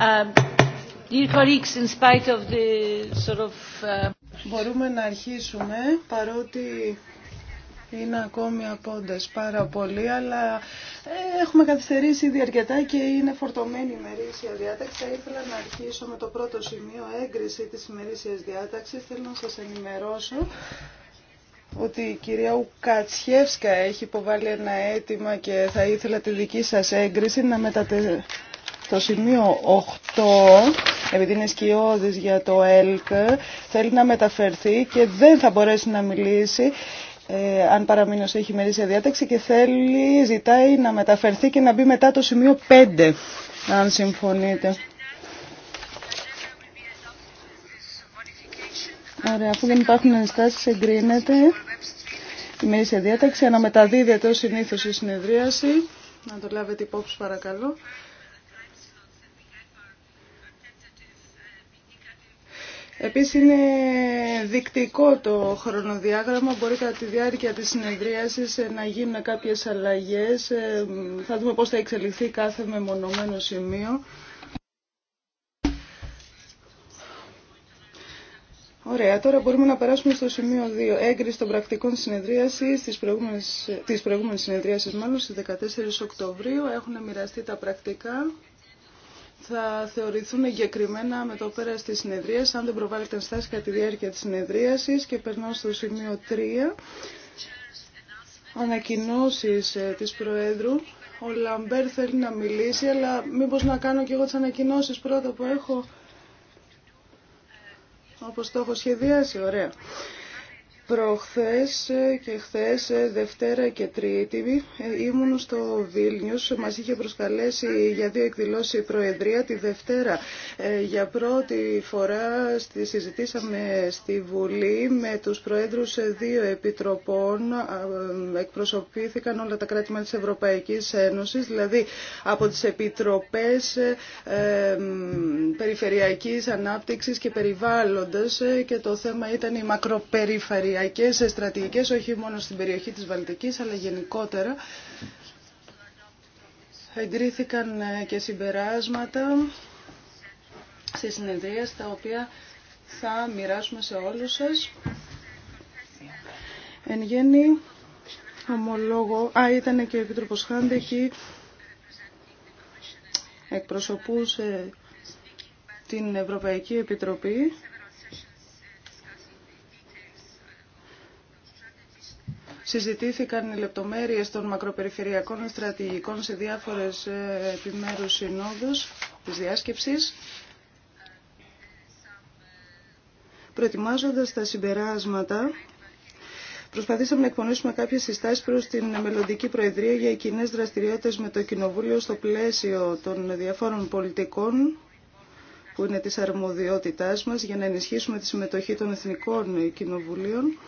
Um, uh, Μπορούμε να αρχίσουμε παρότι είναι ακόμη απόντες πάρα πολύ, αλλά ε, έχουμε καθυστερήσει ήδη αρκετά και είναι φορτωμένη η μερίσια διάταξη. Θα ήθελα να αρχίσω με το πρώτο σημείο, έγκριση της ημερήσιας διάταξης. Θέλω να σας ενημερώσω ότι η κυρία Ουκατσιεύσκα έχει υποβάλει ένα αίτημα και θα ήθελα τη δική σας έγκριση να μετατε... Στο σημείο 8, επειδή είναι σκιώδης για το ΕΛΚ, θέλει να μεταφερθεί και δεν θα μπορέσει να μιλήσει ε, αν παραμείνω σε έχει διάταξη και θέλει, ζητάει να μεταφερθεί και να μπει μετά το σημείο 5, αν συμφωνείτε. αφού δεν υπάρχουν ενστάσεις, εγκρίνεται. Η μερίσια διάταξη αναμεταδίδεται ως συνήθως η συνεδρίαση. Να το λάβετε υπόψη παρακαλώ. Επίσης είναι δεικτικό το χρονοδιάγραμμα, μπορεί κατά τη διάρκεια της συνεδρίασης ε, να γίνουν κάποιες αλλαγές. Ε, θα δούμε πώς θα εξελιχθεί κάθε μεμονωμένο σημείο. Ωραία, τώρα μπορούμε να περάσουμε στο σημείο 2. Έγκριση των πρακτικών συνεδρίαση τη προηγούμενη ε, συνεδρίαση, μάλλον στι 14 Οκτωβρίου. Έχουν μοιραστεί τα πρακτικά θα θεωρηθούν εγκεκριμένα με το πέρα τη συνεδρία, αν δεν προβάλλεται στάση κατά τη διάρκεια τη συνεδρίαση. Και περνώ στο σημείο 3. Ανακοινώσει ε, τη Προέδρου. Ο Λαμπέρ θέλει να μιλήσει, αλλά μήπως να κάνω και εγώ τις ανακοινώσεις πρώτα που έχω, όπως το έχω σχεδιάσει, ωραία. Προχθές ε, και χθες, ε, Δευτέρα και Τρίτη, ε, ήμουν στο Βίλνιους. Μας είχε προσκαλέσει για δύο εκδηλώσεις η Προεδρία τη Δευτέρα. Για πρώτη φορά συζητήσαμε στη Βουλή με τους Προέδρους δύο επιτροπών. Εκπροσωπήθηκαν όλα τα κράτη της Ευρωπαϊκής Ένωσης, δηλαδή από τις Επιτροπές Περιφερειακής Ανάπτυξης και περιβάλλοντας και το θέμα ήταν η μακροπεριφαρία σε στρατηγικές, όχι μόνο στην περιοχή της Βαλτικής, αλλά γενικότερα. Εγκρίθηκαν ε, και συμπεράσματα σε συνεδρία, τα οποία θα μοιράσουμε σε όλους σας. Εν γέννη, ομολόγω, α, ήταν και ο Επίτροπος Χάντεχη, εκπροσωπούσε την Ευρωπαϊκή Επιτροπή Συζητήθηκαν οι λεπτομέρειες των μακροπεριφερειακών στρατηγικών σε διάφορες ε, επιμέρους συνόδους της διάσκεψης. Προετοιμάζοντας τα συμπεράσματα, Προσπαθήσαμε να εκπονήσουμε κάποιες συστάσεις προς την μελλοντική Προεδρία για κοινέ δραστηριότητες με το Κοινοβούλιο στο πλαίσιο των διαφόρων πολιτικών που είναι της αρμοδιότητάς μας για να ενισχύσουμε τη συμμετοχή των Εθνικών Κοινοβουλίων.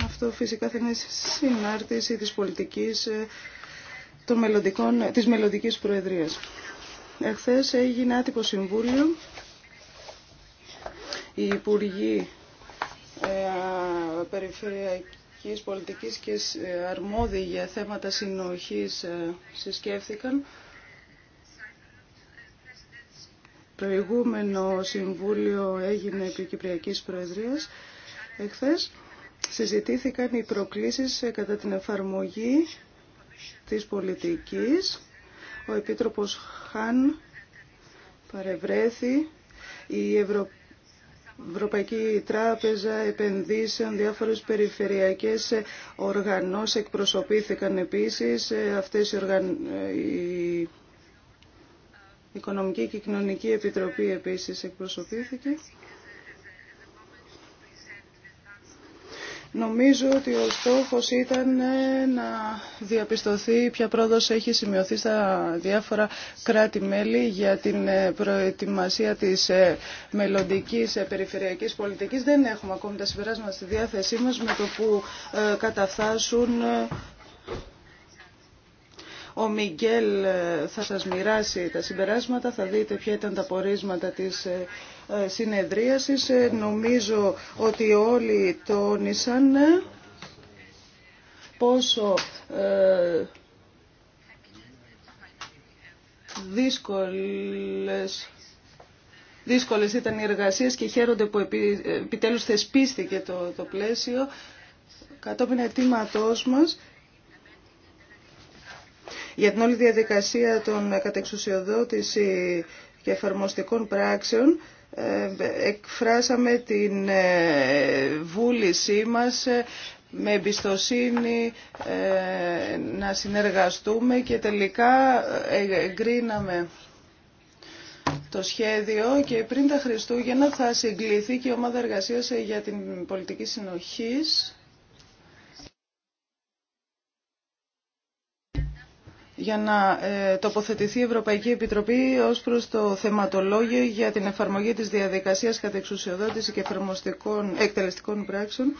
Αυτό φυσικά θα είναι συνάρτηση της πολιτικής ε, των μελλοντικών, ε, της μελλοντικής προεδρίας. Εχθές έγινε άτυπο συμβούλιο. Οι υπουργοί ε, περιφερειακής πολιτικής και ε, αρμόδιοι για θέματα συνοχής ε, συσκέφθηκαν. Προηγούμενο συμβούλιο έγινε επί Κυπριακής Προεδρίας εχθές συζητήθηκαν οι προκλήσεις ε, κατά την εφαρμογή της πολιτικής. Ο Επίτροπος Χαν παρευρέθη, η Ευρωπαϊκή Τράπεζα Επενδύσεων, διάφορες περιφερειακές ε, οργανώσεις εκπροσωπήθηκαν επίσης. Ε, αυτές οι, οργαν... η Οικονομική και Κοινωνική Επιτροπή επίσης εκπροσωπήθηκε. Νομίζω ότι ο στόχος ήταν ε, να διαπιστωθεί ποια πρόοδος έχει σημειωθεί στα διάφορα κράτη-μέλη για την ε, προετοιμασία της ε, μελλοντικής περιφερειακής πολιτικής. Δεν έχουμε ακόμη τα συμπεράσματα στη διάθεσή μας με το που καταφθάσουν ο Μιγγέλ ε, θα σας μοιράσει τα συμπεράσματα, θα δείτε ποια ήταν τα πορίσματα της ε, ε, συνεδρίασης. Νομίζω ότι όλοι τόνισαν πόσο δύσκολες δύσκολες ήταν οι εργασίες και χαίρονται που επι, επιτέλους θεσπίστηκε το, το πλαίσιο κατόπιν αιτήματός μας για την όλη διαδικασία των κατεξουσιοδότηση και εφαρμοστικών πράξεων ε, εκφράσαμε την ε, βούλησή μας ε, με εμπιστοσύνη να συνεργαστούμε και τελικά εγκρίναμε το σχέδιο και πριν τα Χριστούγεννα θα συγκληθεί και η ομάδα εργασίας για την πολιτική συνοχής για να ε, τοποθετηθεί η Ευρωπαϊκή Επιτροπή ως προς το θεματολόγιο για την εφαρμογή της διαδικασίας κατά εξουσιοδότηση και εκτελεστικών πράξεων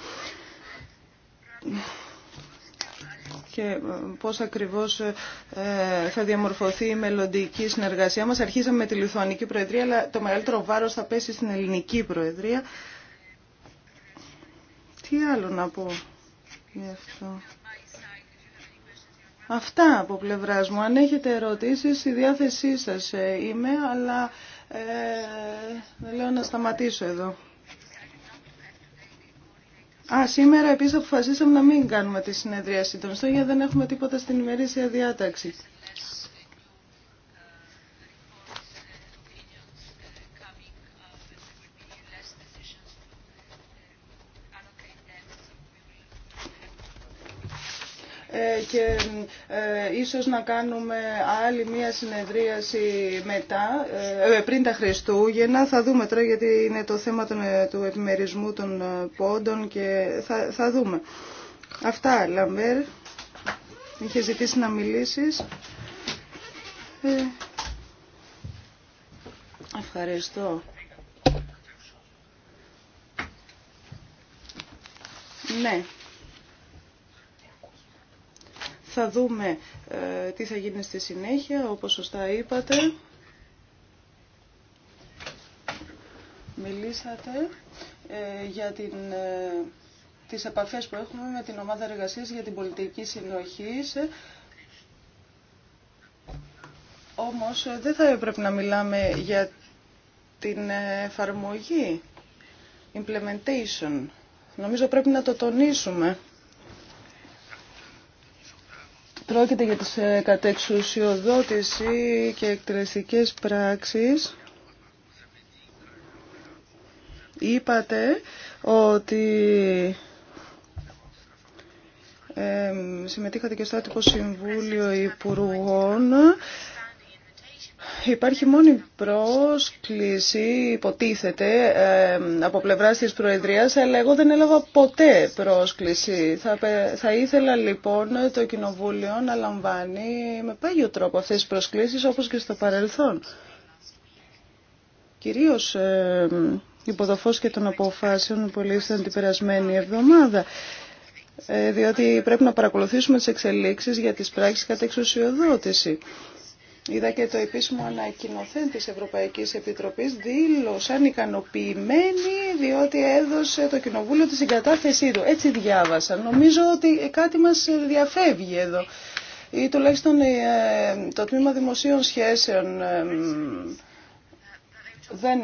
και ε, πώς ακριβώς ε, θα διαμορφωθεί η μελλοντική συνεργασία μας. Αρχίσαμε με τη Λιθουανική Προεδρία, αλλά το μεγαλύτερο βάρος θα πέσει στην Ελληνική Προεδρία. Τι άλλο να πω γι' αυτό. Αυτά από πλευρά μου. Αν έχετε ερωτήσεις, η διάθεσή σας ε, είμαι, αλλά ε, λέω να σταματήσω εδώ. Α, σήμερα επίσης αποφασίσαμε να μην κάνουμε τη συνεδρία συντονιστών γιατί δεν έχουμε τίποτα στην ημερήσια διάταξη. και ε, ίσως να κάνουμε άλλη μία συνεδρίαση μετά, ε, ε, πριν τα Χριστούγεννα. Θα δούμε τώρα γιατί είναι το θέμα του επιμερισμού των πόντων και θα, δούμε. Αυτά, Λαμπέρ. Είχε ζητήσει να μιλήσεις. Ευχαριστώ. Ναι. Θα δούμε ε, τι θα γίνει στη συνέχεια, όπως σωστά είπατε. Μιλήσατε ε, για την ε, τις επαφές που έχουμε με την ομάδα εργασίας για την πολιτική συνοχή. Όμως δεν θα έπρεπε να μιλάμε για την εφαρμογή, implementation. Νομίζω πρέπει να το τονίσουμε. Πρόκειται για τις ε, κατεξουσιοδότηση και εκτελεστικές πράξεις. Είπατε ότι ε, συμμετείχατε και στο Άτυπο Συμβούλιο Υπουργών Υπάρχει μόνη πρόσκληση, υποτίθεται, από πλευράς της Προεδρίας, αλλά εγώ δεν έλαβα ποτέ πρόσκληση. Θα, ήθελα λοιπόν το Κοινοβούλιο να λαμβάνει με πάγιο τρόπο αυτές τις προσκλήσεις, όπως και στο παρελθόν. Κυρίως ε, και των αποφάσεων που λήφθηκαν την περασμένη εβδομάδα ε, διότι πρέπει να παρακολουθήσουμε τις εξελίξεις για τις πράξεις κατά εξουσιοδότηση. Είδα και το επίσημο ανακοινωθέν της Ευρωπαϊκής Επιτροπής δήλωσαν ικανοποιημένοι διότι έδωσε το Κοινοβούλιο τη συγκατάθεσή του. Έτσι διάβασα. Νομίζω ότι κάτι μας διαφεύγει εδώ. Ή τουλάχιστον ε, το Τμήμα Δημοσίων Σχέσεων δεν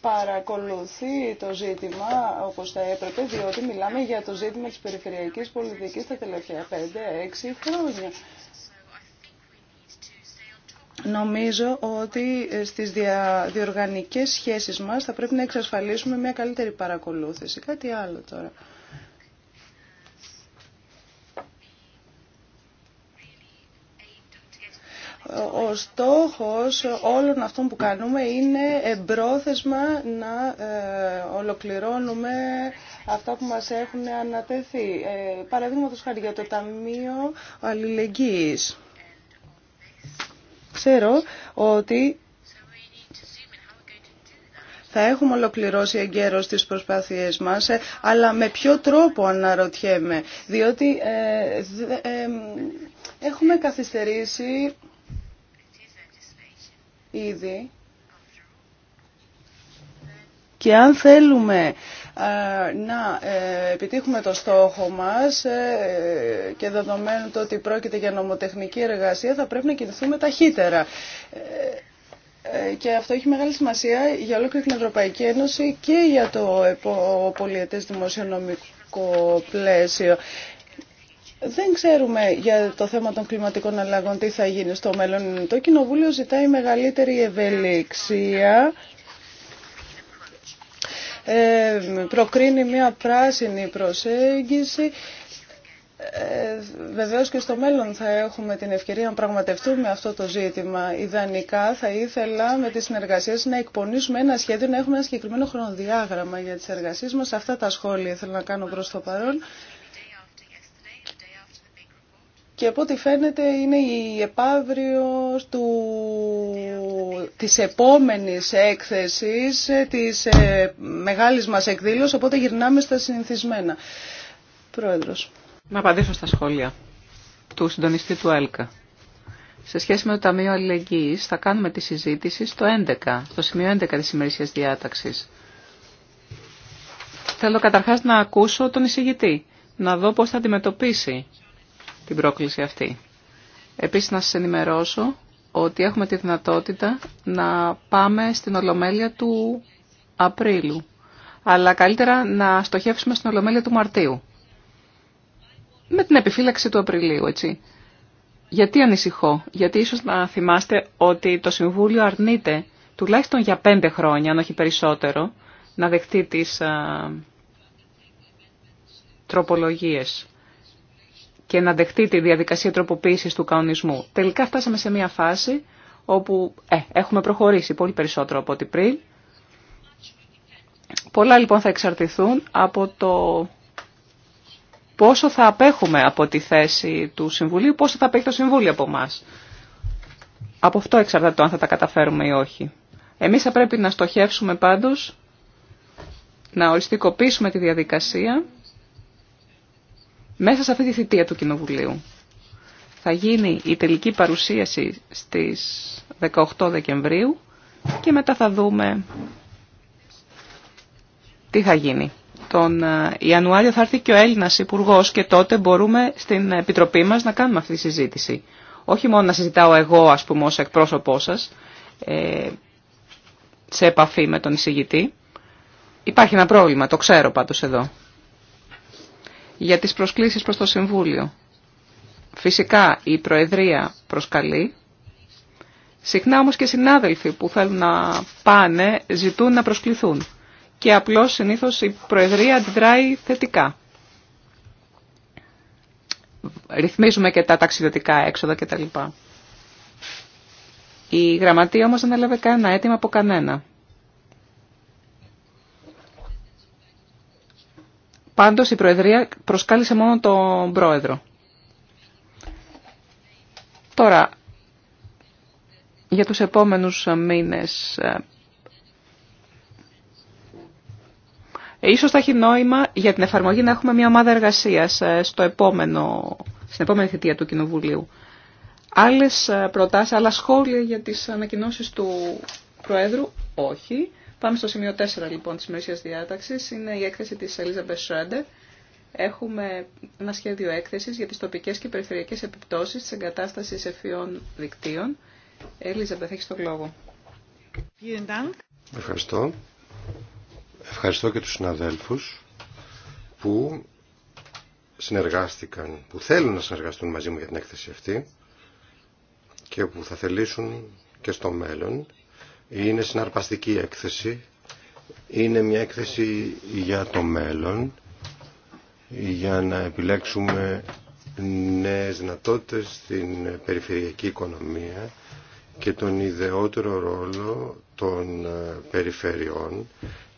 παρακολουθεί το ζήτημα όπως θα έπρεπε, διότι μιλάμε για το ζήτημα της περιφερειακής πολιτικής τα τελευταία 5-6 χρόνια. Νομίζω ότι ε, στις διοργανικές σχέσεις μας θα πρέπει να εξασφαλίσουμε μια καλύτερη παρακολούθηση. Κάτι άλλο τώρα. Ο στόχος όλων αυτών που κάνουμε είναι εμπρόθεσμα να ε, ολοκληρώνουμε αυτά που μας έχουν ανατεθεί. Ε, παραδείγματος χάρη για το Ταμείο Αλληλεγγύης. Ξέρω ότι θα έχουμε ολοκληρώσει εγκαίρως τις προσπάθειές μας, ε, αλλά με ποιο τρόπο αναρωτιέμαι, διότι ε, ε έχουμε καθυστερήσει ήδη και αν θέλουμε να ε, επιτύχουμε το στόχο μας ε, και δεδομένου το ότι πρόκειται για νομοτεχνική εργασία θα πρέπει να κινηθούμε ταχύτερα. Ε, και αυτό έχει μεγάλη σημασία για ολόκληρη την Ευρωπαϊκή Ένωση και για το πολιετές δημοσιονομικό πλαίσιο. Δεν ξέρουμε για το θέμα των κλιματικών αλλαγών τι θα γίνει στο μέλλον. Το Κοινοβούλιο ζητάει μεγαλύτερη ευελιξία ε, προκρίνει μια πράσινη προσέγγιση ε, Βεβαίω και στο μέλλον θα έχουμε την ευκαιρία να πραγματευτούμε αυτό το ζήτημα. Ιδανικά θα ήθελα με τις συνεργασίες να εκπονήσουμε ένα σχέδιο, να έχουμε ένα συγκεκριμένο χρονοδιάγραμμα για τις εργασίες μας. Αυτά τα σχόλια θέλω να κάνω προς το παρόν και από ό,τι φαίνεται είναι η επαύριο του... της επόμενης έκθεσης, της ε, μεγάλης μας εκδήλωσης, οπότε γυρνάμε στα συνηθισμένα. Πρόεδρος. Να απαντήσω στα σχόλια του συντονιστή του ΕΛΚΑ. Σε σχέση με το Ταμείο Αλληλεγγύης θα κάνουμε τη συζήτηση στο 11, στο σημείο 11 της ημερήσιας διάταξης. Θέλω καταρχάς να ακούσω τον εισηγητή, να δω πώς θα αντιμετωπίσει την πρόκληση αυτή. Επίσης να σας ενημερώσω ότι έχουμε τη δυνατότητα να πάμε στην Ολομέλεια του Απρίλου. Αλλά καλύτερα να στοχεύσουμε στην Ολομέλεια του Μαρτίου. Με την επιφύλαξη του Απριλίου, έτσι. Γιατί ανησυχώ. Γιατί ίσως να θυμάστε ότι το Συμβούλιο αρνείται τουλάχιστον για πέντε χρόνια, αν όχι περισσότερο, να δεχτεί τις α, τροπολογίες και να δεχτεί τη διαδικασία τροποποίησης του κανονισμού. Τελικά φτάσαμε σε μια φάση όπου ε, έχουμε προχωρήσει πολύ περισσότερο από ό,τι πριν. Πολλά λοιπόν θα εξαρτηθούν από το πόσο θα απέχουμε από τη θέση του Συμβουλίου, πόσο θα απέχει το Συμβούλιο από εμά. Από αυτό εξαρτάται το αν θα τα καταφέρουμε ή όχι. Εμείς θα πρέπει να στοχεύσουμε πάντως να οριστικοποιήσουμε τη διαδικασία μέσα σε αυτή τη θητεία του Κοινοβουλίου. Θα γίνει η τελική παρουσίαση στις 18 Δεκεμβρίου και μετά θα δούμε τι θα γίνει. Τον ε, Ιανουάριο θα έρθει και ο Έλληνας υπουργό και τότε μπορούμε στην Επιτροπή μας να κάνουμε αυτή τη συζήτηση. Όχι μόνο να συζητάω εγώ ας πούμε ως εκπρόσωπό σας ε, σε επαφή με τον εισηγητή. Υπάρχει ένα πρόβλημα, το ξέρω πάντως εδώ για τις προσκλήσεις προς το Συμβούλιο. Φυσικά η Προεδρία προσκαλεί. Συχνά όμως και συνάδελφοι που θέλουν να πάνε ζητούν να προσκληθούν. Και απλώς συνήθως η Προεδρία αντιδράει θετικά. Ρυθμίζουμε και τα ταξιδιωτικά έξοδα κτλ. Η Γραμματεία όμως δεν έλαβε κανένα αίτημα από κανένα. Πάντως η Προεδρία προσκάλεσε μόνο τον Πρόεδρο. Τώρα, για τους επόμενους μήνες, ε, ίσως θα έχει νόημα για την εφαρμογή να έχουμε μια ομάδα εργασίας ε, στο επόμενο, στην επόμενη θητεία του Κοινοβουλίου. Άλλες ε, προτάσεις, άλλα σχόλια για τις ανακοινώσεις του Προέδρου, όχι. Πάμε στο σημείο 4 λοιπόν της μερικής διάταξης. Είναι η έκθεση της Ελίζα Σράντε. Έχουμε ένα σχέδιο έκθεσης για τις τοπικές και περιφερειακές επιπτώσεις της εγκατάστασης ευφυών δικτύων. Ελίζα, θα έχεις τον λόγο. Ευχαριστώ. Ευχαριστώ και τους συναδέλφους που συνεργάστηκαν, που θέλουν να συνεργαστούν μαζί μου για την έκθεση αυτή και που θα θελήσουν και στο μέλλον είναι συναρπαστική έκθεση. Είναι μια έκθεση για το μέλλον, για να επιλέξουμε νέες δυνατότητε στην περιφερειακή οικονομία και τον ιδεότερο ρόλο των ε, περιφερειών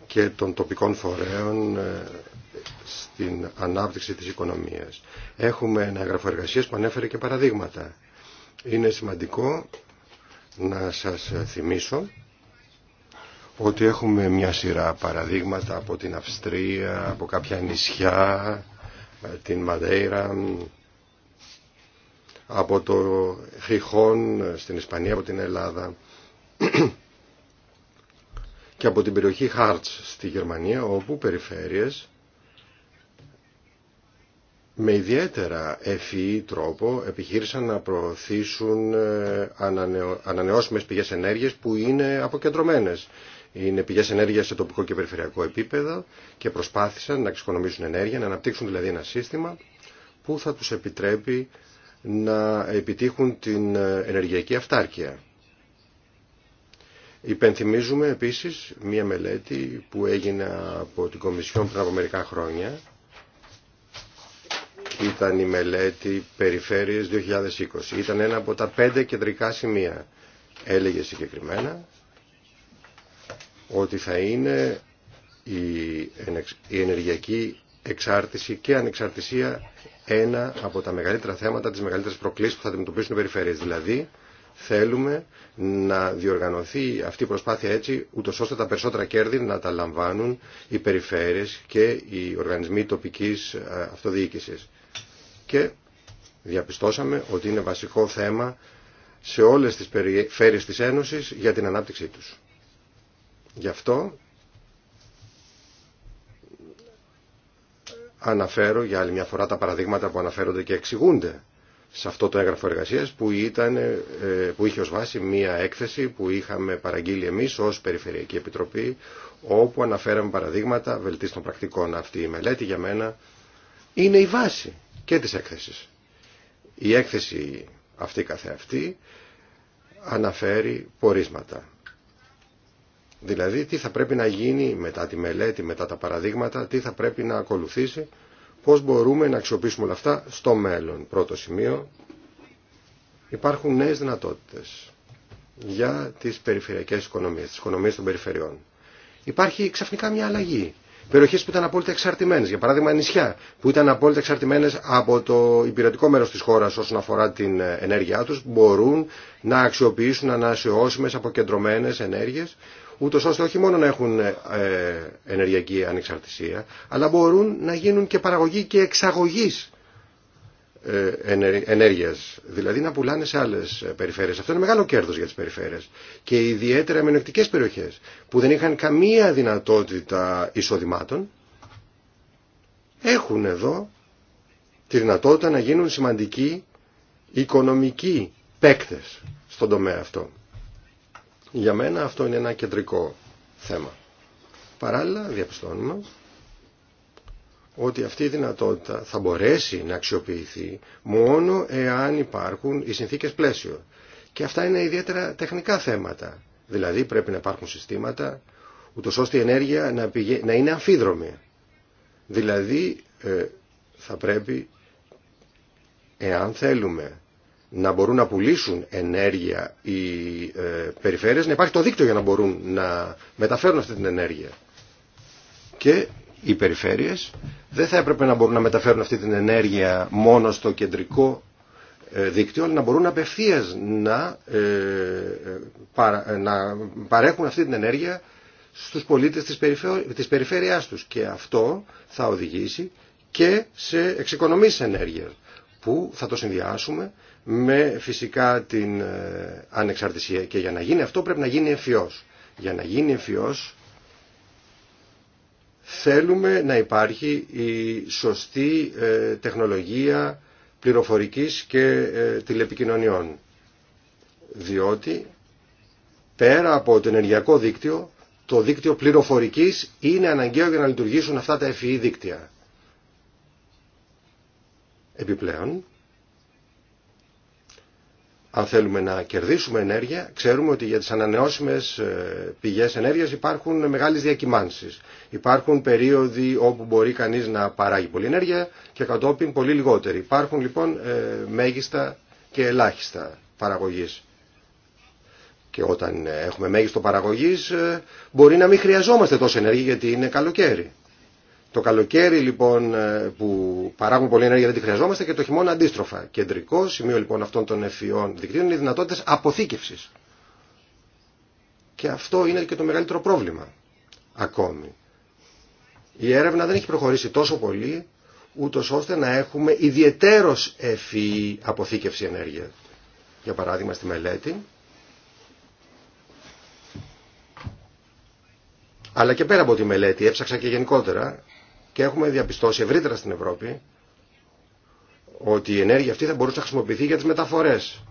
και των τοπικών φορέων ε, στην ανάπτυξη της οικονομίας. Έχουμε ένα έγγραφο που ανέφερε και παραδείγματα. Είναι σημαντικό να σας θυμίσω ότι έχουμε μια σειρά παραδείγματα από την Αυστρία, από κάποια νησιά, ε, την Μαδέιρα, από το Χιχόν ε, στην Ισπανία, από την Ελλάδα και από την περιοχή Χάρτς στη Γερμανία, όπου περιφέρειες με ιδιαίτερα ευφυή τρόπο επιχείρησαν να προωθήσουν ε, ανανεώσιμες πηγές ενέργειας που είναι αποκεντρωμένες είναι πηγές ενέργειας σε τοπικό και περιφερειακό επίπεδο και προσπάθησαν να εξοικονομήσουν ενέργεια, να αναπτύξουν δηλαδή ένα σύστημα που θα τους επιτρέπει να επιτύχουν την ε, ενεργειακή αυτάρκεια. Υπενθυμίζουμε επίσης μία μελέτη που έγινε από την Κομισιόν πριν από μερικά χρόνια. Ήταν η μελέτη Περιφέρειες 2020. Ήταν ένα από τα πέντε κεντρικά σημεία. Έλεγε συγκεκριμένα ότι θα είναι η ενεργειακή εξάρτηση και ανεξαρτησία ένα από τα μεγαλύτερα θέματα, τις μεγαλύτερες προκλήσεις που θα αντιμετωπίσουν οι περιφέρειες. Δηλαδή, θέλουμε να διοργανωθεί αυτή η προσπάθεια έτσι, ούτως ώστε τα περισσότερα κέρδη να τα λαμβάνουν οι περιφέρειες και οι οργανισμοί τοπικής ε, αυτοδιοίκησης. Και διαπιστώσαμε ότι είναι βασικό θέμα σε όλες τις περιφέρειες της Ένωσης για την ανάπτυξή τους. Γι' αυτό αναφέρω για άλλη μια φορά τα παραδείγματα που αναφέρονται και εξηγούνται σε αυτό το έγγραφο εργασίας που, ήταν, ε, που είχε ως βάση μία έκθεση που είχαμε παραγγείλει εμείς ως Περιφερειακή Επιτροπή όπου αναφέραμε παραδείγματα βελτίστων πρακτικών. Αυτή η μελέτη για μένα είναι η βάση και της έκθεσης. Η έκθεση αυτή καθεαυτή αναφέρει πορίσματα. Δηλαδή τι θα πρέπει να γίνει μετά τη μελέτη, μετά τα παραδείγματα, τι θα πρέπει να ακολουθήσει, πώς μπορούμε να αξιοποιήσουμε όλα αυτά στο μέλλον. Πρώτο σημείο, υπάρχουν νέες δυνατότητες για τις περιφερειακές οικονομίες, τις οικονομίες των περιφερειών. Υπάρχει ξαφνικά μια αλλαγή. Περιοχέ που ήταν απόλυτα εξαρτημένε, για παράδειγμα νησιά, που ήταν απόλυτα εξαρτημένε από το υπηρετικό μέρο τη χώρα όσον αφορά την ενέργειά του, μπορούν να αξιοποιήσουν ανασιώσιμε αποκεντρωμένε ενέργειε, ούτως ώστε όχι μόνο να έχουν ε, ενεργειακή ανεξαρτησία, αλλά μπορούν να γίνουν και παραγωγή και εξαγωγής ε, ενέργεια, δηλαδή να πουλάνε σε άλλε ε, περιφέρειες. Αυτό είναι μεγάλο κέρδο για τι περιφέρειες και ιδιαίτερα με περιοχές που δεν είχαν καμία δυνατότητα εισοδημάτων έχουν εδώ τη δυνατότητα να γίνουν σημαντικοί οικονομικοί παίκτες στον τομέα αυτό. Για μένα αυτό είναι ένα κεντρικό θέμα. Παράλληλα διαπιστώνουμε ότι αυτή η δυνατότητα θα μπορέσει να αξιοποιηθεί μόνο εάν υπάρχουν οι συνθήκες πλαίσιο. Και αυτά είναι ιδιαίτερα τεχνικά θέματα. Δηλαδή πρέπει να υπάρχουν συστήματα ούτως ώστε η ενέργεια να, να είναι αμφίδρομη. Δηλαδή ε, θα πρέπει, εάν θέλουμε να μπορούν να πουλήσουν ενέργεια οι ε, περιφέρειες, να υπάρχει το δίκτυο για να μπορούν να μεταφέρουν αυτή την ενέργεια. Και οι περιφέρειες δεν θα έπρεπε να μπορούν να μεταφέρουν αυτή την ενέργεια μόνο στο κεντρικό ε, δίκτυο, αλλά να μπορούν απευθεία να, ε, να παρέχουν αυτή την ενέργεια στους πολίτες της, της περιφέρειάς τους. Και αυτό θα οδηγήσει και σε εξοικονομήσεις ενέργειας που θα το συνδυάσουμε με φυσικά την ε, ανεξαρτησία. Και για να γίνει αυτό πρέπει να γίνει εμφυός. Για να γίνει εμφυός θέλουμε να υπάρχει η σωστή ε, τεχνολογία πληροφορικής και ε, τηλεπικοινωνιών. Διότι πέρα από το ενεργειακό δίκτυο, το δίκτυο πληροφορικής είναι αναγκαίο για να λειτουργήσουν αυτά τα ευφυή δίκτυα. Επιπλέον, αν θέλουμε να κερδίσουμε ενέργεια, ξέρουμε ότι για τις ανανεώσιμες ε, πηγές ενέργειας υπάρχουν μεγάλες διακυμάνσεις. Υπάρχουν περίοδοι όπου μπορεί κανείς να παράγει πολλή ενέργεια και κατόπιν πολύ λιγότερη. Υπάρχουν λοιπόν ε, μέγιστα και ελάχιστα παραγωγής. Και όταν έχουμε μέγιστο παραγωγής ε, μπορεί να μην χρειαζόμαστε τόση ενέργεια γιατί είναι καλοκαίρι. Το καλοκαίρι λοιπόν ε, που παράγουν πολλή ενέργεια δεν τη χρειαζόμαστε και το χειμώνα αντίστροφα. Κεντρικό σημείο λοιπόν αυτών των ευφυών δικτύων είναι οι δυνατότητε αποθήκευση. Και αυτό είναι και το μεγαλύτερο πρόβλημα ακόμη. Η έρευνα δεν έχει προχωρήσει τόσο πολύ ούτως ώστε να έχουμε ιδιαιτέρως ευφυή αποθήκευση ενέργεια. Για παράδειγμα στη μελέτη αλλά και πέρα από τη μελέτη, έψαξα και γενικότερα, και έχουμε διαπιστώσει ευρύτερα στην Ευρώπη ότι η ενέργεια αυτή θα μπορούσε να χρησιμοποιηθεί για τις μεταφορές.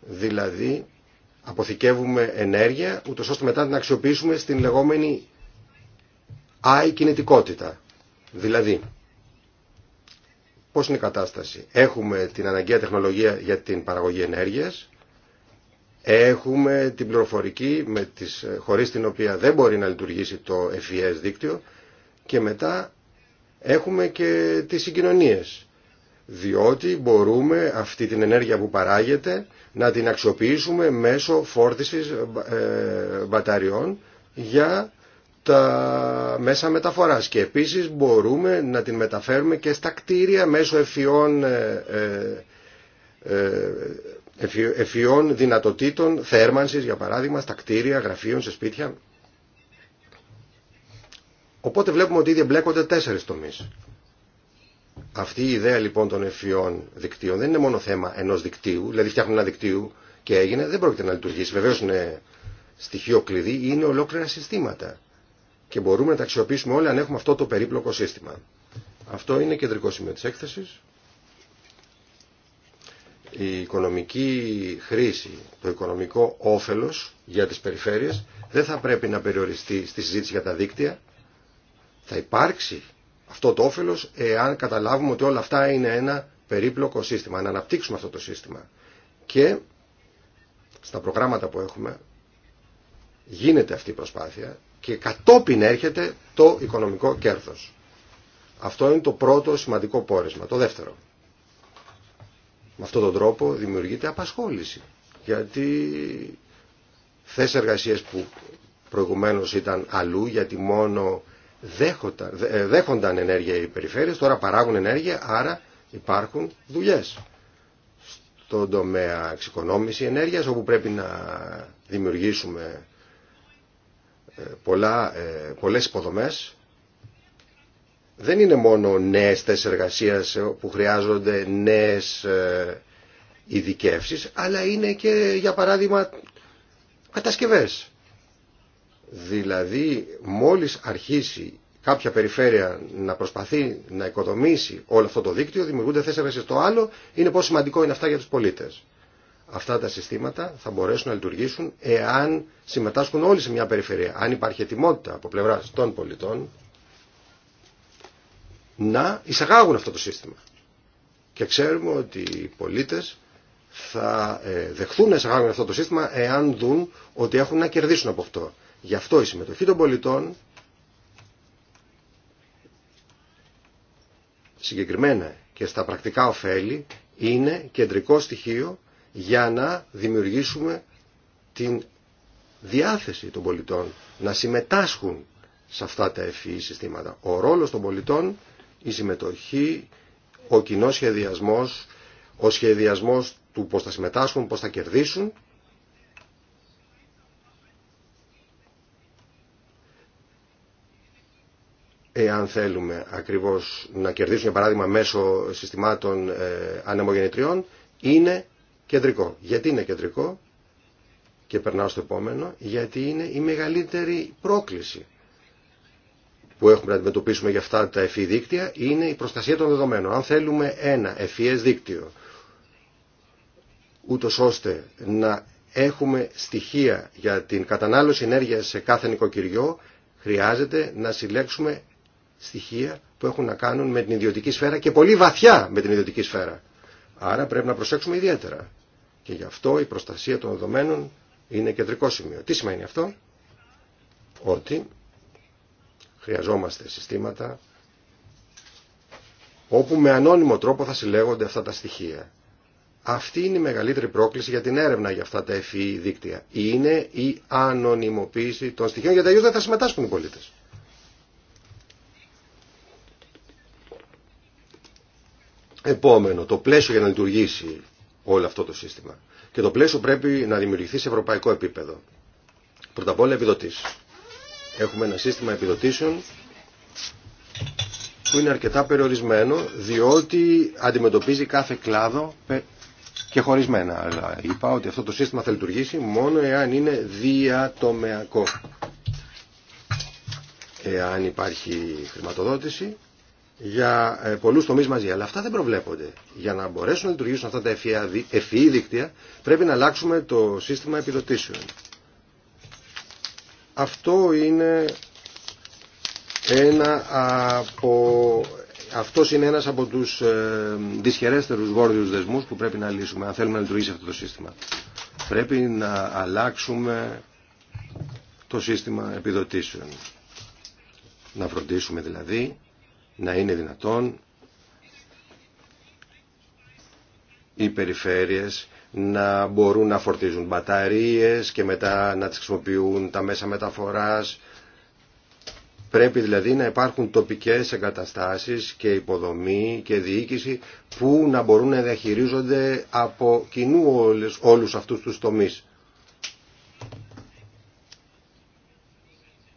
Δηλαδή αποθηκεύουμε ενέργεια ούτω ώστε μετά να την αξιοποιήσουμε στην λεγόμενη αϊ-κινητικότητα. Δηλαδή, πώς είναι η κατάσταση. Έχουμε την αναγκαία τεχνολογία για την παραγωγή ενέργειας, έχουμε την πληροφορική με τις, χωρίς την οποία δεν μπορεί να λειτουργήσει το FES δίκτυο και μετά έχουμε και τις συγκοινωνίες. Διότι μπορούμε αυτή την ενέργεια που παράγεται να την αξιοποιήσουμε μέσω φόρτισης ε, μπαταριών για τα μέσα μεταφοράς και επίσης μπορούμε να την μεταφέρουμε και στα κτίρια μέσω ευφυών, ε, ε, δυνατοτήτων θέρμανσης για παράδειγμα στα κτίρια, γραφείων, σε σπίτια. Οπότε βλέπουμε ότι ήδη εμπλέκονται τέσσερι τομεί. Αυτή η ιδέα λοιπόν των ευφυών δικτύων δεν είναι μόνο θέμα ενό δικτύου, δηλαδή φτιάχνουν ένα δικτύο και έγινε, δεν πρόκειται να λειτουργήσει. βεβαίω είναι στοιχείο κλειδί, είναι ολόκληρα συστήματα και μπορούμε να τα αξιοποιήσουμε όλα αν έχουμε αυτό το περίπλοκο σύστημα. Αυτό είναι κεντρικό σημείο τη έκθεση. Η οικονομική χρήση, το οικονομικό όφελο για τι περιφέρειε δεν θα πρέπει να περιοριστεί στη συζήτηση για τα δίκτυα, θα υπάρξει αυτό το όφελος εάν καταλάβουμε ότι όλα αυτά είναι ένα περίπλοκο σύστημα, να αναπτύξουμε αυτό το σύστημα. Και στα προγράμματα που έχουμε γίνεται αυτή η προσπάθεια και κατόπιν έρχεται το οικονομικό κέρδος. Αυτό είναι το πρώτο σημαντικό πόρισμα. Το δεύτερο. Με αυτόν τον τρόπο δημιουργείται απασχόληση. Γιατί θέσεις εργασίες που προηγουμένως ήταν αλλού, γιατί μόνο δέχονταν, ε, δέχονταν ενέργεια οι περιφέρειες, τώρα παράγουν ενέργεια, άρα υπάρχουν δουλειές. Στον τομέα εξοικονόμηση ενέργειας, όπου πρέπει να δημιουργήσουμε ε, πολλά, ε, πολλές υποδομές, δεν είναι μόνο νέες θέσει εργασία που χρειάζονται νέες ειδικεύσεις, αλλά είναι και, για παράδειγμα, κατασκευές. Δηλαδή μόλις αρχίσει κάποια περιφέρεια να προσπαθεί να οικοδομήσει όλο αυτό το δίκτυο, δημιουργούνται θέσει εργασία. Το άλλο είναι πόσο σημαντικό είναι αυτά για τους πολίτες Αυτά τα συστήματα θα μπορέσουν να λειτουργήσουν εάν συμμετάσχουν όλοι σε μια περιφερεια. Αν υπάρχει ετοιμότητα από πλευρά των πολιτών να εισαγάγουν αυτό το σύστημα. Και ξέρουμε ότι οι πολίτες θα ε, δεχθούν να εισαγάγουν αυτό το σύστημα εάν δουν ότι έχουν να κερδίσουν από αυτό. Γι' αυτό η συμμετοχή των πολιτών συγκεκριμένα και στα πρακτικά ωφέλη είναι κεντρικό στοιχείο για να δημιουργήσουμε την διάθεση των πολιτών να συμμετάσχουν σε αυτά τα ευφυή συστήματα. Ο ρόλος των πολιτών, η συμμετοχή, ο κοινός σχεδιασμός, ο σχεδιασμός του πώς θα συμμετάσχουν, πώς θα κερδίσουν εάν θέλουμε ακριβώς να κερδίσουμε για παράδειγμα μέσω συστημάτων ε, ανεμογεννητριών είναι κεντρικό. Γιατί είναι κεντρικό και περνάω στο επόμενο γιατί είναι η μεγαλύτερη πρόκληση που έχουμε να αντιμετωπίσουμε για αυτά τα εφηδίκτια, είναι η προστασία των δεδομένων. Αν θέλουμε ένα ευφυές δίκτυο ούτω ώστε να έχουμε στοιχεία για την κατανάλωση ενέργειας σε κάθε νοικοκυριό χρειάζεται να συλλέξουμε στοιχεία που έχουν να κάνουν με την ιδιωτική σφαίρα και πολύ βαθιά με την ιδιωτική σφαίρα. Άρα πρέπει να προσέξουμε ιδιαίτερα. Και γι' αυτό η προστασία των δεδομένων είναι κεντρικό σημείο. Τι σημαίνει αυτό? Ότι χρειαζόμαστε συστήματα όπου με ανώνυμο τρόπο θα συλλέγονται αυτά τα στοιχεία. Αυτή είναι η μεγαλύτερη πρόκληση για την έρευνα για αυτά τα FEE δίκτυα. Είναι η ανωνυμοποίηση των στοιχείων γιατί αλλιώ δεν θα συμμετάσχουν οι πολίτες. Επόμενο, το πλαίσιο για να λειτουργήσει όλο αυτό το σύστημα. Και το πλαίσιο πρέπει να δημιουργηθεί σε ευρωπαϊκό επίπεδο. Πρώτα απ' όλα επιδοτήσεις. Έχουμε ένα σύστημα επιδοτήσεων που είναι αρκετά περιορισμένο διότι αντιμετωπίζει κάθε κλάδο και χωρισμένα. Αλλά είπα ότι αυτό το σύστημα θα λειτουργήσει μόνο εάν είναι διατομεακό. Εάν υπάρχει χρηματοδότηση για ε, πολλού τομεί μαζί. Αλλά αυτά δεν προβλέπονται. Για να μπορέσουν να λειτουργήσουν αυτά τα ευφυή δίκτυα πρέπει να αλλάξουμε το σύστημα επιδοτήσεων. Αυτό είναι ένα από... Αυτός είναι ένας από τους ε, δυσχερέστερους γόρδιους δεσμούς που πρέπει να λύσουμε αν θέλουμε να λειτουργήσει αυτό το σύστημα. Πρέπει να αλλάξουμε το σύστημα επιδοτήσεων. Να φροντίσουμε δηλαδή να είναι δυνατόν οι περιφέρειες να μπορούν να φορτίζουν μπαταρίες και μετά να τις χρησιμοποιούν τα μέσα μεταφοράς. Πρέπει δηλαδή να υπάρχουν τοπικές εγκαταστάσεις και υποδομή και διοίκηση που να μπορούν να διαχειρίζονται από κοινού όλους, όλους αυτούς τους τομείς.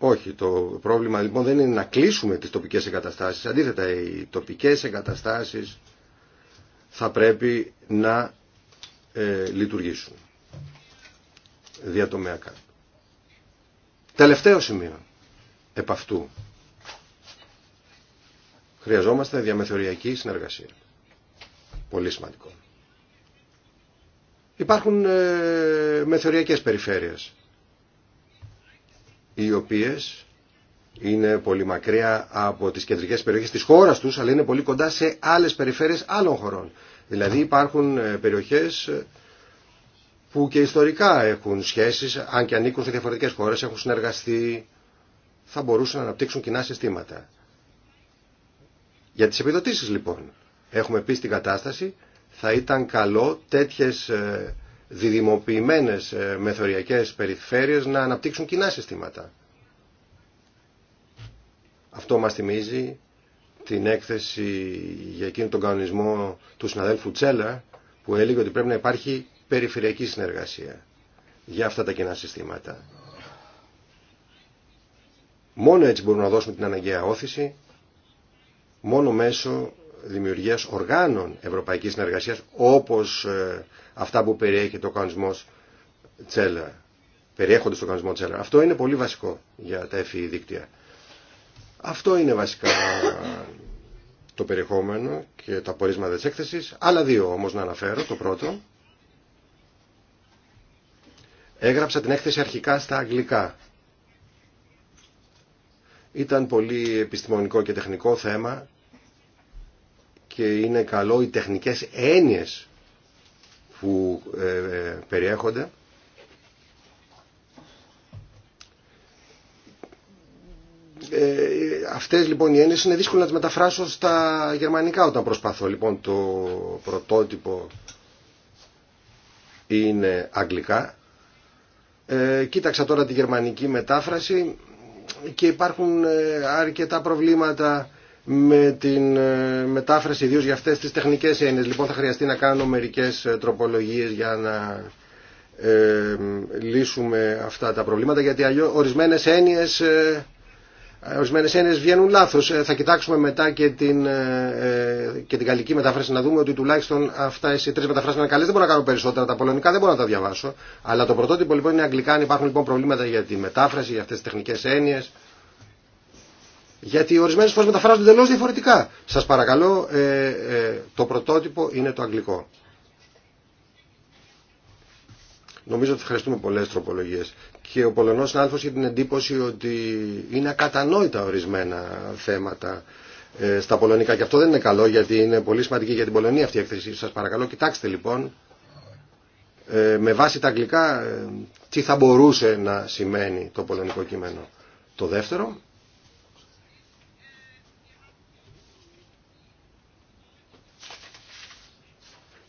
Όχι, το πρόβλημα λοιπόν δεν είναι να κλείσουμε τις τοπικές εγκαταστάσεις. Αντίθετα, οι τοπικές εγκαταστάσεις θα πρέπει να ε, λειτουργήσουν διατομέακα. Τελευταίο σημείο επ' αυτού. Χρειαζόμαστε διαμεθοριακή συνεργασία. Πολύ σημαντικό. Υπάρχουν ε, μεθοριακές περιφέρειες οι οποίες είναι πολύ μακριά από τις κεντρικές περιοχές της χώρας τους, αλλά είναι πολύ κοντά σε άλλες περιφέρειες άλλων χωρών. Δηλαδή υπάρχουν ε, περιοχές ε, που και ιστορικά έχουν σχέσεις, αν και ανήκουν σε διαφορετικές χώρες, έχουν συνεργαστεί, θα μπορούσαν να αναπτύξουν κοινά συστήματα. Για τις επιδοτήσεις λοιπόν, έχουμε πει στην κατάσταση, θα ήταν καλό τέτοιες ε, διδημοποιημένες ε, μεθοριακές περιφέρειες να αναπτύξουν κοινά συστήματα. Αυτό μας θυμίζει την έκθεση για εκείνο τον κανονισμό του συναδέλφου Τσέλα που έλεγε ότι πρέπει να υπάρχει περιφερειακή συνεργασία για αυτά τα κοινά συστήματα. Μόνο έτσι μπορούμε να δώσουμε την αναγκαία όθηση, μόνο μέσω δημιουργίας οργάνων ευρωπαϊκής συνεργασίας όπως ε, αυτά που περιέχει το κανονισμός Τσέλα, περιέχονται στο κανονισμό Τσέλα. Αυτό είναι πολύ βασικό για τα FEE δίκτυα. Αυτό είναι βασικά το περιεχόμενο και τα απορίσματα της έκθεσης. Άλλα δύο όμως να αναφέρω. Το πρώτο, έγραψα την έκθεση αρχικά στα αγγλικά. Ήταν πολύ επιστημονικό και τεχνικό θέμα και είναι καλό οι τεχνικές έννοιες που ε, ε, περιέχονται. Ε, αυτές λοιπόν οι έννοιες είναι δύσκολο να τις μεταφράσω στα γερμανικά όταν προσπαθώ. Λοιπόν το πρωτότυπο είναι αγγλικά. Ε, κοίταξα τώρα τη γερμανική μετάφραση και υπάρχουν ε, αρκετά προβλήματα με την ε, μετάφραση ιδίως για αυτές τις τεχνικές έννοιες. Λοιπόν θα χρειαστεί να κάνω μερικές ε, τροπολογίες για να ε, λύσουμε αυτά τα προβλήματα γιατί αλλιώς ορισμένες έννοιες, ε, ορισμένες έννοιες βγαίνουν λάθος. Ε, θα κοιτάξουμε μετά και την, και την γαλλική μετάφραση να δούμε ότι τουλάχιστον αυτά οι τρεις μεταφράσεις είναι καλές. Δεν μπορώ να κάνω περισσότερα, τα πολωνικά δεν μπορώ να τα διαβάσω. Αλλά το πρωτότυπο λοιπόν είναι αγγλικά, αν υπάρχουν λοιπόν προβλήματα για τη μετάφραση, για αυτές τις τεχνικές έννοιες γιατί ορισμένε φορέ μεταφράζονται εντελώ διαφορετικά. Σα παρακαλώ, ε, ε, το πρωτότυπο είναι το αγγλικό. Νομίζω ότι ευχαριστούμε πολλέ τροπολογίε Και ο Πολωνός συνάδελφο έχει την εντύπωση ότι είναι ακατανόητα ορισμένα θέματα ε, στα πολωνικά. Και αυτό δεν είναι καλό γιατί είναι πολύ σημαντική για την Πολωνία αυτή η έκθεση. Σα παρακαλώ, κοιτάξτε λοιπόν με βάση τα αγγλικά τι θα μπορούσε να σημαίνει το πολωνικό κείμενο. Το δεύτερο,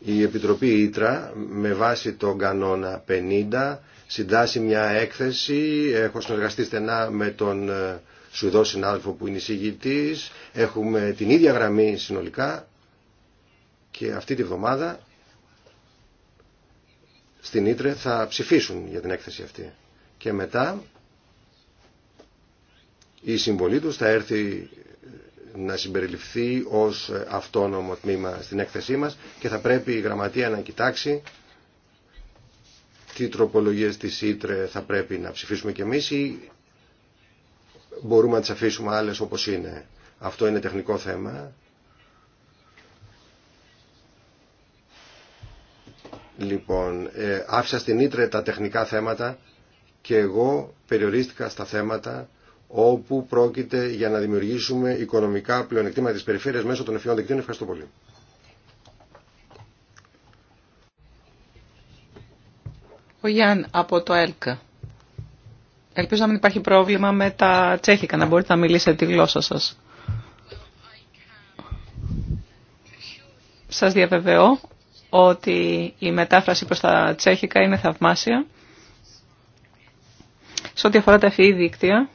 Η Επιτροπή Ήτρα με βάση τον κανόνα 50 συντάσσει μια έκθεση. Έχω συνεργαστεί στενά με τον ε, Σουηδό συνάδελφο που είναι εισηγητής. Έχουμε την ίδια γραμμή συνολικά και αυτή τη βδομάδα στην Ήτρε θα ψηφίσουν για την έκθεση αυτή. Και μετά η συμβολή τους θα έρθει να συμπεριληφθεί ως αυτόνομο τμήμα στην έκθεσή μας και θα πρέπει η Γραμματεία να κοιτάξει τι τροπολογίες της ήτρε θα πρέπει να ψηφίσουμε κι εμείς ή μπορούμε να τις αφήσουμε άλλες όπως είναι. Αυτό είναι τεχνικό θέμα. Λοιπόν, ε, άφησα στην Ήτρε τα τεχνικά θέματα και εγώ περιορίστηκα στα θέματα όπου πρόκειται για να δημιουργήσουμε οικονομικά πλεονεκτήματα της περιφέρειας μέσω των ευφυών δικτύων. Ευχαριστώ πολύ. Ο Γιάν από το ΕΛΚΑ. Ελπίζω να μην υπάρχει πρόβλημα με τα τσέχικα, να μπορείτε να μιλήσετε τη γλώσσα σας. Σας διαβεβαιώ ότι η μετάφραση προς τα τσέχικα είναι θαυμάσια. Σε ό,τι αφορά τα δίκτυα,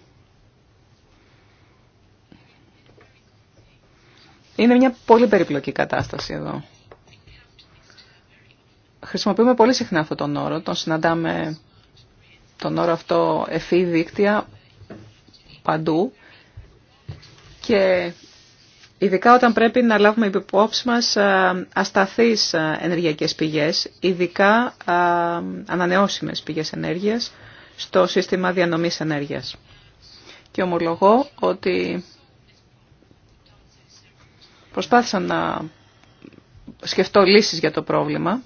Είναι μια πολύ περιπλοκή κατάσταση εδώ. Χρησιμοποιούμε πολύ συχνά αυτόν τον όρο. Τον συναντάμε τον όρο αυτό εφή δίκτυα παντού και ειδικά όταν πρέπει να λάβουμε υπόψη μας ε, ασταθείς ε, ενεργειακές πηγές, ειδικά ε, ανανεώσιμες πηγές ενέργειας στο σύστημα διανομής ενέργειας. Και ομολογώ ότι Προσπάθησα να σκεφτώ λύσεις για το πρόβλημα.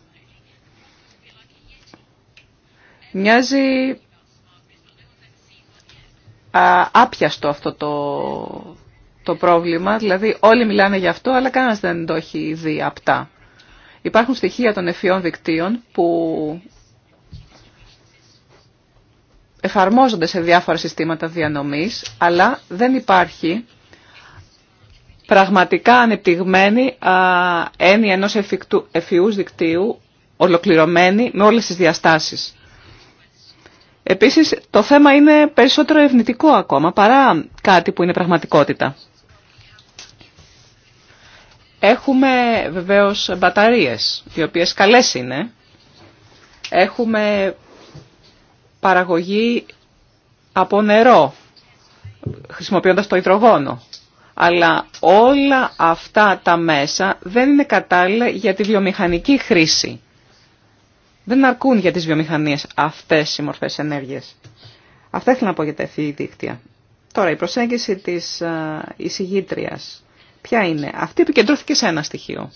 Μοιάζει άπιαστο αυτό το, το πρόβλημα, δηλαδή όλοι μιλάνε για αυτό, αλλά κανένας δεν το έχει δει απτά. Υπάρχουν στοιχεία των εφιών δικτύων που εφαρμόζονται σε διάφορα συστήματα διανομής, αλλά δεν υπάρχει πραγματικά ανεπτυγμένη έννοια ενός εφικτού, εφιούς δικτύου, ολοκληρωμένη με όλες τις διαστάσεις. Επίσης, το θέμα είναι περισσότερο ευνητικό ακόμα, παρά κάτι που είναι πραγματικότητα. Έχουμε βεβαίως μπαταρίες, οι οποίες καλές είναι. Έχουμε παραγωγή από νερό, χρησιμοποιώντας το υδρογόνο αλλά όλα αυτά τα μέσα δεν είναι κατάλληλα για τη βιομηχανική χρήση. Δεν αρκούν για τις βιομηχανίες αυτές οι μορφές ενέργειας. Αυτά ήθελα να πω για τα e δίκτυα. Τώρα, η προσέγγιση της εισηγήτριας. Ποια είναι. Αυτή επικεντρώθηκε σε ένα στοιχείο,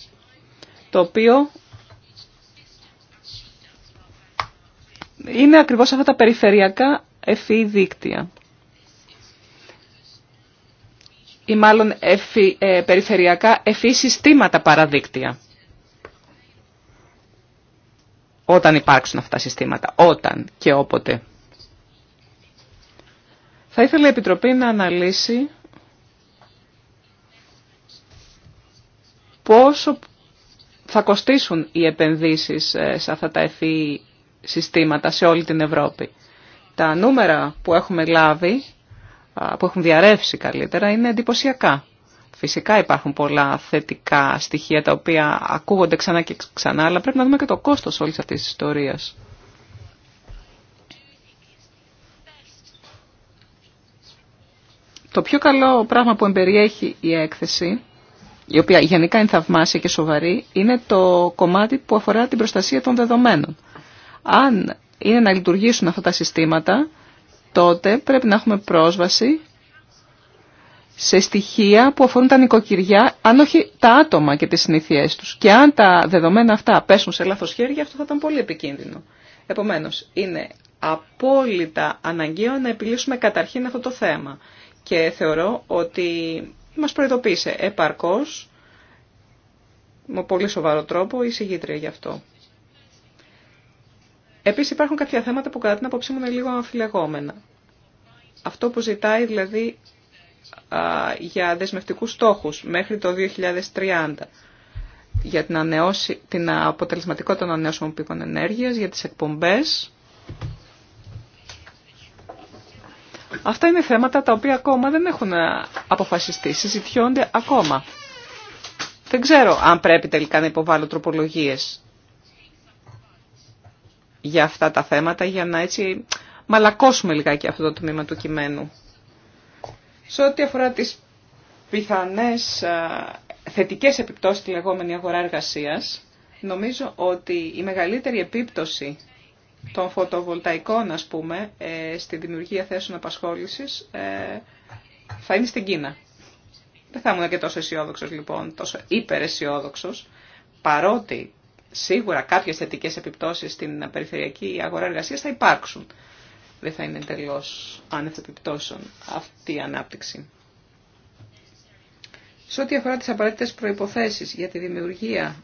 το οποίο είναι ακριβώς αυτά τα περιφερειακά ευφυή e δίκτυα ή μάλλον ε, περιφερειακά εφή συστήματα παραδίκτυα. Όταν υπάρξουν αυτά τα συστήματα, όταν και όποτε. Θα ήθελα η Επιτροπή να αναλύσει πόσο θα κοστίσουν οι επενδύσεις ε, σε αυτά τα εφή συστήματα σε όλη την Ευρώπη. Τα νούμερα που έχουμε λάβει που έχουν διαρρεύσει καλύτερα είναι εντυπωσιακά. Φυσικά υπάρχουν πολλά θετικά στοιχεία τα οποία ακούγονται ξανά και ξανά, αλλά πρέπει να δούμε και το κόστος όλης αυτής της ιστορίας. Το πιο καλό πράγμα που εμπεριέχει η έκθεση, η οποία γενικά είναι θαυμάσια και σοβαρή, είναι το κομμάτι που αφορά την προστασία των δεδομένων. Αν είναι να λειτουργήσουν αυτά τα συστήματα, τότε πρέπει να έχουμε πρόσβαση σε στοιχεία που αφορούν τα νοικοκυριά, αν όχι τα άτομα και τις συνήθειές τους. Και αν τα δεδομένα αυτά πέσουν σε λάθος χέρια, αυτό θα ήταν πολύ επικίνδυνο. Επομένως, είναι απόλυτα αναγκαίο να επιλύσουμε καταρχήν αυτό το θέμα. Και θεωρώ ότι μας προειδοποίησε επαρκώς, με πολύ σοβαρό τρόπο, η συγγήτρια γι' αυτό. Επίσης υπάρχουν κάποια θέματα που κατά την απόψή μου είναι λίγο αμφιλεγόμενα. Αυτό που ζητάει δηλαδή για δεσμευτικούς στόχους μέχρι το 2030 για την, ανεώση, την αποτελεσματικότητα των ανανεώσιμων πηγών ενέργειας, για τις εκπομπές. Αυτά είναι θέματα τα οποία ακόμα δεν έχουν αποφασιστεί, συζητιώνται ακόμα. Δεν ξέρω αν πρέπει τελικά να υποβάλω τροπολογίες για αυτά τα θέματα για να έτσι μαλακώσουμε λιγάκι αυτό το τμήμα του κειμένου. Σε ό,τι αφορά τις πιθανές θετικές επιπτώσεις στη λεγόμενη αγορά εργασίας, νομίζω ότι η μεγαλύτερη επίπτωση των φωτοβολταϊκών, ας πούμε, ε, στη δημιουργία θέσεων απασχόλησης ε, θα είναι στην Κίνα. Δεν θα ήμουν και τόσο αισιόδοξο λοιπόν, τόσο υπεραισιόδοξο, παρότι σίγουρα κάποιες θετικές επιπτώσεις στην περιφερειακή αγορά εργασίας θα υπάρξουν. Δεν θα είναι εντελώ άνευ επιπτώσεων αυτή η ανάπτυξη. Σε ό,τι αφορά τις απαραίτητες προϋποθέσεις για τη δημιουργία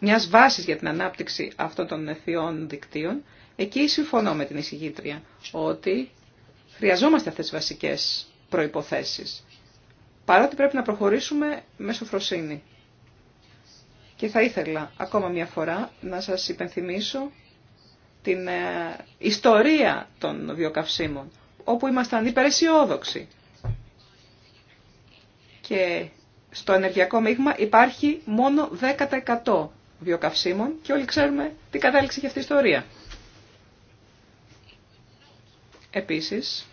μιας βάσης για την ανάπτυξη αυτών των θεών δικτύων, εκεί συμφωνώ με την εισηγήτρια ότι χρειαζόμαστε αυτές τις βασικές προϋποθέσεις, παρότι πρέπει να προχωρήσουμε με σοφροσύνη. Και θα ήθελα ακόμα μια φορά να σας υπενθυμίσω την ε, ιστορία των βιοκαυσίμων, όπου ήμασταν υπεραισιόδοξοι. Και στο ενεργειακό μείγμα υπάρχει μόνο 10% βιοκαυσίμων και όλοι ξέρουμε τι κατάληξη και αυτή η ιστορία. Επίσης,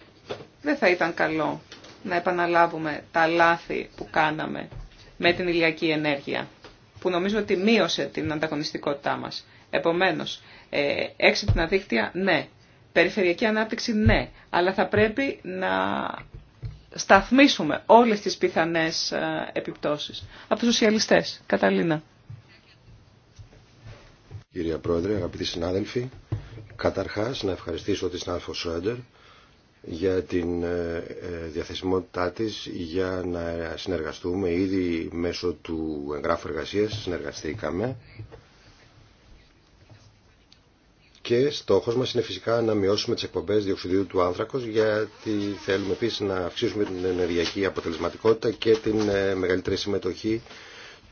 δεν θα ήταν καλό να επαναλάβουμε τα λάθη που κάναμε με την ηλιακή ενέργεια που νομίζω ότι μείωσε την ανταγωνιστικότητά μας. Επομένως, ε, έξυπνα δίκτυα, ναι. Περιφερειακή ανάπτυξη, ναι. Αλλά θα πρέπει να σταθμίσουμε όλες τις πιθανές ε, επιπτώσεις. Από τους σοσιαλιστές. Καταλήνα. Κυρία Πρόεδρε, αγαπητοί συνάδελφοι, καταρχάς να ευχαριστήσω τη συνάδελφο Σόντερ για την ε, ε, διαθεσιμότητά της για να συνεργαστούμε. Ήδη μέσω του εγγράφου εργασίας συνεργαστήκαμε και στόχος μας είναι φυσικά να μειώσουμε τις εκπομπές διοξιδίου του άνθρακος γιατί θέλουμε επίσης να αυξήσουμε την ενεργειακή αποτελεσματικότητα και την ε, μεγαλύτερη συμμετοχή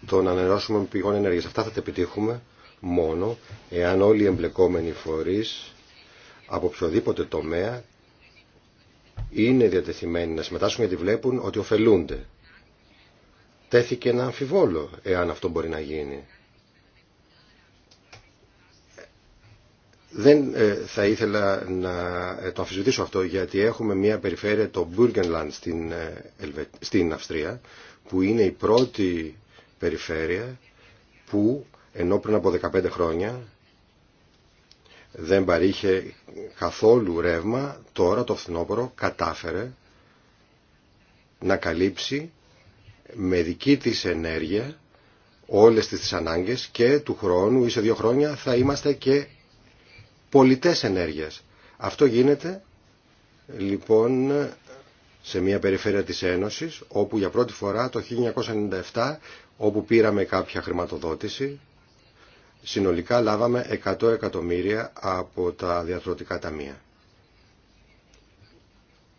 των ανανεώσιμων πηγών ενέργειας. Αυτά θα τα επιτύχουμε μόνο εάν όλοι οι εμπλεκόμενοι φορείς από οποιοδήποτε τομέα είναι διατεθειμένοι να συμμετάσχουν γιατί βλέπουν ότι ωφελούνται. Τέθηκε ένα αμφιβόλο εάν αυτό μπορεί να γίνει. Δεν ε, θα ήθελα να ε, το αμφισβητήσω αυτό γιατί έχουμε μια περιφέρεια, το Burgenland στην, ε, στην Αυστρία, που είναι η πρώτη περιφέρεια που ενώ πριν από 15 χρόνια δεν παρήχε καθόλου ρεύμα, τώρα το φθινόπωρο κατάφερε να καλύψει με δική της ενέργεια όλες τις ανάγκες και του χρόνου ή σε δύο χρόνια θα είμαστε και πολιτές ενέργειας. Αυτό γίνεται λοιπόν σε μια περιφέρεια της Ένωσης όπου για πρώτη φορά το 1997 όπου πήραμε κάποια χρηματοδότηση συνολικά λάβαμε 100 εκατομμύρια από τα διαθρωτικά ταμεία.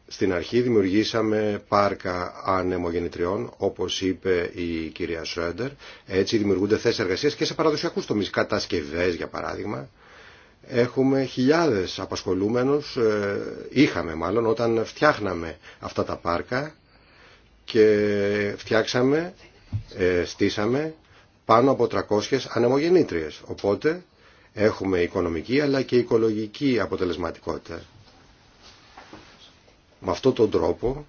Στην αρχή δημιουργήσαμε πάρκα ανεμογεννητριών, όπως είπε η κυρία Σρέντερ. Έτσι δημιουργούνται θέσεις εργασίας και σε παραδοσιακούς τομείς, κατασκευές για παράδειγμα. Έχουμε χιλιάδες απασχολούμενους, ε, είχαμε μάλλον όταν φτιάχναμε αυτά τα πάρκα και φτιάξαμε, ε, στήσαμε πάνω από 300 ανεμογεννήτριες. Οπότε έχουμε οικονομική αλλά και οικολογική αποτελεσματικότητα. Με αυτόν τον τρόπο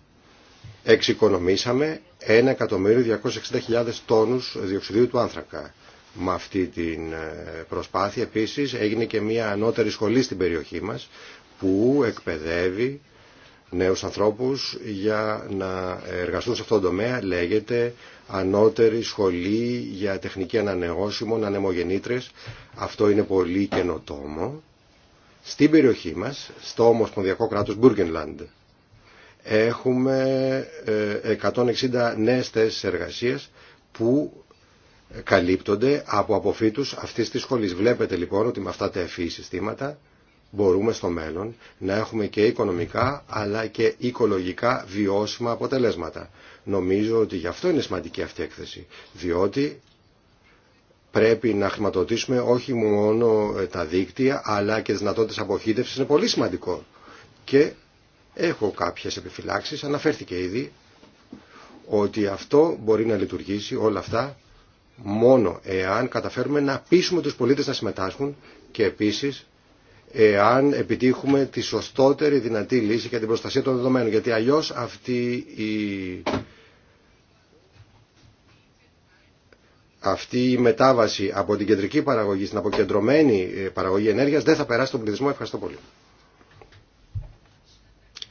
εξοικονομήσαμε 1.260.000 τόνους διοξιδίου του άνθρακα. Με αυτή την ε, προσπάθεια επίσης έγινε και μια ανώτερη σχολή στην περιοχή μας που εκπαιδεύει νέους ανθρώπους για να εργαστούν σε αυτό το τομέα λέγεται ανώτερη σχολή για τεχνική ανανεώσιμων ανεμογεννήτρες. Αυτό είναι πολύ καινοτόμο. Στην περιοχή μας, στο Ομοσπονδιακό κράτος Μπουργενλάντ, έχουμε 160 ε, νέες θέσεις εργασίας που καλύπτονται από αποφύτους αυτής της σχολής. Βλέπετε λοιπόν ότι με αυτά τα ευφύ συστήματα μπορούμε στο μέλλον να έχουμε και οικονομικά αλλά και οικολογικά βιώσιμα αποτελέσματα. Νομίζω ότι γι' αυτό είναι σημαντική αυτή η έκθεση, διότι πρέπει να χρηματοδοτήσουμε όχι μόνο ε, τα δίκτυα αλλά και τις δυνατότητες αποχύτευσης, είναι πολύ σημαντικό. Και έχω κάποιες επιφυλάξεις, αναφέρθηκε ήδη, ότι αυτό μπορεί να λειτουργήσει όλα αυτά μόνο εάν καταφέρουμε να πείσουμε τους πολίτες να συμμετάσχουν και επίσης εάν επιτύχουμε τη σωστότερη δυνατή λύση για την προστασία των δεδομένων. Γιατί αλλιώς αυτή η, αυτή η μετάβαση από την κεντρική παραγωγή στην αποκεντρωμένη ε, παραγωγή ενέργειας δεν θα περάσει τον πληθυσμό. Ευχαριστώ πολύ.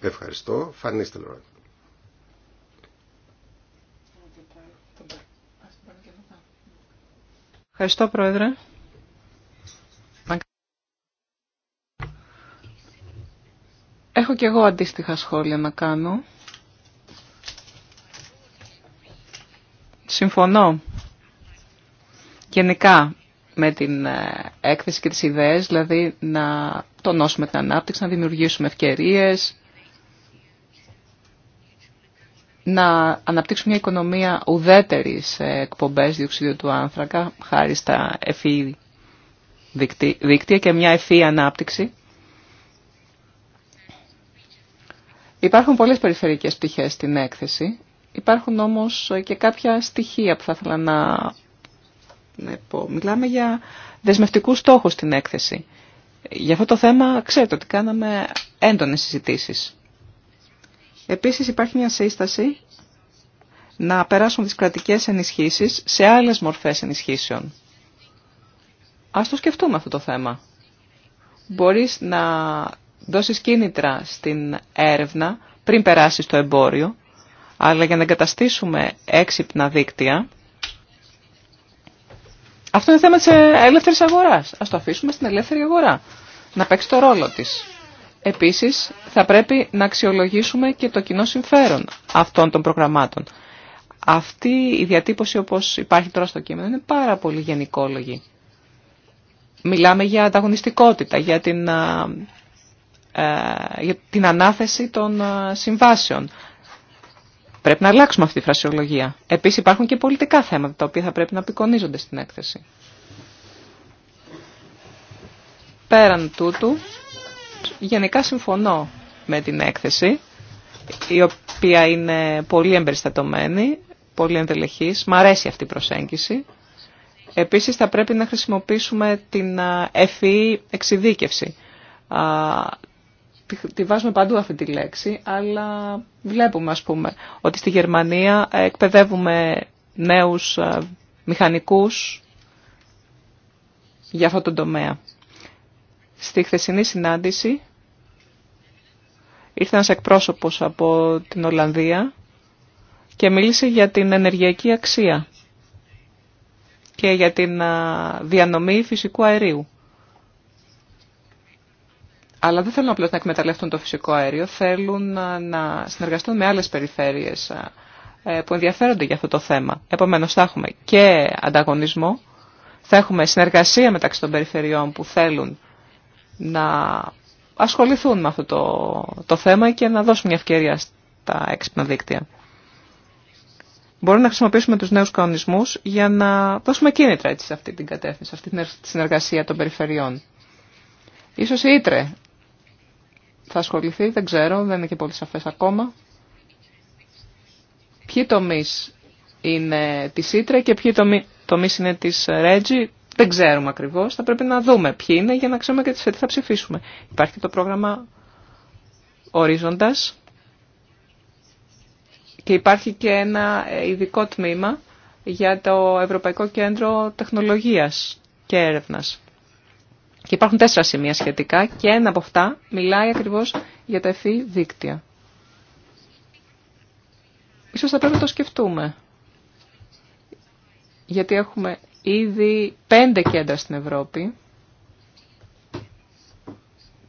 Ευχαριστώ. Φανίστε λόγω. Ευχαριστώ Πρόεδρε. Έχω και εγώ αντίστοιχα σχόλια να κάνω. Συμφωνώ γενικά με την ε, έκθεση και τις ιδέες, δηλαδή να τονώσουμε την ανάπτυξη, να δημιουργήσουμε ευκαιρίες, να αναπτύξουμε μια οικονομία ουδέτερη σε εκπομπές διοξιδίου του άνθρακα, χάρη στα ευφύ δίκτυα και μια ευφύ ανάπτυξη. Υπάρχουν πολλές περιφερειακές πτυχές στην έκθεση. Υπάρχουν όμως και κάποια στοιχεία που θα ήθελα να πω. Μιλάμε για δεσμευτικούς στόχους στην έκθεση. Για αυτό το θέμα ξέρετε ότι κάναμε έντονες συζητήσεις. Επίσης υπάρχει μια σύσταση να περάσουν τις κρατικές ενισχύσεις σε άλλες μορφές ενισχύσεων. Ας το σκεφτούμε αυτό το θέμα. Μπορείς να δώσεις κίνητρα στην έρευνα πριν περάσει στο εμπόριο, αλλά για να εγκαταστήσουμε έξυπνα δίκτυα, αυτό είναι θέμα της ελεύθερη αγορά, Ας το αφήσουμε στην ελεύθερη αγορά, να παίξει το ρόλο της. Επίσης, θα πρέπει να αξιολογήσουμε και το κοινό συμφέρον αυτών των προγραμμάτων. Αυτή η διατύπωση όπως υπάρχει τώρα στο κείμενο είναι πάρα πολύ γενικόλογη. Μιλάμε για ανταγωνιστικότητα, για την ε, για την ανάθεση των ε, συμβάσεων. Πρέπει να αλλάξουμε αυτή τη φρασιολογία. Επίσης υπάρχουν και πολιτικά θέματα τα οποία θα πρέπει να απεικονίζονται στην έκθεση. Πέραν τούτου, γενικά συμφωνώ με την έκθεση, η οποία είναι πολύ εμπεριστατωμένη, πολύ ενδελεχής. Μ' αρέσει αυτή η προσέγγιση. Επίσης θα πρέπει να χρησιμοποιήσουμε την ε, ευφυή εξειδίκευση τη βάζουμε παντού αυτή τη λέξη, αλλά βλέπουμε ας πούμε ότι στη Γερμανία εκπαιδεύουμε νέους ε, μηχανικούς για αυτό τον τομέα. Στη χθεσινή συνάντηση ήρθε ένας εκπρόσωπος από την Ολλανδία και μίλησε για την ενεργειακή αξία και για την ε, διανομή φυσικού αερίου. Αλλά δεν θέλουν απλώ να εκμεταλλευτούν το φυσικό αέριο, θέλουν ε, να συνεργαστούν με άλλες περιφέρειες ε, ε, που ενδιαφέρονται για αυτό το θέμα. Επομένω, θα έχουμε και ανταγωνισμό, θα έχουμε συνεργασία μεταξύ των περιφερειών που θέλουν να ασχοληθούν με αυτό το, το θέμα και να δώσουν μια ευκαιρία στα έξυπνα δίκτυα. Μπορούμε να χρησιμοποιήσουμε τους νέους κανονισμούς για να δώσουμε κίνητρα σε αυτή την κατεύθυνση, σε αυτή τη συνεργασία των περιφερειών. Ίσως η Ήτρε θα ασχοληθεί, δεν ξέρω, δεν είναι και πολύ σαφές ακόμα. Ποιοι τομεί είναι τη σίτρε και ποιοι τομεί είναι τη Ρέτζι, δεν ξέρουμε ακριβώ. Θα πρέπει να δούμε ποιοι είναι για να ξέρουμε και σε τι θα ψηφίσουμε. Υπάρχει το πρόγραμμα Ορίζοντα και υπάρχει και ένα ειδικό τμήμα για το Ευρωπαϊκό Κέντρο Τεχνολογίας και Έρευνας. Και υπάρχουν τέσσερα σημεία σχετικά και ένα από αυτά μιλάει ακριβώς για τα ευφύ δίκτυα. Ίσως θα πρέπει να το σκεφτούμε. Γιατί έχουμε ήδη πέντε κέντρα στην Ευρώπη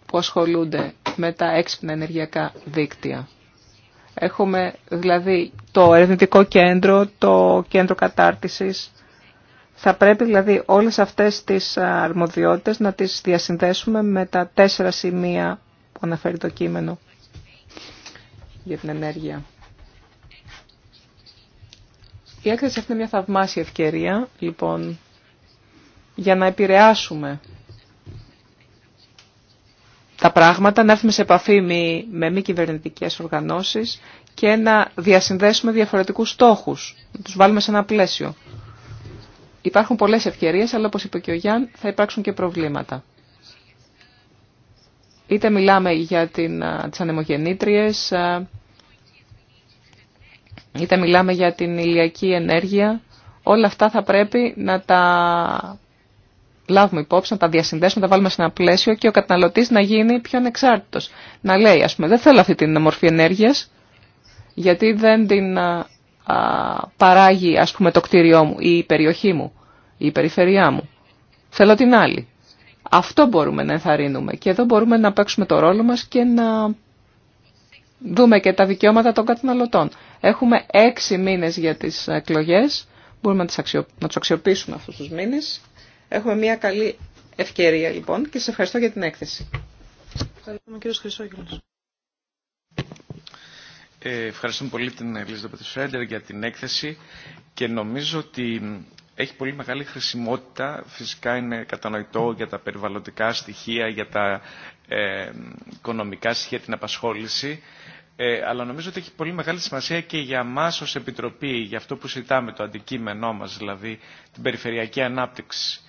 που ασχολούνται με τα έξυπνα ενεργειακά δίκτυα. Έχουμε δηλαδή το ερευνητικό κέντρο, το κέντρο κατάρτισης, θα πρέπει δηλαδή όλες αυτές τις αρμοδιότητες να τις διασυνδέσουμε με τα τέσσερα σημεία που αναφέρει το κείμενο για την ενέργεια. Η έκθεση αυτή είναι μια θαυμάσια ευκαιρία, λοιπόν, για να επηρεάσουμε τα πράγματα, να έρθουμε σε επαφή με μη κυβερνητικέ οργανώσεις και να διασυνδέσουμε διαφορετικούς στόχους, να τους βάλουμε σε ένα πλαίσιο υπάρχουν πολλές ευκαιρίες, αλλά όπως είπε και ο Γιάνν, θα υπάρξουν και προβλήματα. Είτε μιλάμε για την, τις είτε μιλάμε για την ηλιακή ενέργεια, όλα αυτά θα πρέπει να τα λάβουμε υπόψη, να τα διασυνδέσουμε, να τα βάλουμε σε ένα πλαίσιο και ο καταναλωτής να γίνει πιο ανεξάρτητος. Να λέει, ας πούμε, δεν θέλω αυτή την μορφή ενέργειας, γιατί δεν την παράγει ας πούμε το κτίριό μου ή η περιοχή μου ή η περιφερειά μου. Θέλω την άλλη. Αυτό μπορούμε να ενθαρρύνουμε και εδώ μπορούμε να παίξουμε το ρόλο μας και να δούμε και τα δικαιώματα των καταναλωτών. Έχουμε έξι μήνες για τις εκλογές, μπορούμε να, τις αξιοποιήσουμε αυτούς τους μήνες. Έχουμε μια καλή ευκαιρία λοιπόν και σας ευχαριστώ για την έκθεση. Ευχαριστούμε ε, ευχαριστούμε πολύ την Ελίζα Πατρισφέντερ για την έκθεση και νομίζω ότι έχει πολύ μεγάλη χρησιμότητα. Φυσικά είναι κατανοητό για τα περιβαλλοντικά στοιχεία, για τα ε, οικονομικά στοιχεία, την απασχόληση. Ε, αλλά νομίζω ότι έχει πολύ μεγάλη σημασία και για μας ως Επιτροπή, για αυτό που συζητάμε, το αντικείμενό μας, δηλαδή την περιφερειακή ανάπτυξη.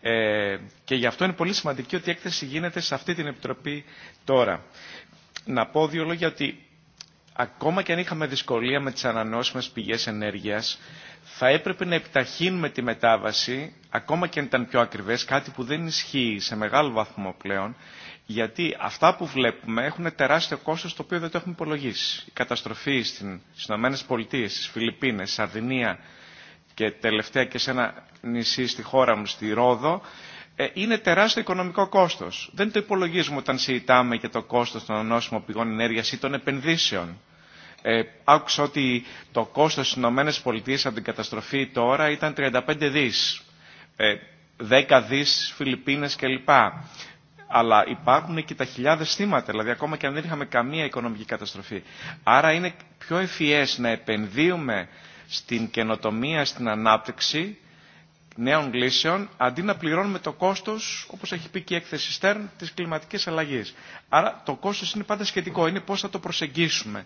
Ε, και γι' αυτό είναι πολύ σημαντική ότι η έκθεση γίνεται σε αυτή την Επιτροπή τώρα. Να πω δύο λόγια ότι ακόμα και αν είχαμε δυσκολία με τις ανανεώσιμες πηγές ενέργειας, θα έπρεπε να επιταχύνουμε τη μετάβαση, ακόμα και αν ήταν πιο ακριβές, κάτι που δεν ισχύει σε μεγάλο βαθμό πλέον, γιατί αυτά που βλέπουμε έχουν τεράστιο κόστος το οποίο δεν το έχουμε υπολογίσει. Η καταστροφή στις Ηνωμένες Πολιτείες, στις Φιλιππίνες, Σαρδινία και τελευταία και σε ένα νησί στη χώρα μου, στη Ρόδο, ε, είναι τεράστιο οικονομικό κόστος. Δεν το υπολογίζουμε όταν συζητάμε για το κόστος των ανώσιμων πηγών ενέργειας ή των επενδύσεων. Ε, άκουσα ότι το κόστος στις Ηνωμένες Πολιτείες από την καταστροφή τώρα ήταν 35 δις. Ε, 10 δις Φιλιππίνες κλπ. Αλλά υπάρχουν και τα χιλιάδες θύματα, δηλαδή ακόμα και αν δεν είχαμε καμία οικονομική καταστροφή. Άρα είναι πιο ευφυές να επενδύουμε στην καινοτομία, στην ανάπτυξη νέων λύσεων, αντί να πληρώνουμε το κόστος, όπως έχει πει και η έκθεση Στέρν της κλιματικής αλλαγής. Άρα το κόστος είναι πάντα σχετικό, είναι πώς θα το προσεγγίσουμε.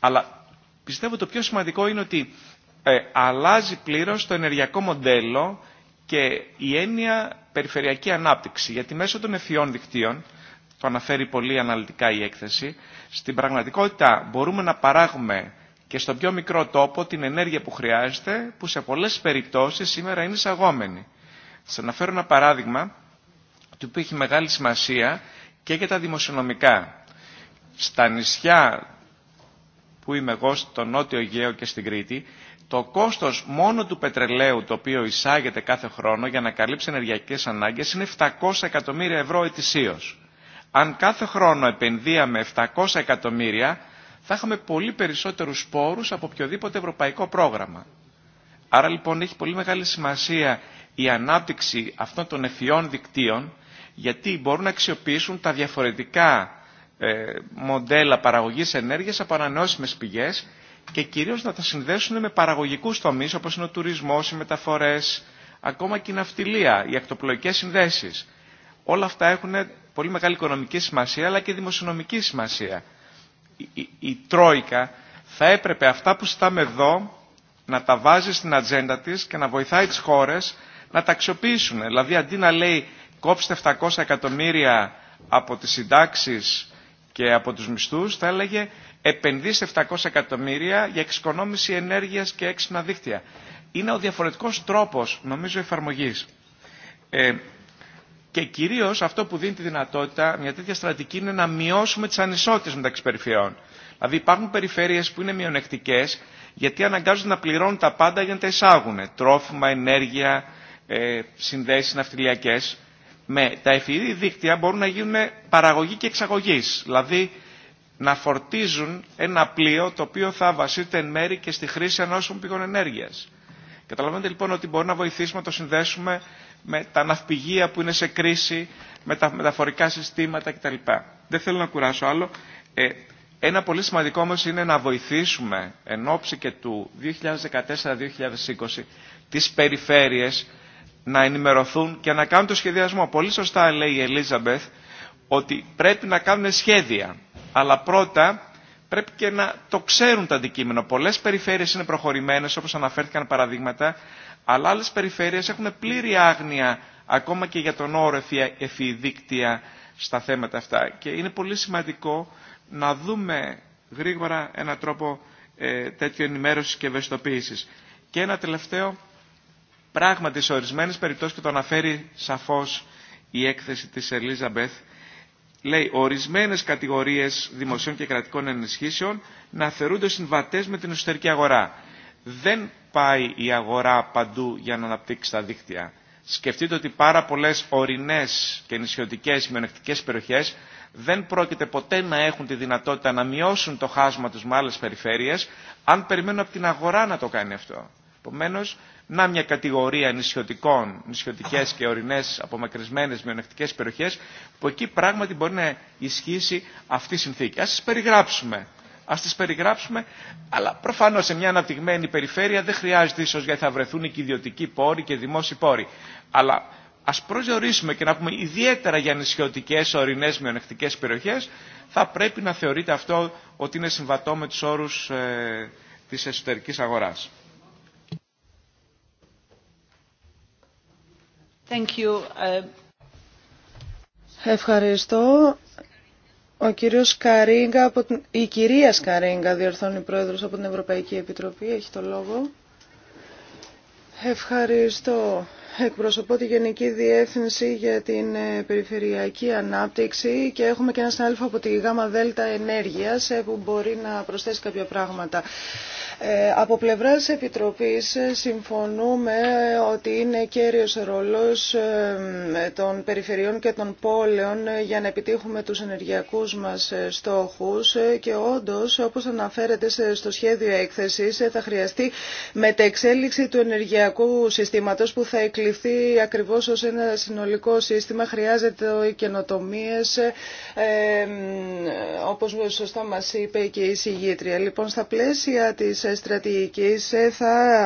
Αλλά πιστεύω το πιο σημαντικό είναι ότι ε, αλλάζει πλήρως το ενεργειακό μοντέλο και η έννοια περιφερειακή ανάπτυξη. Γιατί μέσω των ευφυών δικτύων, το αναφέρει πολύ αναλυτικά η έκθεση, στην πραγματικότητα μπορούμε να παράγουμε και στον πιο μικρό τόπο την ενέργεια που χρειάζεται, που σε πολλές περιπτώσεις σήμερα είναι εισαγόμενη. Σα αναφέρω ένα παράδειγμα, το οποίο έχει μεγάλη σημασία και για τα δημοσιονομικά. Στα νησιά που είμαι εγώ στο Νότιο Αιγαίο και στην Κρήτη, το κόστος μόνο του πετρελαίου το οποίο εισάγεται κάθε χρόνο για να καλύψει ενεργειακές ανάγκες είναι 700 εκατομμύρια ευρώ ετησίως. Αν κάθε χρόνο επενδύαμε 700 εκατομμύρια, θα είχαμε πολύ περισσότερους πόρους από οποιοδήποτε ευρωπαϊκό πρόγραμμα. Άρα λοιπόν έχει πολύ μεγάλη σημασία η ανάπτυξη αυτών των ευφυών δικτύων, γιατί μπορούν να αξιοποιήσουν τα διαφορετικά ε, μοντέλα παραγωγής ενέργειας από ανανεώσιμες πηγές και κυρίως να τα συνδέσουν με παραγωγικούς τομείς όπως είναι ο τουρισμός, οι μεταφορές, ακόμα και η ναυτιλία, οι ακτοπλοϊκές συνδέσεις. Όλα αυτά έχουν πολύ μεγάλη οικονομική σημασία αλλά και δημοσιονομική σημασία. Η, η, η Τρόικα θα έπρεπε αυτά που στάμε εδώ να τα βάζει στην ατζέντα της και να βοηθάει τις χώρες να τα αξιοποιήσουν. Δηλαδή αντί να λέει κόψτε 700 εκατομμύρια από τις συντάξεις και από τους μισθούς, θα έλεγε επενδύσει 700 εκατομμύρια για εξοικονόμηση ενέργειας και έξυπνα δίκτυα. Είναι ο διαφορετικός τρόπος, νομίζω, εφαρμογής. Ε, και κυρίως αυτό που δίνει τη δυνατότητα, μια τέτοια στρατηγική, είναι να μειώσουμε τις ανισότητες μεταξύ περιφερειών. Δηλαδή υπάρχουν περιφέρειες που είναι μειονεκτικές, γιατί αναγκάζονται να πληρώνουν τα πάντα για να τα εισάγουν. Τρόφιμα, ενέργεια, ε, συνδέσεις ναυτιλιακές με τα ευφυή δίκτυα μπορούν να γίνουν παραγωγή και εξαγωγή. Δηλαδή να φορτίζουν ένα πλοίο το οποίο θα βασίζεται εν μέρη και στη χρήση ανώσιμων πηγών ενέργεια. Καταλαβαίνετε λοιπόν ότι μπορεί να βοηθήσουμε να το συνδέσουμε με τα ναυπηγεία που είναι σε κρίση, με τα μεταφορικά συστήματα κτλ. Δεν θέλω να κουράσω άλλο. Ε, ένα πολύ σημαντικό όμως είναι να βοηθήσουμε εν ώψη και του 2014-2020 τις περιφέρειες να ενημερωθούν και να κάνουν το σχεδιασμό. Πολύ σωστά λέει η Ελίζαμπεθ ότι πρέπει να κάνουν σχέδια, αλλά πρώτα πρέπει και να το ξέρουν το αντικείμενο. Πολλές περιφέρειες είναι προχωρημένες, όπως αναφέρθηκαν παραδείγματα, αλλά άλλες περιφέρειες έχουν πλήρη άγνοια ακόμα και για τον όρο εφηδίκτια στα θέματα αυτά. Και είναι πολύ σημαντικό να δούμε γρήγορα ένα τρόπο ε, τέτοιο ενημέρωσης και ευαισθητοποίησης. Και ένα τελευταίο, Πράγματι, σε ορισμένες περιπτώσεις και το αναφέρει σαφώς η έκθεση της Ελίζα Μπεθ, λέει ορισμένε κατηγορίε δημοσίων και κρατικών ενισχύσεων να θεωρούνται συμβατέ με την εσωτερική αγορά. Δεν πάει η αγορά παντού για να αναπτύξει τα δίκτυα. Σκεφτείτε ότι πάρα πολλέ ορεινέ και νησιωτικέ μειονεκτικέ περιοχέ δεν πρόκειται ποτέ να έχουν τη δυνατότητα να μειώσουν το χάσμα του με άλλε περιφέρειε, αν περιμένουν από την αγορά να το κάνει αυτό. Επομένω, να μια κατηγορία νησιωτικών, νησιωτικέ και ορεινέ απομακρυσμένε μειονεκτικέ περιοχέ που εκεί πράγματι μπορεί να ισχύσει αυτή η συνθήκη. Α τι περιγράψουμε. Α τι περιγράψουμε, αλλά προφανώ σε μια αναπτυγμένη περιφέρεια δεν χρειάζεται ίσω γιατί θα βρεθούν και ιδιωτικοί πόροι και δημόσιοι πόροι. Αλλά α προσδιορίσουμε και να πούμε ιδιαίτερα για νησιωτικέ ορεινέ μειονεκτικέ περιοχέ, θα πρέπει να θεωρείται αυτό ότι είναι συμβατό με του όρου ε, της εσωτερικής αγοράς. Uh, Ευχαριστώ. Ο κύριος Καρίγκα, από την... η κυρία Σκαρίγκα διορθώνει πρόεδρος από την Ευρωπαϊκή Επιτροπή, έχει το λόγο. Ευχαριστώ εκπροσωπώ τη Γενική Διεύθυνση για την ε, Περιφερειακή Ανάπτυξη και έχουμε και ένα συνάδελφο από τη ΓΑΜΑ ΔΕΛΤΑ Ενέργειας ε, που μπορεί να προσθέσει κάποια πράγματα. Ε, από πλευράς Επιτροπής συμφωνούμε ότι είναι κέριος ρόλος των περιφερειών και των πόλεων για να επιτύχουμε τους ενεργειακούς μας στόχους και όντως όπως αναφέρεται στο σχέδιο έκθεσης θα χρειαστεί μετεξέλιξη του ενεργειακού συστήματος που θα αντιληφθεί ακριβώς ως ένα συνολικό σύστημα. Χρειάζεται οι καινοτομίες, ε, όπως σωστά μα είπε και η συγγήτρια. Λοιπόν, στα πλαίσια της στρατηγικής ε, θα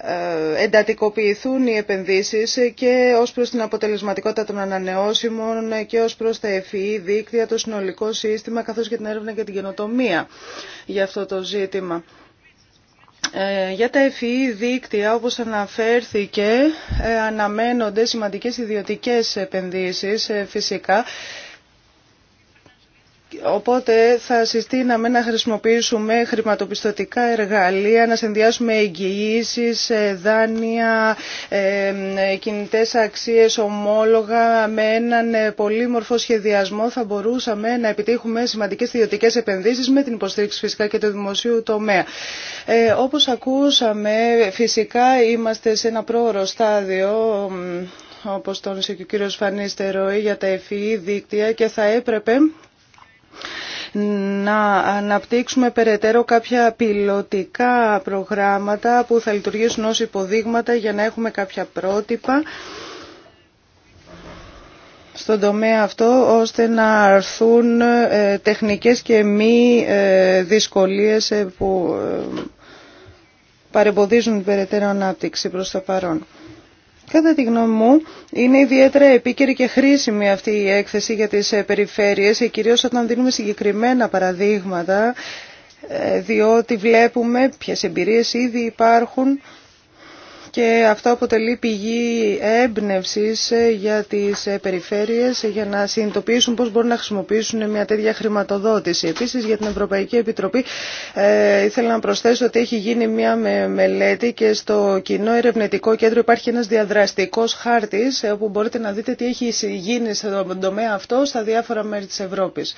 ε, εντατικοποιηθούν οι επενδύσεις και ως προς την αποτελεσματικότητα των ανανεώσιμων και ως προς τα ευφυή e e δίκτυα, το συνολικό σύστημα καθώς και την έρευνα και την καινοτομία για αυτό το ζήτημα. Ε, για τα εφή e e δίκτυα, όπως αναφέρθηκε, ε, αναμένονται σημαντικές ιδιωτικές επενδύσεις ε, φυσικά Οπότε θα συστήναμε να χρησιμοποιήσουμε χρηματοπιστωτικά εργαλεία, να συνδυάσουμε εγγυήσει, ε, δάνεια, ε, ε, κινητές αξίες, ομόλογα. Με έναν πολύμορφο σχεδιασμό θα μπορούσαμε να επιτύχουμε σημαντικές ιδιωτικέ επενδύσεις με την υποστήριξη φυσικά και του δημοσίου τομέα. Όπως ακούσαμε, φυσικά είμαστε σε ένα πρόωρο στάδιο όπως τόνισε και ο κύριος Φανίστερο για τα FEE δίκτυα και θα έπρεπε να αναπτύξουμε περαιτέρω κάποια πιλωτικά προγράμματα που θα λειτουργήσουν ως υποδείγματα για να έχουμε κάποια πρότυπα στον τομέα αυτό ώστε να αρθούν ε, τεχνικές και μη ε, δυσκολίες ε, που παρεμποδίζουν περαιτέρω ανάπτυξη προς το παρόν. Κατά τη γνώμη μου, είναι ιδιαίτερα επίκαιρη και χρήσιμη αυτή η έκθεση για τις ε, περιφέρειες, ε, κυρίως όταν δίνουμε συγκεκριμένα παραδείγματα, ε, διότι βλέπουμε ποιες εμπειρίες ήδη υπάρχουν και αυτό αποτελεί πηγή έμπνευση ε, για τις ε, περιφέρειες ε, για να συνειδητοποιήσουν πώς μπορούν να χρησιμοποιήσουν μια τέτοια χρηματοδότηση. Επίσης για την Ευρωπαϊκή Επιτροπή ήθελα να προσθέσω ότι έχει γίνει μια μελέτη και στο κοινό ερευνητικό κέντρο υπάρχει ένας διαδραστικός χάρτης όπου μπορείτε να δείτε τι έχει γίνει στον τομέα αυτό στα διάφορα μέρη της Ευρώπης.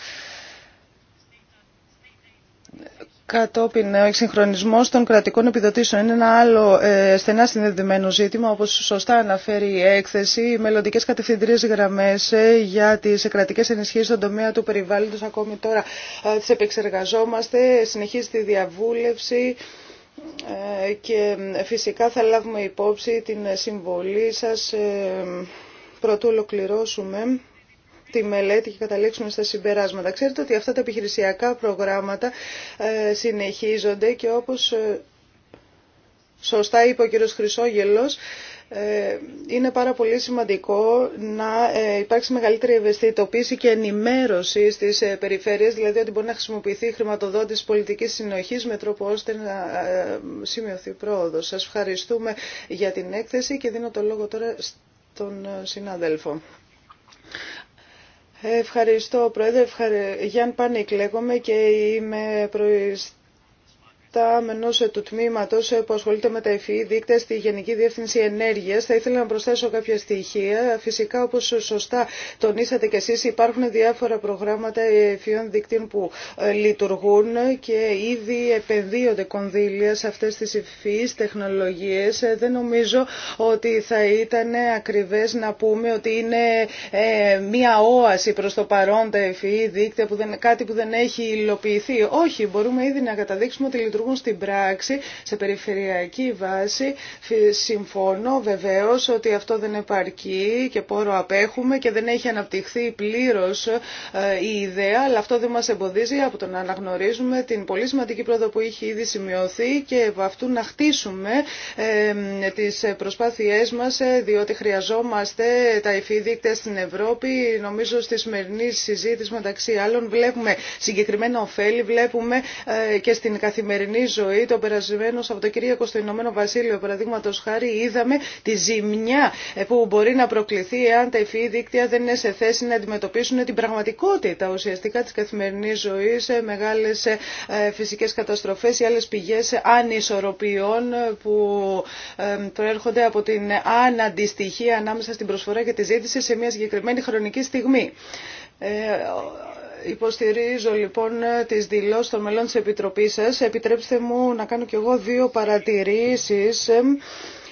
Κατόπιν, ε, ο εξυγχρονισμό των κρατικών επιδοτήσεων είναι ένα άλλο ε, στενά συνδεδεμένο ζήτημα. Όπω σωστά αναφέρει η έκθεση, οι μελλοντικέ κατευθυντήριε γραμμέ ε, για τι κρατικέ ενισχύσει στον τομέα του περιβάλλοντο ακόμη τώρα ε, τι επεξεργαζόμαστε. Συνεχίζει τη διαβούλευση και φυσικά θα λάβουμε υπόψη την συμβολή σας πρωτού ολοκληρώσουμε τη μελέτη και καταλήξουμε στα συμπεράσματα. Ξέρετε ότι αυτά τα επιχειρησιακά προγράμματα ε, συνεχίζονται και όπως ε, σωστά είπε ο κύριος Χρυσόγελος, ε, είναι πάρα πολύ σημαντικό να υπάρξει μεγαλύτερη ευαισθητοποίηση και ενημέρωση στις περιφέρειες, δηλαδή ότι μπορεί να χρησιμοποιηθεί η χρηματοδότηση πολιτικής συνοχής με τρόπο ώστε να σημειωθεί πρόοδος. Σας ευχαριστούμε για την έκθεση και δίνω το λόγο τώρα στον συνάδελφο. Ευχαριστώ, Πρόεδρε. Ευχαρι... Γιάννη Πάνικ λέγομαι και είμαι προιστ ενό ε, του τμήματο ε, που ασχολείται με τα ΕΦΗ, δείκτε στη Γενική Διεύθυνση Ενέργεια. Θα ήθελα να προσθέσω κάποια στοιχεία. Φυσικά, όπω σωστά τονίσατε κι εσεί, υπάρχουν διάφορα προγράμματα ΕΦΗΟΝ δικτύων που ε, λειτουργούν και ήδη επενδύονται κονδύλια σε αυτέ τι ΕΦΗ τεχνολογίε. Δεν νομίζω ότι θα ήταν ακριβέ να πούμε ότι είναι μία όαση προ το παρόν τα ΕΦΗ δίκτυα, που κάτι που δεν έχει υλοποιηθεί. Όχι, μπορούμε ήδη να καταδείξουμε ότι λειτουργούν λειτουργούν στην πράξη σε περιφερειακή βάση. Συμφωνώ βεβαίω ότι αυτό δεν επαρκεί και πόρο απέχουμε και δεν έχει αναπτυχθεί πλήρω ε, η ιδέα, αλλά αυτό δεν μα εμποδίζει από το να αναγνωρίζουμε την πολύ σημαντική πρόοδο που έχει ήδη σημειωθεί και από αυτού να χτίσουμε τι προσπάθειε μα ε, διότι χρειαζόμαστε τα υφή στην Ευρώπη. Νομίζω στη σημερινή συζήτηση μεταξύ άλλων βλέπουμε συγκεκριμένα ωφέλη, βλέπουμε ε, και στην καθημερινή καθημερινή ζωή. Το περασμένο Σαββατοκύριακο στο Ηνωμένο Βασίλειο, παραδείγματο χάρη, είδαμε τη ζημιά ε, που μπορεί να προκληθεί εάν τα υφή δίκτυα δεν είναι σε θέση να αντιμετωπίσουν την πραγματικότητα ουσιαστικά τη καθημερινή ζωή, ε, μεγάλε ε, φυσικέ καταστροφέ ή άλλε πηγέ ανισορροπιών που προέρχονται από την αναντιστοιχία ανάμεσα στην προσφορά και τη ζήτηση σε μια συγκεκριμένη χρονική στιγμή. Υποστηρίζω λοιπόν τις δηλώσεις των μελών της Επιτροπής σας. Επιτρέψτε μου να κάνω κι εγώ δύο παρατηρήσεις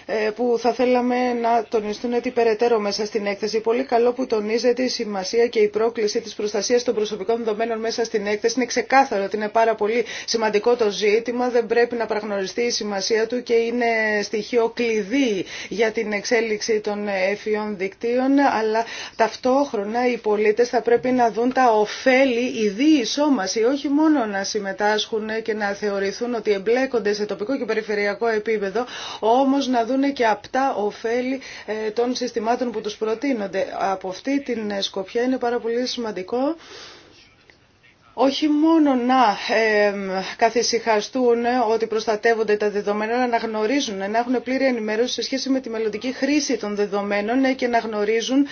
ε, που θα θέλαμε να τονιστούν ότι περαιτέρω μέσα στην έκθεση. Πολύ καλό που τονίζεται η σημασία και η πρόκληση της προστασίας των προσωπικών δεδομένων μέσα στην έκθεση. Είναι ξεκάθαρο ότι είναι πάρα πολύ σημαντικό το ζήτημα, δεν πρέπει να παραγνωριστεί η σημασία του και είναι στοιχείο κλειδί για την εξέλιξη των εφιών δικτύων, αλλά ταυτόχρονα οι πολίτες θα πρέπει να δουν τα ωφέλη, η διεισόμαση, όχι μόνο να συμμετάσχουν και να θεωρηθούν ότι εμπλέκονται σε τοπικό και περιφερειακό επίπεδο, όμως να δουν δουν και απτά ωφέλη ε, των συστημάτων που τους προτείνονται. Από αυτή την ε, σκοπιά είναι πάρα πολύ σημαντικό όχι μόνο να ε, καθησυχαστούν ότι προστατεύονται τα δεδομένα, αλλά να γνωρίζουν, να έχουν πλήρη ενημέρωση σε σχέση με τη μελλοντική χρήση των δεδομένων και να γνωρίζουν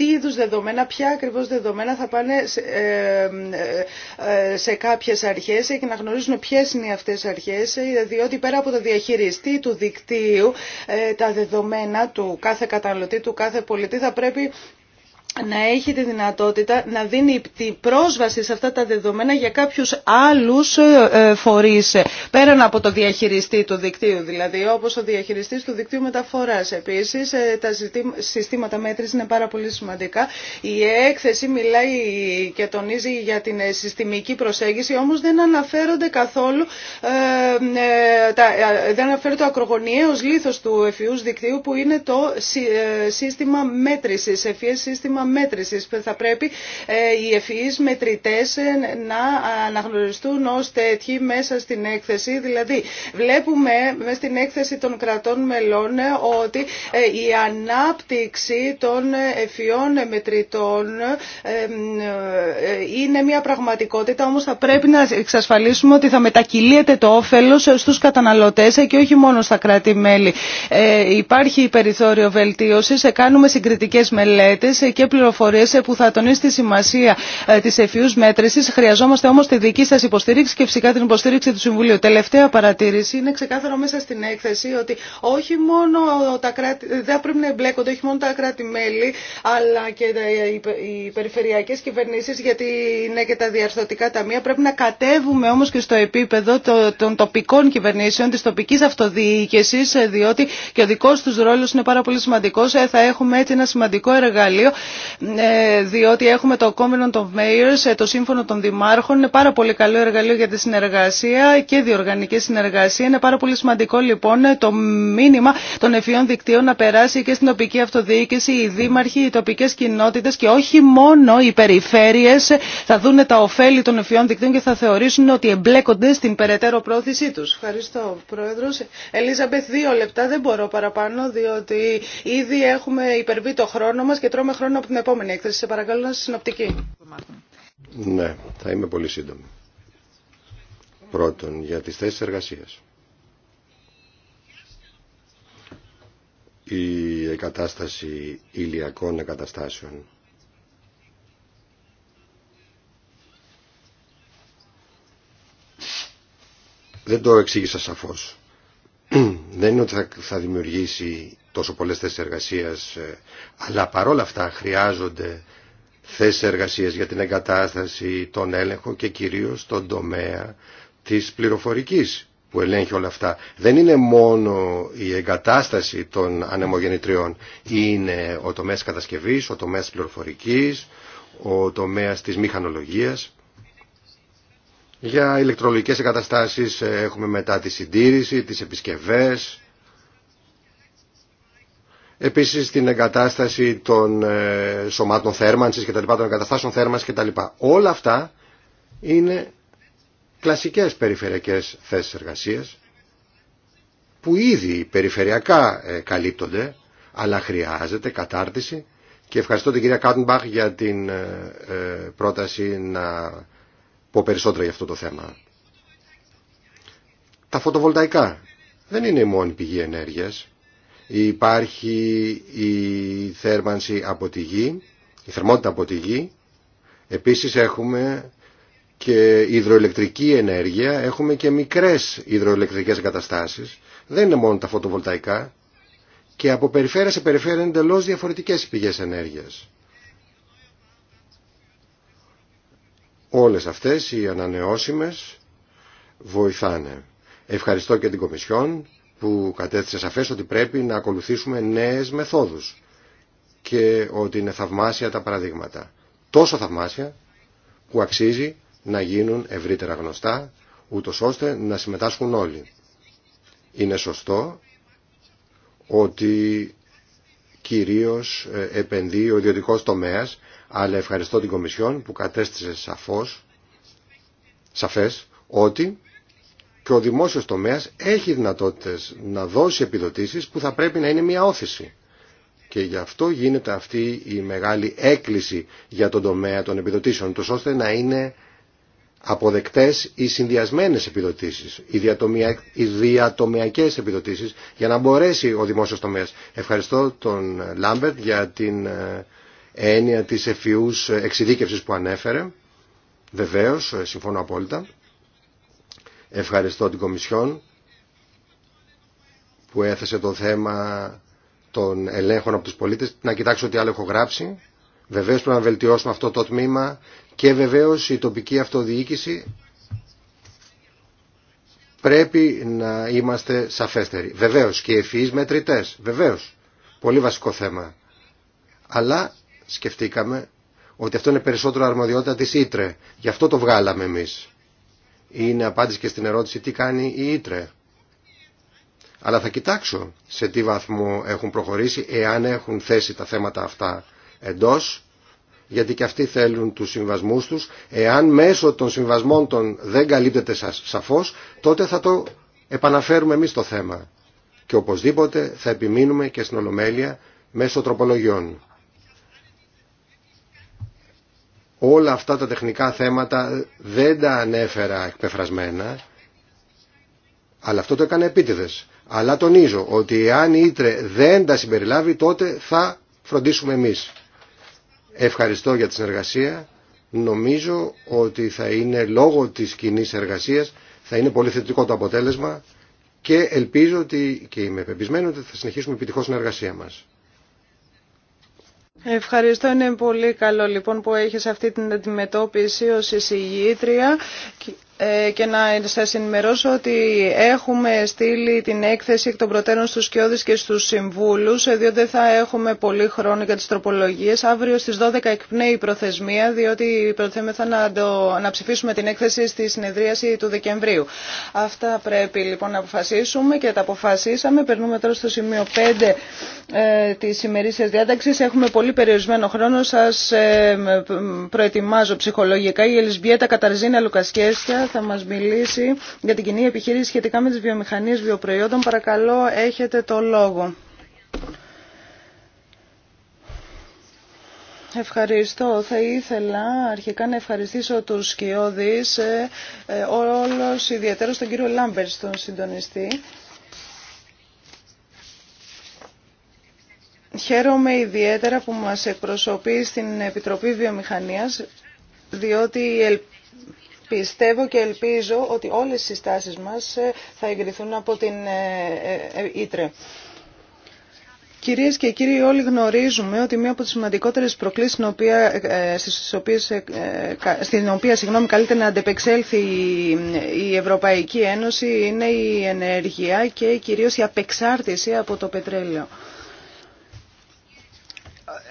τι είδους δεδομένα, ποια ακριβώς δεδομένα θα πάνε σε, ε, ε, ε κάποιες αρχές και να γνωρίζουν ποιες είναι αυτές οι αρχές, ε, διότι πέρα από το διαχειριστή του δικτύου, ε, τα δεδομένα του κάθε καταναλωτή, του κάθε πολιτή θα πρέπει να έχει τη δυνατότητα να δίνει πρόσβαση σε αυτά τα δεδομένα για κάποιους άλλους ε, ε, φορείς ε, πέραν από το διαχειριστή του δικτύου δηλαδή όπως ο διαχειριστής του δικτύου μεταφοράς επίσης τα συστήματα μέτρηση είναι πάρα πολύ σημαντικά η έκθεση μιλάει και τονίζει για την συστημική προσέγγιση όμως δεν αναφέρονται καθόλου δεν αναφέρεται το ακρογωνιαίος λήθος του εφιούς δικτύου που είναι το σύστημα μέτρησης, εφιές σύστημα θα πρέπει ε, οι ευφυείς μετρητές ε, να αναγνωριστούν ω τέτοιοι μέσα στην έκθεση. Δηλαδή βλέπουμε μέσα στην έκθεση των κρατών μελών ε, ότι η ανάπτυξη των ευφυών μετρητών είναι μια πραγματικότητα, όμως θα πρέπει να εξασφαλίσουμε ότι θα μετακυλίεται το όφελος στους καταναλωτές και όχι μόνο στα κράτη-μέλη. Υπάρχει περιθώριο βελτίωσης, κάνουμε συγκριτικές μελέτες ε, που θα τονίσει τη σημασία ε, τη εφιούς μέτρηση. Χρειαζόμαστε όμω τη δική σα υποστήριξη και φυσικά την υποστήριξη του Συμβουλίου. Τελευταία παρατήρηση είναι ξεκάθαρο μέσα στην έκθεση ότι όχι μόνο τα κράτη, δεν πρέπει να εμπλέκονται όχι μόνο τα κράτη-μέλη αλλά και ε, οι περιφερειακέ κυβερνήσει, γιατί είναι και τα διαρθωτικά ταμεία. Πρέπει να κατέβουμε όμω και στο επίπεδο των τοπικών κυβερνήσεων, τη τοπική αυτοδιοίκηση, διότι και ο δικό του ρόλος είναι πάρα πολύ σημαντικό. Θα έχουμε έτσι ένα σημαντικό εργαλείο ε, διότι έχουμε το Covenant of Mayors, ε, το Σύμφωνο των Δημάρχων, είναι πάρα πολύ καλό εργαλείο για τη συνεργασία και διοργανική συνεργασία. Είναι πάρα πολύ σημαντικό λοιπόν το μήνυμα των ευφυών δικτύων να περάσει και στην τοπική αυτοδιοίκηση, οι δήμαρχοι, οι τοπικέ κοινότητε και όχι μόνο οι περιφέρειε θα δουν τα ωφέλη των ευφυών δικτύων και θα θεωρήσουν ότι εμπλέκονται στην περαιτέρω πρόθεσή του. Ευχαριστώ, Πρόεδρο. Ελίζαμπεθ, δύο λεπτά δεν μπορώ παραπάνω, διότι ήδη έχουμε υπερβεί το χρόνο μα και τρώμε χρόνο την επόμενη έκθεση. Σε παρακαλώ συνοπτική. Ναι, θα είμαι πολύ σύντομη. Πρώτον, για τις θέσεις εργασίας. Η εγκατάσταση ηλιακών εγκαταστάσεων δεν το εξήγησα σαφώς δεν είναι ότι θα, δημιουργήσει τόσο πολλές θέσεις εργασίας, ε, αλλά παρόλα αυτά χρειάζονται θέσεις εργασίας για την εγκατάσταση, τον έλεγχο και κυρίως τον τομέα της πληροφορικής που ελέγχει όλα αυτά. Δεν είναι μόνο η εγκατάσταση των ανεμογεννητριών, είναι ο τομέας κατασκευής, ο τομέας πληροφορικής, ο τομέας της μηχανολογίας για ηλεκτρολογικές εγκαταστάσεις ε, έχουμε μετά τη συντήρηση, τις επισκευές, επίσης την εγκατάσταση των ε, σωμάτων θέρμανσης και τα λοιπά, των εγκαταστάσεων θέρμανσης και τα λοιπά. Όλα αυτά είναι κλασικές περιφερειακές θέσεις εργασίας που ήδη περιφερειακά ε, καλύπτονται αλλά χρειάζεται κατάρτιση και ευχαριστώ την κυρία Κάτνμπαχ για την πρόταση να πω περισσότερα για αυτό το θέμα. Τα φωτοβολταϊκά δεν είναι η μόνη πηγή ενέργειας. Υπάρχει η θέρμανση από τη γη, η θερμότητα από τη γη. Επίσης έχουμε και υδροελεκτρική ενέργεια, έχουμε και μικρές υδροελεκτρικές εγκαταστάσεις. Δεν είναι μόνο τα φωτοβολταϊκά και από περιφέρεια σε περιφέρεια είναι εντελώ διαφορετικές πηγές ενέργειας. Όλες αυτές οι ανανεώσιμες βοηθάνε. Ευχαριστώ και την Κομισιόν που κατέθεσε σαφές ότι πρέπει να ακολουθήσουμε νέες μεθόδους και ότι είναι θαυμάσια τα παραδείγματα. Τόσο θαυμάσια που αξίζει να γίνουν ευρύτερα γνωστά, ούτως ώστε να συμμετάσχουν όλοι. Είναι σωστό ότι κυρίως επενδύει ο ιδιωτικός τομέας αλλά ευχαριστώ την Κομισιόν που κατέστησε σαφώς, σαφές ότι και ο δημόσιος τομέας έχει δυνατότητες να δώσει επιδοτήσεις που θα πρέπει να είναι μια όθηση. Και γι' αυτό γίνεται αυτή η μεγάλη έκκληση για τον τομέα των επιδοτήσεων, τους ώστε να είναι αποδεκτές οι συνδυασμένες επιδοτήσεις, οι, διατομια... οι διατομιακές επιδοτήσεις, για να μπορέσει ο δημόσιος τομέας. Ευχαριστώ τον Λάμπερτ για την ε, έννοια της εφιούς εξειδίκευσης που ανέφερε. Βεβαίως, ε, συμφωνώ απόλυτα. Ευχαριστώ την Κομισιόν που έθεσε το θέμα των ελέγχων από τους πολίτες. Να κοιτάξω τι άλλο έχω γράψει. Βεβαίως πρέπει να βελτιώσουμε αυτό το τμήμα και βεβαίως η τοπική αυτοδιοίκηση πρέπει να είμαστε σαφέστεροι. Βεβαίως και οι ευφυείς μετρητές. Βεβαίως. Πολύ βασικό θέμα. Αλλά σκεφτήκαμε ότι αυτό είναι περισσότερο αρμοδιότητα της Ήτρε. Γι' αυτό το βγάλαμε εμείς. Είναι απάντηση και στην ερώτηση τι κάνει η Ήτρε. Αλλά θα κοιτάξω σε τι βαθμό έχουν προχωρήσει, εάν έχουν θέσει τα θέματα αυτά εντός, γιατί και αυτοί θέλουν τους συμβασμούς τους. Εάν μέσω των συμβασμών των δεν καλύπτεται σαφώς, τότε θα το επαναφέρουμε εμείς το θέμα. Και οπωσδήποτε θα επιμείνουμε και στην Ολομέλεια μέσω τροπολογιών. όλα αυτά τα τεχνικά θέματα δεν τα ανέφερα εκπεφρασμένα, αλλά αυτό το έκανε επίτηδες. Αλλά τονίζω ότι αν η Ήτρε δεν τα συμπεριλάβει, τότε θα φροντίσουμε εμείς. Ευχαριστώ για τη συνεργασία. Νομίζω ότι θα είναι λόγω της κοινή εργασίας, θα είναι πολύ θετικό το αποτέλεσμα και ελπίζω ότι και είμαι πεπισμένο ότι θα συνεχίσουμε επιτυχώς εργασία μας. Ευχαριστώ. Είναι πολύ καλό λοιπόν που έχεις αυτή την αντιμετώπιση ως εισηγήτρια. Ε, και να σας ενημερώσω ότι έχουμε στείλει την έκθεση εκ των προτέρων στους Κιώδης και στους Συμβούλους, ε, διότι δεν θα έχουμε πολύ χρόνο για τις τροπολογίες. Αύριο στις 12 εκπνέει η προθεσμία, διότι προθέμεθα να, το, να ψηφίσουμε την έκθεση στη συνεδρίαση του Δεκεμβρίου. Αυτά πρέπει λοιπόν να αποφασίσουμε και τα αποφασίσαμε. Περνούμε τώρα στο σημείο 5 ε, της ημερήσιας διάταξης. Έχουμε πολύ περιορισμένο χρόνο. Σας ε, προετοιμάζω ψυχολογικά. Η Ελισμπιέτα Καταρζίνα Λουκασκέστια θα μας μιλήσει για την κοινή επιχείρηση σχετικά με τις βιομηχανίες βιοπροϊόντων. Παρακαλώ, έχετε το λόγο. Ευχαριστώ. Θα ήθελα αρχικά να ευχαριστήσω τους ε, ε, όλος ιδιαίτερος τον κύριο Λάμπερς, τον συντονιστή. Χαίρομαι ιδιαίτερα που μας εκπροσωπεί στην Επιτροπή Βιομηχανίας, διότι Πιστεύω και ελπίζω ότι όλες οι συστάσεις μας ε, θα εγκριθούν από την ε, ε, Ήτρε. Κυρίες και κύριοι, όλοι γνωρίζουμε ότι μία από τις σημαντικότερες προκλήσεις στην οποία, στις να αντεπεξέλθει η Ευρωπαϊκή Ένωση είναι η ενέργεια και κυρίως η απεξάρτηση από το πετρέλαιο.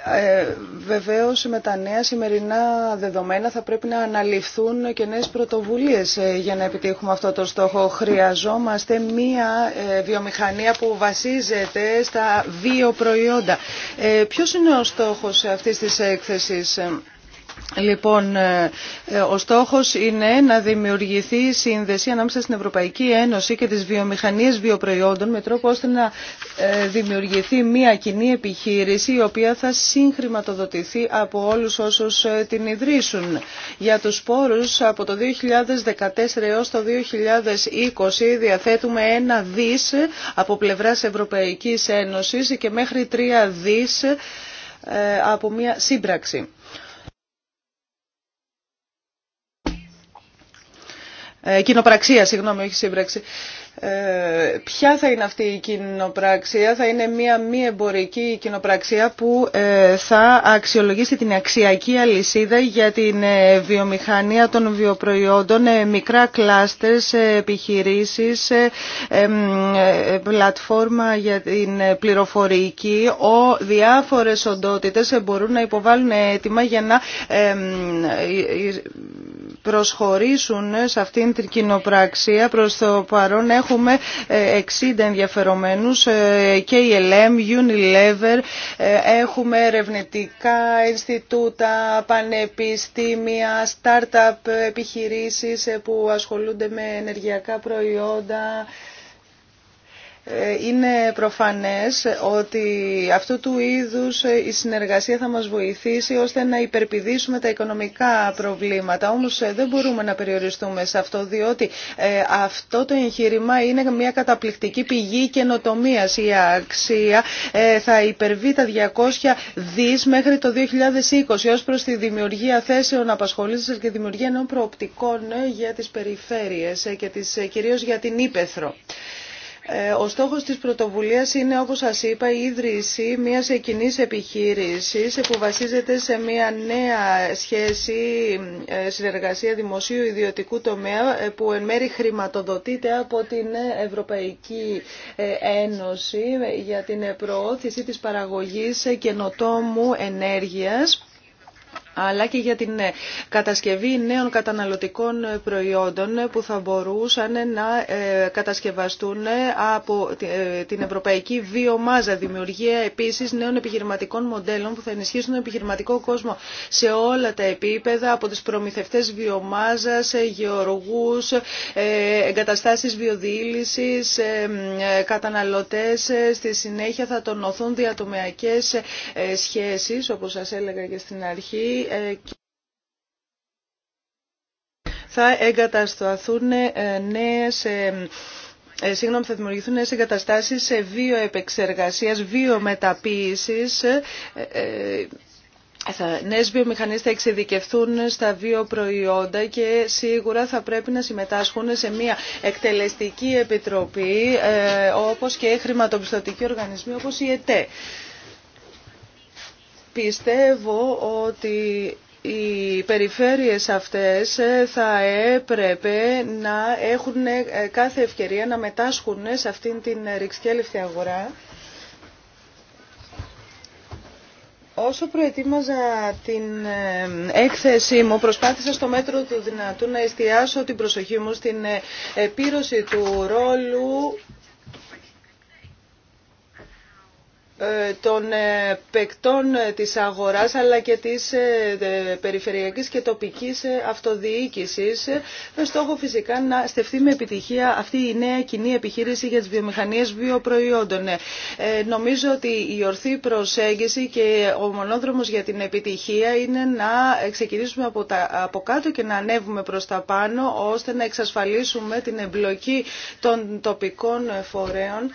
Ε, βεβαίως με τα νέα σημερινά δεδομένα θα πρέπει να αναλυφθούν και νέες πρωτοβουλίες ε, για να επιτύχουμε αυτό το στόχο. Χρειαζόμαστε μία ε, βιομηχανία που βασίζεται στα βιοπροϊόντα. προϊόντα. Ε, ποιος είναι ο στόχος αυτής της έκθεσης. Λοιπόν, ε, ε, ο στόχος είναι να δημιουργηθεί σύνδεση ανάμεσα στην Ευρωπαϊκή Ένωση και τις βιομηχανίες βιοπροϊόντων με τρόπο ώστε να ε, δημιουργηθεί μια κοινή επιχείρηση η οποία θα συγχρηματοδοτηθεί από όλους όσους την ιδρύσουν. Για τους πόρους από το 2014 έως το 2020 διαθέτουμε ένα δις από πλευράς Ευρωπαϊκής Ένωσης και μέχρι τρία δις από μια σύμπραξη. Ε, κοινοπραξία, συγγνώμη, όχι σύμπραξη. Ε, ποια θα είναι αυτή η κοινοπραξία, θα είναι μία μη εμπορική κοινοπραξία που ε, θα αξιολογήσει την αξιακή αλυσίδα για την ε, βιομηχανία των βιοπροϊόντων, μικρά κλάστερς, επιχειρήσεις, πλατφόρμα για την πληροφορική, ο, διάφορες οντότητες μπορούν να υποβάλουν αίτημα για να προσχωρήσουν σε αυτήν την κοινοπραξία. Προς το παρόν έχουμε 60 ε, ενδιαφερομένους, ε, KLM, Unilever, ε, έχουμε ερευνητικά Ινστιτούτα, πανεπιστήμια, startup επιχειρήσεις που ασχολούνται με ενεργειακά προϊόντα, είναι προφανές ότι αυτού του είδους η συνεργασία θα μας βοηθήσει ώστε να υπερπηδήσουμε τα οικονομικά προβλήματα. Όμως ε, δεν μπορούμε να περιοριστούμε σε αυτό διότι ε, αυτό το εγχείρημα είναι μια καταπληκτική πηγή καινοτομία. Η αξία ε, θα υπερβεί τα 200 δις μέχρι το 2020 ως προς τη δημιουργία θέσεων απασχολήσεως και δημιουργία νέων προοπτικών για τις περιφέρειες και τις, κυρίως για την Ήπεθρο. Ε, ο στόχος της πρωτοβουλίας είναι, όπως σας είπα, η ίδρυση μιας κοινή επιχείρησης που βασίζεται σε μια νέα σχέση ε, συνεργασία δημοσίου ιδιωτικού τομέα ε, που εν μέρει χρηματοδοτείται από την Ευρωπαϊκή Ένωση για την προώθηση της παραγωγής καινοτόμου ενέργειας αλλά και για την ε, κατασκευή νέων καταναλωτικών ε, προϊόντων ε, που θα μπορούσαν να κατασκευαστούν από την ευρωπαϊκή βιομάζα. Δημιουργία επίσης νέων επιχειρηματικών μοντέλων που θα ενισχύσουν τον επιχειρηματικό κόσμο σε όλα τα επίπεδα, από τις προμηθευτές βιομάζας, γεωργούς, εγκαταστάσεις βιοδήληση, καταναλωτές. Στη συνέχεια θα τονωθούν διατομιακές σχέσεις, όπως σας έλεγα και στην αρχή, ε, θα εγκατασταθούν ε, νέες ε, συγγνώμη, θα δημιουργηθούν νέες εγκαταστάσεις σε βιοεπεξεργασίας, βιομεταποίησης, Νέε βιομηχανίε θα εξειδικευθούν στα βιοπροϊόντα και σίγουρα θα πρέπει να συμμετάσχουν σε μια εκτελεστική επιτροπή όπως και χρηματοπιστωτική οργανισμοί όπως η ΕΤΕ. Πιστεύω ότι οι περιφέρειες αυτές θα έπρεπε να έχουν ε, κάθε ευκαιρία να μετάσχουν σε αυτήν την ρηξικέλευτη αγορά. Όσο προετοίμαζα την ε, έκθεσή μου, προσπάθησα στο μέτρο του δυνατού να εστιάσω την προσοχή μου στην ε, επίρρωση του ρόλου Ε, των ε, παικτών ε, της αγοράς αλλά και της περιφερειακής και τοπικής αυτοδιοίκησης με στόχο φυσικά να στεφθεί με επιτυχία αυτή η νέα κοινή επιχείρηση για τις βιομηχανίες βιοπροϊόντων. Νομίζω ότι η ορθή προσέγγιση και ο μονόδρομος για την επιτυχία είναι να ξεκινήσουμε από, τα, από κάτω και να ανέβουμε προς τα πάνω ώστε να εξασφαλίσουμε την εμπλοκή των τοπικών φορέων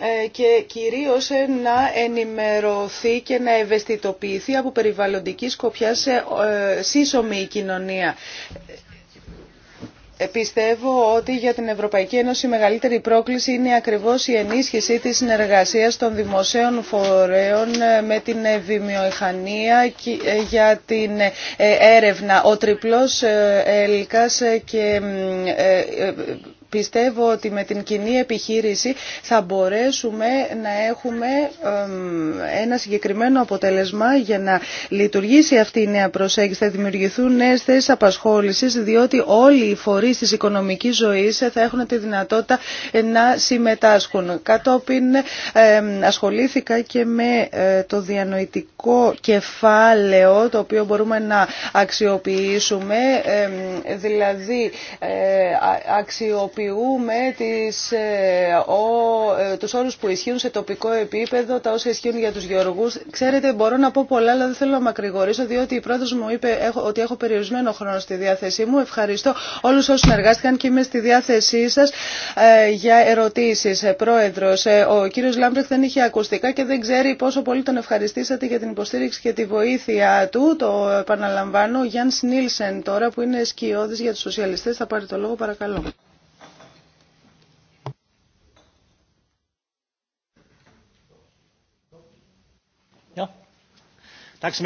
ε, και κυρίως ε, να ενημερωθεί και να ευαισθητοποιηθεί από περιβαλλοντική σκοπιά σε ε, σύσσωμη κοινωνία. Πιστεύω ότι για την Ευρωπαϊκή Ένωση η μεγαλύτερη πρόκληση είναι ακριβώς η ενίσχυση της συνεργασίας των δημοσίων φορέων με την βιομηχανία για την έρευνα. Ο τριπλός έλκας και Πιστεύω ότι με την κοινή επιχείρηση θα μπορέσουμε να έχουμε ένα συγκεκριμένο αποτέλεσμα για να λειτουργήσει αυτή η νέα προσέγγιση. Θα δημιουργηθούν νέε θέσει απασχόληση, διότι όλοι οι φορεί τη οικονομική ζωή θα έχουν τη δυνατότητα να συμμετάσχουν. Κατόπιν ασχολήθηκα και με ε, το διανοητικό κεφάλαιο, το οποίο μπορούμε να αξιοποιήσουμε, δηλαδή ε, αξιοποιήσουμε χρησιμοποιούμε τις, ε, ο, ε, τους όρους που ισχύουν σε τοπικό επίπεδο, τα όσα ισχύουν για τους γεωργούς. Ξέρετε, μπορώ να πω πολλά, αλλά δεν θέλω να μακρηγορήσω, διότι η πρόεδρος μου είπε έχω, ότι έχω περιορισμένο χρόνο στη διάθεσή μου. Ευχαριστώ όλους όσους συνεργάστηκαν και είμαι στη διάθεσή σας ε, για ερωτήσεις. Ε, πρόεδρος, ε, ο κύριος Λάμπρεχ δεν είχε ακουστικά και δεν ξέρει πόσο πολύ τον ευχαριστήσατε για την υποστήριξη και τη βοήθεια του. Το επαναλαμβάνω, Γιάνν Νίλσεν τώρα που είναι σκιώδης για τους σοσιαλιστές θα πάρει το λόγο παρακαλώ. Tack så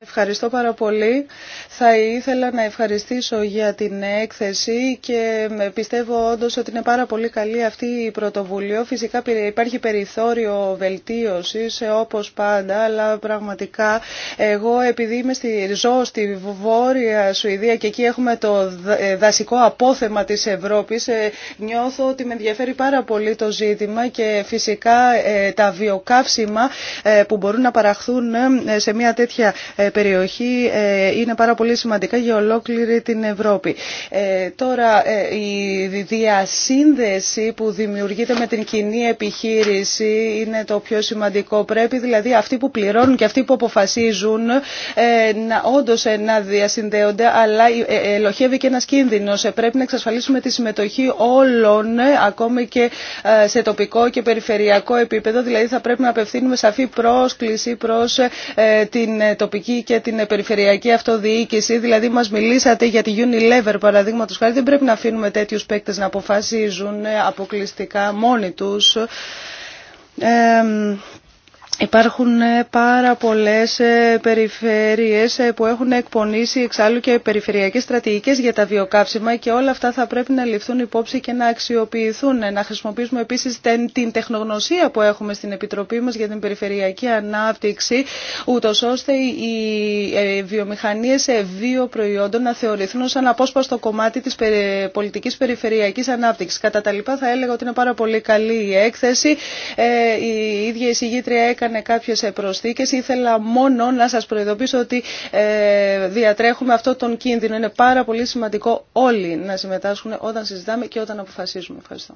Ευχαριστώ πάρα πολύ. Θα ήθελα να ευχαριστήσω για την έκθεση και πιστεύω όντως ότι είναι πάρα πολύ καλή αυτή η πρωτοβουλία. Φυσικά υπάρχει περιθώριο βελτίωσης όπως πάντα, αλλά πραγματικά εγώ επειδή είμαι στη, ζω στη Βόρεια Σουηδία και εκεί έχουμε το ε, δασικό απόθεμα της Ευρώπης, ε, νιώθω ότι με ενδιαφέρει πάρα πολύ το ζήτημα και φυσικά ε, τα βιοκαύσιμα που μπορούν να παραχθούν σε μια τέτοια περιοχή ε, είναι πάρα πολύ σημαντικά για ολόκληρη την Ευρώπη. Ε, τώρα, ε, η διασύνδεση που δημιουργείται με την κοινή επιχείρηση είναι το πιο σημαντικό. Πρέπει δηλαδή αυτοί που πληρώνουν και αυτοί που αποφασίζουν να όντως να διασυνδέονται, αλλά ελοχεύει και ένας κίνδυνος. Πρέπει να εξασφαλίσουμε τη συμμετοχή όλων, ακόμη και σε τοπικό και περιφερειακό επίπεδο. Δηλαδή θα πρέπει να απευθύνουμε σαφή πρόσκληση προς την τοπική και την περιφερειακή αυτοδιοίκηση. Δηλαδή μας μιλήσατε για τη Unilever παραδείγματο χάρη. Δεν πρέπει να αφήνουμε τέτοιους παίκτε να αποφασίζουν αποκλειστικά μόνοι του. Υπάρχουν ε, πάρα πολλές ε, περιφέρειες ε, που έχουν εκπονήσει εξάλλου και περιφερειακές στρατηγικές για τα βιοκαύσιμα και όλα αυτά θα πρέπει να ληφθούν υπόψη και να αξιοποιηθούν. Να χρησιμοποιήσουμε επίσης την τεχνογνωσία που έχουμε στην Επιτροπή μας για την Περιφερειακή Ανάπτυξη, ούτω ώστε οι βιομηχανίες βιοπροϊόντων να θεωρηθούν σαν απόσπαστο κομμάτι της πολιτικής περιφερειακής ανάπτυξης. Κατά τα λοιπά θα έλεγα ότι είναι πάρα πολύ καλή η έκθεση. Η ίδια η έκανε κάποιες προσθήκες. Ήθελα μόνο να σας προειδοποιήσω ότι ε, διατρέχουμε αυτό τον κίνδυνο. Είναι πάρα πολύ σημαντικό όλοι να συμμετάσχουν όταν συζητάμε και όταν αποφασίζουμε. Ευχαριστώ.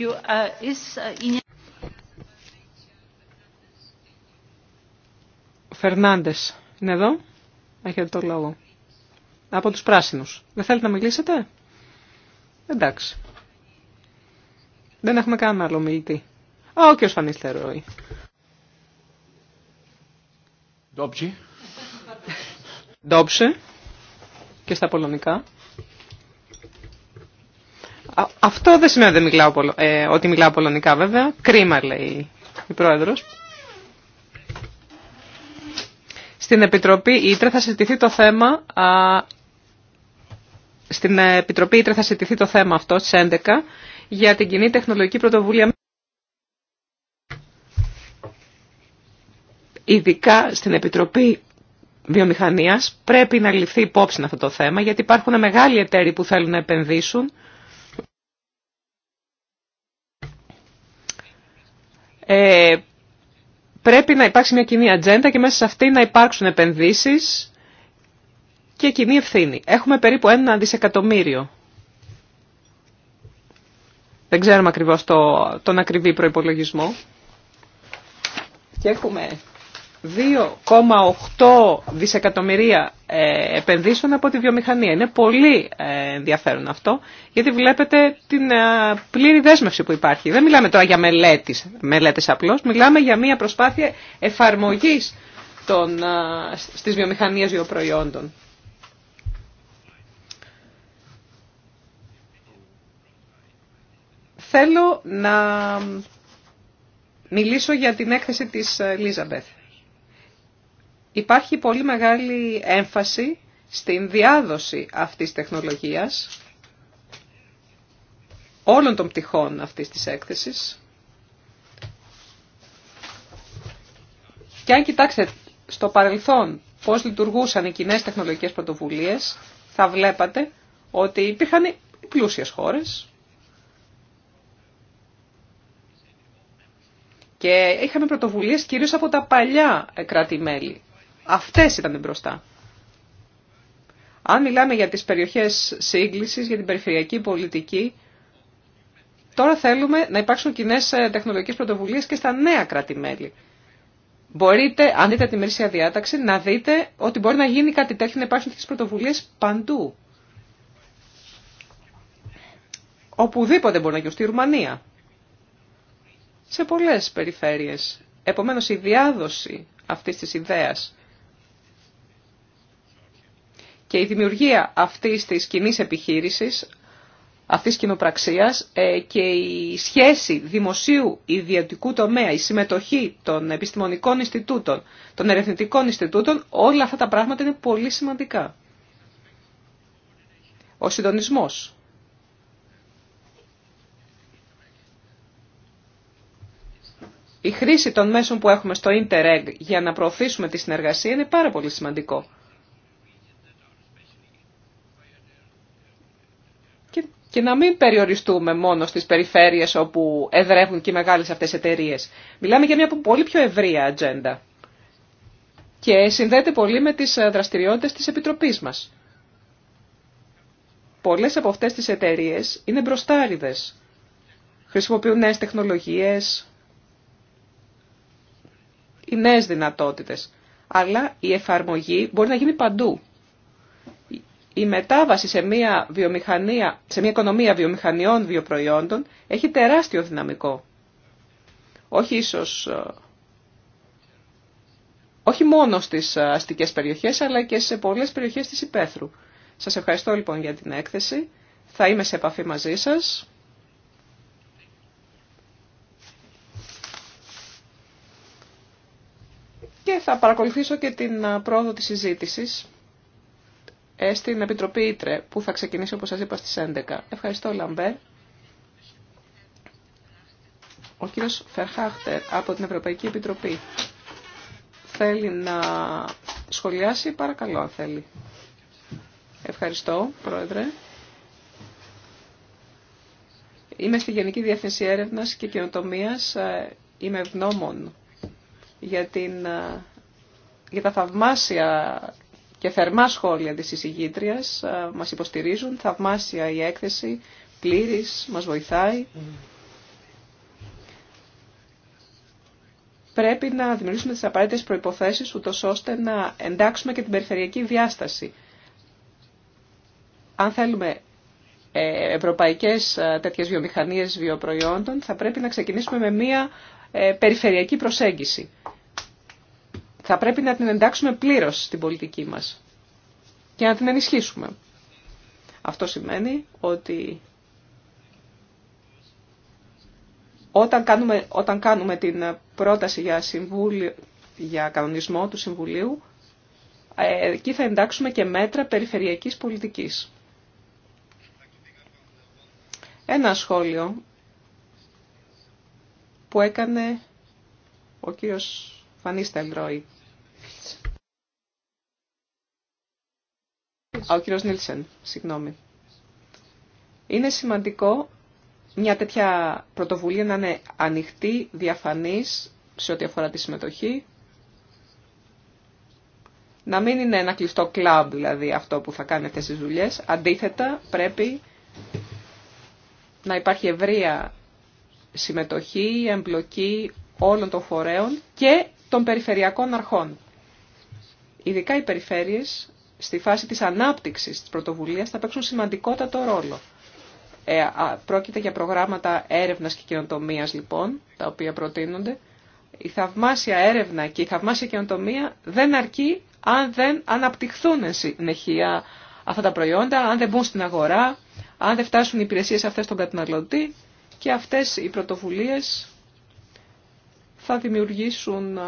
Uh, uh, Φερνάντες, είναι εδώ, έχετε το λόγο. Από τους πράσινους. Δεν θέλετε να μιλήσετε? Εντάξει. Δεν έχουμε κανένα άλλο μιλητή. Α, ο κ. Φανίστεροι. Ντόψη. Ντόψε. Και στα πολωνικά. Α, αυτό δεν σημαίνει ότι μιλάω, ε, ότι πολωνικά βέβαια. Κρίμα λέει η πρόεδρος. Στην Επιτροπή Ήτρε θα συζητηθεί το θέμα α, στην ε, Επιτροπή Ήτρα θα συζητηθεί το θέμα αυτό στις 11 για την κοινή τεχνολογική πρωτοβουλία. Ειδικά στην Επιτροπή Βιομηχανίας πρέπει να ληφθεί υπόψη αυτό το θέμα γιατί υπάρχουν μεγάλοι εταίροι που θέλουν να επενδύσουν ε, πρέπει να υπάρξει μια κοινή ατζέντα και μέσα σε αυτή να υπάρξουν επενδύσεις και κοινή ευθύνη. Έχουμε περίπου ένα δισεκατομμύριο. Δεν ξέρουμε ακριβώς τον ακριβή προϋπολογισμό. Και έχουμε 2,8 δισεκατομμυρία ε, επενδύσεων από τη βιομηχανία. Είναι πολύ ε, ενδιαφέρον αυτό, γιατί βλέπετε την ε, πλήρη δέσμευση που υπάρχει. Δεν μιλάμε τώρα για μελέτης, μελέτες απλώς, μιλάμε για μια προσπάθεια εφαρμογής των, στις βιομηχανίες βιοπροϊόντων. Θέλω να μιλήσω για την έκθεση της Μπεθ. Υπάρχει πολύ μεγάλη έμφαση στην διάδοση αυτής τεχνολογίας, όλων των πτυχών αυτής της έκθεσης. Και αν κοιτάξετε στο παρελθόν πώς λειτουργούσαν οι κοινέ τεχνολογικές πρωτοβουλίες, θα βλέπατε ότι υπήρχαν πλούσιες χώρες, Και είχαμε πρωτοβουλίε κυρίως από τα παλιά κράτη-μέλη. Αυτές ήταν μπροστά. Αν μιλάμε για τις περιοχές σύγκληση, για την περιφερειακή πολιτική, τώρα θέλουμε να υπάρξουν κοινέ ε, τεχνολογικές πρωτοβουλίες και στα νέα κράτη-μέλη. Μπορείτε, αν δείτε τη μερίσια διάταξη, να δείτε ότι μπορεί να γίνει κάτι τέτοιο, να υπάρχουν τέτοιε πρωτοβουλίε παντού. Οπουδήποτε μπορεί να γίνει, στη Ρουμανία σε πολλές περιφέρειες. Επομένως η διάδοση αυτής της ιδέας και η δημιουργία αυτής της κοινή επιχείρησης, αυτής κοινοπραξίας ε, και η σχέση δημοσίου ιδιωτικού τομέα, η συμμετοχή των επιστημονικών Ινστιτούτων, των ερευνητικών Ινστιτούτων, όλα αυτά τα πράγματα είναι πολύ σημαντικά. Ο συντονισμός η χρήση των μέσων που έχουμε στο Interreg για να προωθήσουμε τη συνεργασία είναι πάρα πολύ σημαντικό. Και, και να μην περιοριστούμε μόνο στις περιφέρειες όπου εδρεύουν και οι μεγάλες αυτές εταιρείε. Μιλάμε για μια πολύ πιο ευρεία ατζέντα και συνδέεται πολύ με τις ε, δραστηριότητες της Επιτροπής μας. Πολλές από αυτές τις εταιρείε είναι μπροστάριδες. Χρησιμοποιούν νέες τεχνολογίες, οι νέες δυνατότητες. Αλλά η εφαρμογή μπορεί να γίνει παντού. Η μετάβαση σε μια, βιομηχανία, σε μια οικονομία βιομηχανιών βιοπροϊόντων έχει τεράστιο δυναμικό. Όχι ίσως... Ε, όχι μόνο στις αστικές περιοχές, αλλά και σε πολλές περιοχές της υπαίθρου. Σας ευχαριστώ λοιπόν για την έκθεση. Θα είμαι σε επαφή μαζί σας και θα παρακολουθήσω και την πρόοδο της συζήτησης ε, στην Επιτροπή Ήτρε που θα ξεκινήσει όπως σας είπα στις 11. Ευχαριστώ Λαμπέ. Ο κύριος Φερχάχτερ από την Ευρωπαϊκή Επιτροπή θέλει να σχολιάσει, παρακαλώ αν θέλει. Ευχαριστώ, Πρόεδρε. Είμαι στη Γενική Διεθνή Έρευνα και Καινοτομίας. Ε, είμαι ευγνώμων για, την, ε, για τα θαυμάσια και θερμά σχόλια της εισηγήτριας. Ε, μας υποστηρίζουν, θαυμάσια η έκθεση, πλήρης, μας βοηθάει. Πρέπει να δημιουργήσουμε τις απαραίτητες προϋποθέσεις, ούτως ώστε να εντάξουμε και την περιφερειακή διάσταση. Αν θέλουμε ε, ευρωπαϊκές τέτοιες βιομηχανίες βιοπροϊόντων, θα πρέπει να ξεκινήσουμε με μία ε, περιφερειακή προσέγγιση. Θα πρέπει να την εντάξουμε πλήρως στην πολιτική μας και να την ενισχύσουμε. Αυτό σημαίνει ότι όταν κάνουμε, όταν κάνουμε την πρόταση για, συμβούλιο, για κανονισμό του Συμβουλίου, ε, εκεί θα εντάξουμε και μέτρα περιφερειακής πολιτικής. Ένα σχόλιο που έκανε ο κύριος Φανίστελ Ρόι. ο κύριος Νίλσεν, συγγνώμη. Είναι σημαντικό μια τέτοια πρωτοβουλία να είναι ανοιχτή, διαφανής σε ό,τι αφορά τη συμμετοχή. Να μην είναι ένα κλειστό κλαμπ, δηλαδή, αυτό που θα κάνει αυτές τις δουλειές. Αντίθετα, πρέπει να υπάρχει ευρεία συμμετοχή, εμπλοκή όλων των φορέων και των περιφερειακών αρχών. Ειδικά οι περιφέρειες στη φάση της ανάπτυξης της πρωτοβουλίας θα παίξουν σημαντικότατο ρόλο. Ε, πρόκειται για προγράμματα έρευνας και καινοτομία λοιπόν, τα οποία προτείνονται. Η θαυμάσια έρευνα και η θαυμάσια καινοτομία δεν αρκεί αν δεν αναπτυχθούν συνεχεία αυτά τα προϊόντα, αν δεν μπουν στην αγορά, αν δεν φτάσουν οι υπηρεσίες αυτές στον καταναλωτή. Και αυτές οι πρωτοβουλίες θα δημιουργήσουν ε,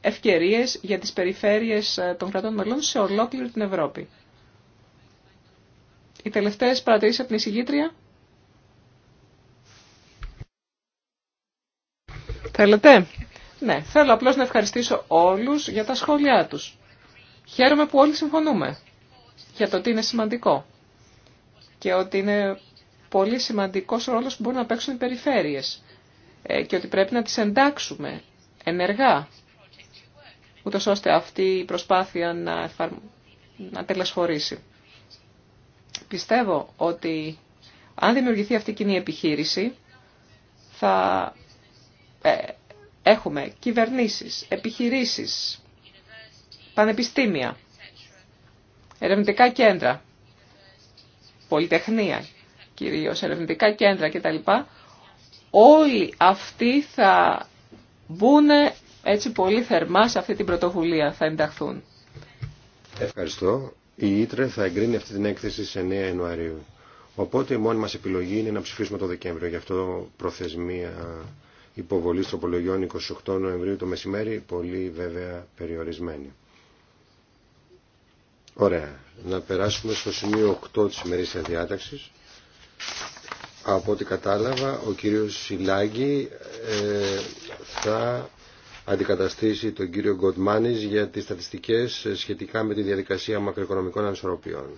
ευκαιρίες για τις περιφέρειες ε, των κρατών μελών σε ολόκληρη την Ευρώπη. Οι τελευταίες παρατηρήσεις από την εισηγήτρια. Θέλετε. Ναι, θέλω απλώς να ευχαριστήσω όλους για τα σχόλιά τους. Χαίρομαι που όλοι συμφωνούμε για το ότι είναι σημαντικό και ότι είναι πολύ σημαντικός ρόλος που μπορούν να παίξουν οι περιφέρειες ε, και ότι πρέπει να τις εντάξουμε ενεργά, ούτως ώστε αυτή η προσπάθεια να, να τελεσφορήσει. Πιστεύω ότι αν δημιουργηθεί αυτή η κοινή επιχείρηση, θα ε, έχουμε κυβερνήσεις, επιχειρήσεις, πανεπιστήμια, ερευνητικά κέντρα, πολυτεχνία κυρίως ερευνητικά κέντρα κτλ. Όλοι αυτοί θα μπουν έτσι πολύ θερμά σε αυτή την πρωτοβουλία, θα ενταχθούν. Ευχαριστώ. Η Ήτρε θα εγκρίνει αυτή την έκθεση σε 9 Ιανουαρίου. Οπότε η μόνη μας επιλογή είναι να ψηφίσουμε το Δεκέμβριο. Γι' αυτό προθεσμία υποβολή τροπολογιών 28 Νοεμβρίου το μεσημέρι, πολύ βέβαια περιορισμένη. Ωραία. Να περάσουμε στο σημείο 8 της ημερής διάταξης. Από ό,τι κατάλαβα, ο κύριος Σιλάγκη ε, θα αντικαταστήσει τον κύριο Γκοτμάνης για τις στατιστικές ε, σχετικά με τη διαδικασία μακροοικονομικών ανισορροπιών.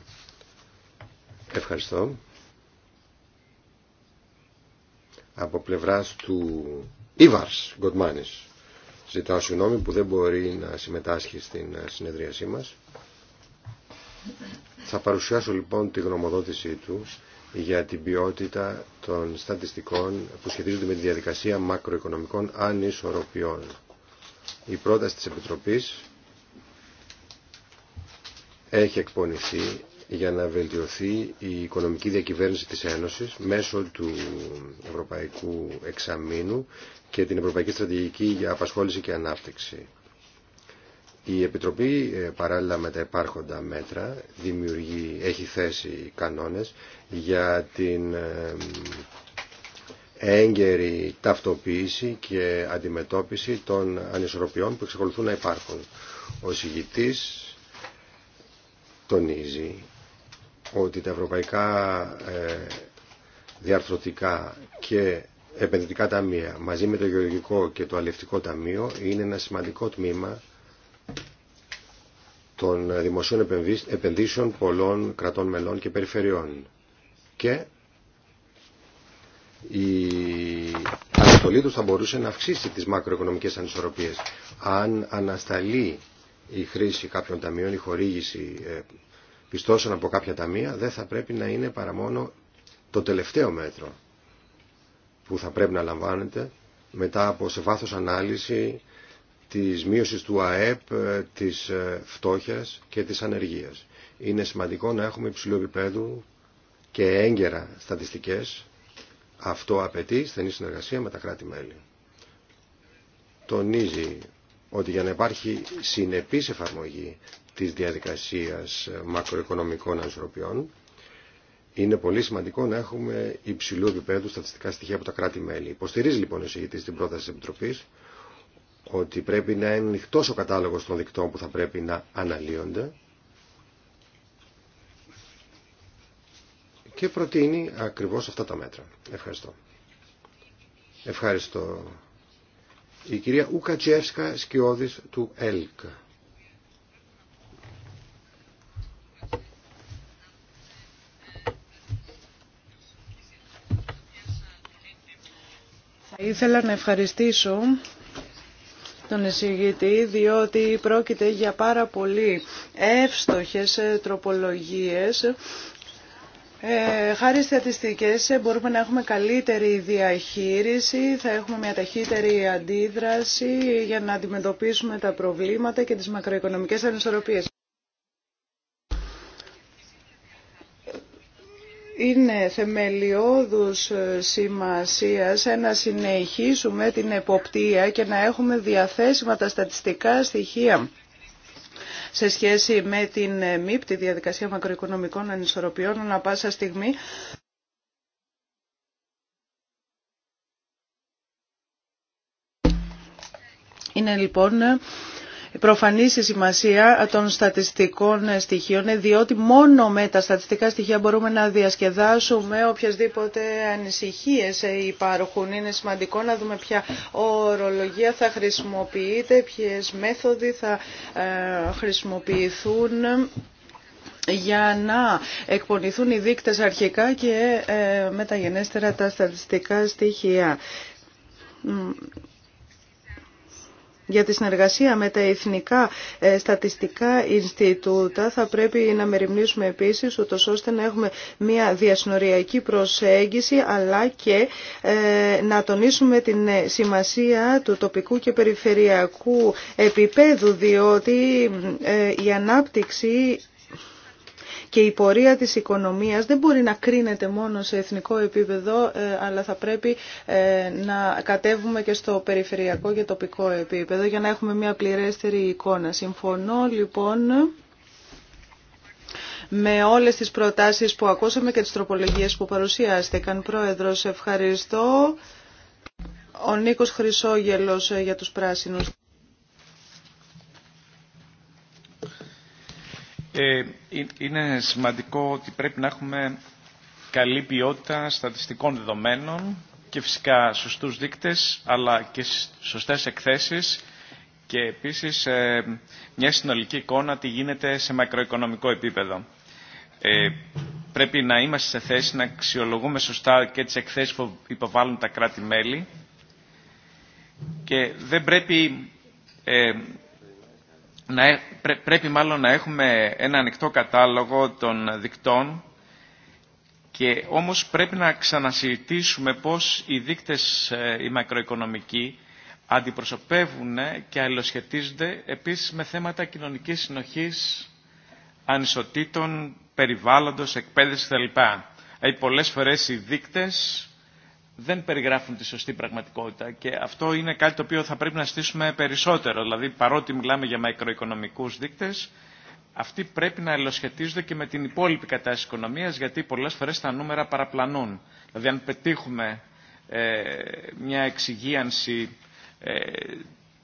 Ευχαριστώ. Από πλευράς του Ήβαρς Γκοτμάνης. Ζητάω συγγνώμη που δεν μπορεί να συμμετάσχει στην ε, συνεδρίασή μας. Θα παρουσιάσω λοιπόν τη γνωμοδότησή του για την ποιότητα των στατιστικών που σχετίζονται με τη διαδικασία μακροοικονομικών ανισορροπιών. Η πρόταση της Επιτροπής έχει εκπονηθεί για να βελτιωθεί η οικονομική διακυβέρνηση της Ένωσης μέσω του Ευρωπαϊκού Εξαμήνου και την Ευρωπαϊκή Στρατηγική για Απασχόληση και Ανάπτυξη. Η Επιτροπή ε, παράλληλα με τα υπάρχοντα μέτρα δημιουργεί, έχει θέσει κανόνες για την ε, έγκαιρη ταυτοποίηση και αντιμετώπιση των ανισορροπιών που εξακολουθούν να υπάρχουν. Ο συγητής τονίζει ότι τα ευρωπαϊκά ε, διαρθρωτικά και επενδυτικά ταμεία μαζί με το γεωργικό και το αλληλευτικό ταμείο είναι ένα σημαντικό τμήμα των δημοσίων επενδύσεων πολλών κρατών μελών και περιφερειών. Και η αναστολή του θα μπορούσε να αυξήσει τις μακροοικονομικές ανισορροπίες. Αν ανασταλεί η χρήση κάποιων ταμείων, η χορήγηση ε, πιστώσεων από κάποια ταμεία, δεν θα πρέπει να είναι παρά μόνο το τελευταίο μέτρο που θα πρέπει να λαμβάνεται μετά από σε βάθος ανάλυση της μείωσης του ΑΕΠ, ε, της ε, φτώχειας και της ανεργίας. Είναι σημαντικό να έχουμε υψηλού επίπεδου και έγκαιρα στατιστικές. Αυτό απαιτεί στενή συνεργασία με τα κράτη-μέλη. Τονίζει ότι για να υπάρχει συνεπής εφαρμογή της διαδικασίας ε, μακροοικονομικών ανισορροπιών, είναι πολύ σημαντικό να έχουμε υψηλού επίπεδου στατιστικά στοιχεία από τα κράτη-μέλη. Υποστηρίζει λοιπόν ο συγητής την πρόταση τη Επιτροπής ότι πρέπει να είναι ανοιχτό ο κατάλογος των δικτών που θα πρέπει να αναλύονται και προτείνει ακριβώς αυτά τα μέτρα. Ευχαριστώ. Ευχαριστώ. Η κυρία Ουκατσέσκα, Σκιώδης του ΕΛΚ. Θα ήθελα να ευχαριστήσω τον εισηγητή, διότι πρόκειται για πάρα πολύ εύστοχες ε, τροπολογίες ε, χάρη στατιστικές ε, μπορούμε να έχουμε καλύτερη διαχείριση, θα έχουμε μια ταχύτερη αντίδραση για να αντιμετωπίσουμε τα προβλήματα και τις μακροοικονομικές ανισορροπίες. είναι θεμελιώδους ε, σημασίας ε, να συνεχίσουμε την εποπτεία και να έχουμε διαθέσιμα τα στατιστικά στοιχεία σε σχέση με την ε, ΜΥΠ, τη διαδικασία μακροοικονομικών ανισορροπιών, ανά πάσα στιγμή. Είναι λοιπόν Προφανή η σημασία των στατιστικών στοιχείων, διότι μόνο με τα στατιστικά στοιχεία μπορούμε να διασκεδάσουμε οποιασδήποτε ανησυχίες υπάρχουν. Είναι σημαντικό να δούμε ποια ορολογία θα χρησιμοποιείται, ποιες μέθοδοι θα ε, χρησιμοποιηθούν για να εκπονηθούν οι δείκτες αρχικά και ε, μεταγενέστερα τα στατιστικά στοιχεία για τη συνεργασία με τα εθνικά ε, στατιστικά Ινστιτούτα θα πρέπει να μεριμνήσουμε επίσης ούτω ώστε να έχουμε μια διασυνοριακή προσέγγιση αλλά και ε, να τονίσουμε την σημασία του τοπικού και περιφερειακού επίπεδου διότι ε, η ανάπτυξη και η πορεία της οικονομίας δεν μπορεί να κρίνεται μόνο σε εθνικό επίπεδο ε, αλλά θα πρέπει ε, να κατέβουμε και στο περιφερειακό και τοπικό επίπεδο για να έχουμε μια πληρέστερη εικόνα. Συμφωνώ λοιπόν με όλες τις προτάσεις που ακούσαμε και τις τροπολογίες που παρουσιάστηκαν. Πρόεδρος, ευχαριστώ. Ο Νίκος Χρυσόγελος ε, για τους πράσινους. Ε, ε, είναι σημαντικό ότι πρέπει να έχουμε καλή ποιότητα στατιστικών δεδομένων και φυσικά σωστούς δείκτες, αλλά και σωστές εκθέσεις και επίσης ε, μια συνολική εικόνα τι γίνεται σε μακροοικονομικό επίπεδο. Ε, πρέπει να είμαστε σε θέση να αξιολογούμε σωστά και τις εκθέσεις που υποβάλλουν τα κράτη-μέλη και δεν πρέπει ε, να, ε, πρέπει μάλλον να έχουμε ένα ανοιχτό κατάλογο των δικτών και όμως πρέπει να ξανασυζητήσουμε πώς οι δείκτες ε, οι μακροοικονομικοί αντιπροσωπεύουν ε, και αλληλοσχετίζονται επίσης με θέματα κοινωνικής συνοχής, ανισοτήτων, περιβάλλοντος, εκπαίδευση κλπ. Δηλαδή πολλές φορές οι δείκτες δεν περιγράφουν τη σωστή πραγματικότητα και αυτό είναι κάτι το οποίο θα πρέπει να στήσουμε περισσότερο. Δηλαδή παρότι μιλάμε για μακροοικονομικούς δείκτες, αυτοί πρέπει να ελοσχετίζονται και με την υπόλοιπη κατάσταση οικονομίας γιατί πολλές φορές τα νούμερα παραπλανούν. Δηλαδή αν πετύχουμε ε, μια εξυγίανση ε,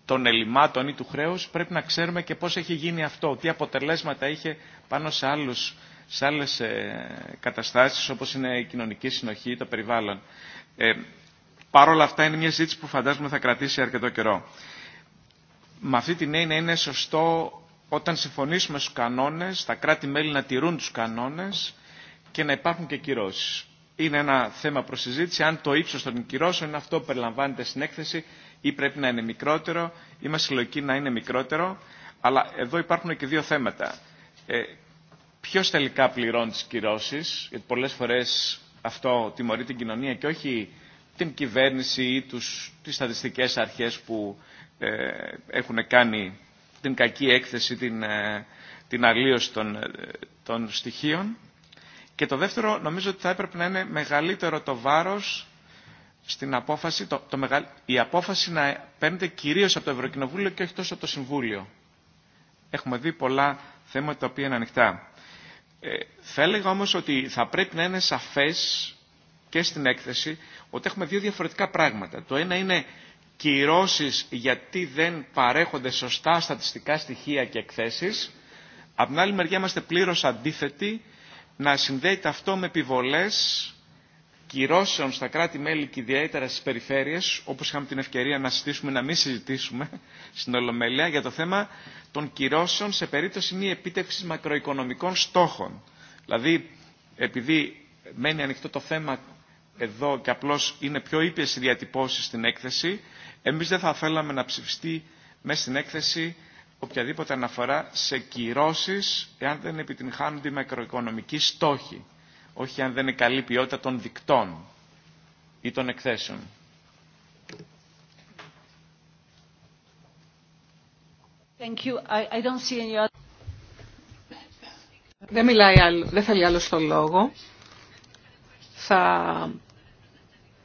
των ελλημάτων ή του χρέους πρέπει να ξέρουμε και πώς έχει γίνει αυτό, τι αποτελέσματα είχε πάνω σε άλλους σε άλλες ε, καταστάσεις όπως είναι η κοινωνική συνοχή ή το περιβάλλον. Ε, Παρ' όλα αυτά είναι μια ζήτηση που φαντάζομαι θα κρατήσει αρκετό καιρό. Με αυτή την έννοια είναι σωστό όταν συμφωνήσουμε στους κανόνες, τα κράτη-μέλη να τηρούν τους κανόνες και να υπάρχουν και κυρώσεις. Είναι ένα θέμα προς συζήτηση, αν το ύψος των κυρώσεων είναι αυτό που περιλαμβάνεται στην έκθεση ή πρέπει να είναι μικρότερο, ή μας συλλογική να είναι μικρότερο. Αλλά εδώ υπάρχουν και δύο θέματα. Ε, ποιο τελικά πληρώνει τι κυρώσει, γιατί πολλέ φορέ αυτό τιμωρεί την κοινωνία και όχι την κυβέρνηση ή τους, τις στατιστικές αρχές που ε, έχουν κάνει την κακή έκθεση, την, ε, την αλλίωση των, ε, στοιχείων. Και το δεύτερο, νομίζω ότι θα έπρεπε να είναι μεγαλύτερο το βάρος στην απόφαση, το, η απόφαση να παίρνεται κυρίως από το Ευρωκοινοβούλιο και όχι τόσο από το Συμβούλιο. Έχουμε δει πολλά θέματα τα οποία είναι ανοιχτά. Ε, θα έλεγα όμως ότι θα πρέπει να είναι σαφές και στην έκθεση ότι έχουμε δύο διαφορετικά πράγματα. Το ένα είναι κυρώσεις γιατί δεν παρέχονται σωστά στατιστικά στοιχεία και εκθέσεις. Από την άλλη μεριά είμαστε πλήρως αντίθετοι να συνδέεται αυτό με επιβολές κυρώσεων στα κράτη-μέλη και ιδιαίτερα στι περιφέρειε, όπω είχαμε την ευκαιρία να συζητήσουμε να μην συζητήσουμε στην Ολομέλεια, για το θέμα των κυρώσεων σε περίπτωση μη επίτευξη μακροοικονομικών στόχων. Δηλαδή, επειδή μένει ανοιχτό το θέμα εδώ και απλώ είναι πιο ήπιε οι διατυπώσει στην έκθεση, εμεί δεν θα θέλαμε να ψηφιστεί μέσα στην έκθεση οποιαδήποτε αναφορά σε κυρώσει εάν δεν επιτυγχάνονται οι μακροοικονομικοί στόχοι όχι αν δεν είναι καλή ποιότητα των δικτών ή των εκθέσεων. Thank you. I, don't see any other... Δεν, μιλάει δεν θέλει άλλο στο λόγο. Θα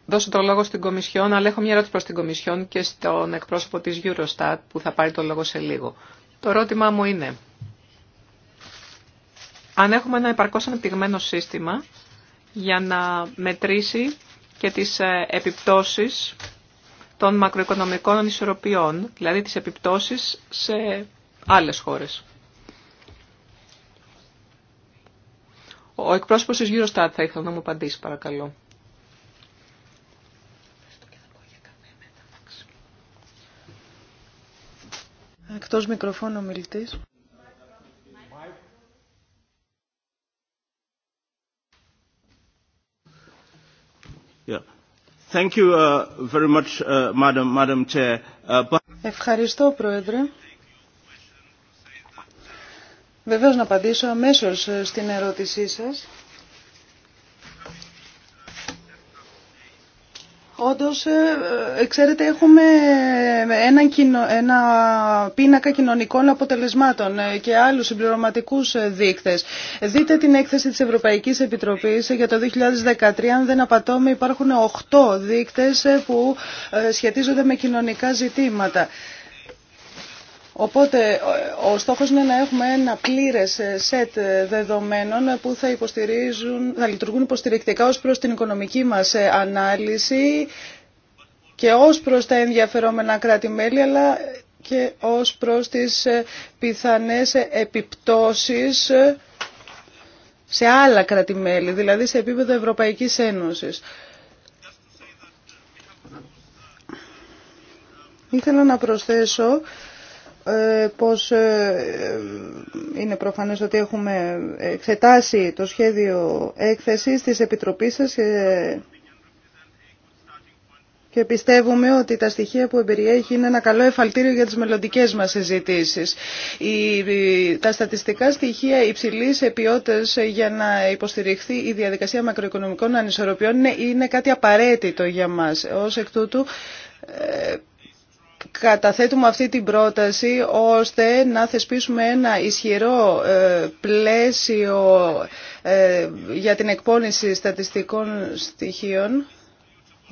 δώσω το λόγο στην Κομισιόν, αλλά έχω μια ερώτηση προς την Κομισιόν και στον εκπρόσωπο της Eurostat που θα πάρει το λόγο σε λίγο. Το ερώτημά μου είναι, αν έχουμε ένα επαρκώς αναπτυγμένο σύστημα για να μετρήσει και τις ε, επιπτώσεις των μακροοικονομικών ανισορροπιών, δηλαδή τις επιπτώσεις σε άλλες χώρες. Ο εκπρόσωπος της Eurostat θα ήθελα να μου απαντήσει παρακαλώ. Εκτός μικροφώνου ο μιλητής. Ευχαριστώ, Πρόεδρε. Βεβαίως να απαντήσω αμέσως ε, στην ερώτησή σας. Όντως, ε, ε, ξέρετε, έχουμε ένα, ένα πίνακα κοινωνικών αποτελεσμάτων ε, και άλλους συμπληρωματικού δείκτες. Δείτε την έκθεση της Ευρωπαϊκής Επιτροπής για το 2013. Αν δεν απατώμε, υπάρχουν 8 δείκτες που σχετίζονται με κοινωνικά ζητήματα. Οπότε ο στόχος είναι να έχουμε ένα πλήρες ε, σετ ε, δεδομένων που θα, υποστηρίζουν, θα λειτουργούν υποστηρικτικά ως προς την οικονομική μας ε, ανάλυση και ως προς τα ενδιαφερόμενα κράτη-μέλη, αλλά και ως προς τις πιθανές επιπτώσεις σε άλλα κράτη-μέλη, δηλαδή σε επίπεδο Ευρωπαϊκής Ένωσης. Ήθελα να προσθέσω ε, πως ε, είναι προφανές ότι έχουμε εξετάσει το σχέδιο έκθεσης της Επιτροπής σας και πιστεύουμε ότι τα στοιχεία που εμπεριέχει είναι ένα καλό εφαλτήριο για τις μελλοντικέ μας συζητήσει. Τα στατιστικά στοιχεία υψηλής ποιότητας για να υποστηριχθεί η διαδικασία μακροοικονομικών ανισορροπιών είναι, είναι κάτι απαραίτητο για μας. Ως εκ τούτου ε, καταθέτουμε αυτή την πρόταση ώστε να θεσπίσουμε ένα ισχυρό ε, πλαίσιο ε, για την εκπόνηση στατιστικών στοιχείων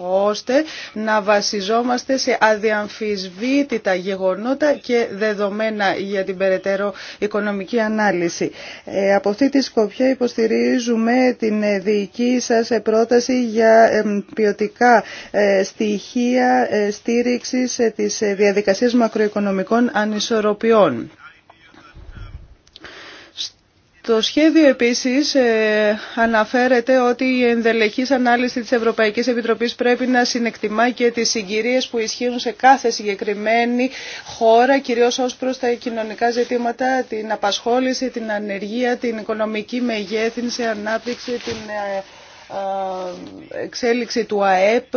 ώστε να βασιζόμαστε σε αδιαμφισβήτητα γεγονότα και δεδομένα για την περαιτέρω οικονομική ανάλυση. Ε, από αυτή τη σκοπιά υποστηρίζουμε την δική σας πρόταση για ποιοτικά ε, στοιχεία ε, στήριξης της διαδικασίας μακροοικονομικών ανισορροπιών. Το σχέδιο επίσης ε, αναφέρεται ότι η ενδελεχής ανάλυση της Ευρωπαϊκής Επιτροπής πρέπει να συνεκτιμά και τις συγκυρίες που ισχύουν σε κάθε συγκεκριμένη χώρα, κυρίως ως προς τα κοινωνικά ζητήματα, την απασχόληση, την ανεργία, την οικονομική μεγέθυνση, ανάπτυξη, την ε, εξέλιξη του ΑΕΠ.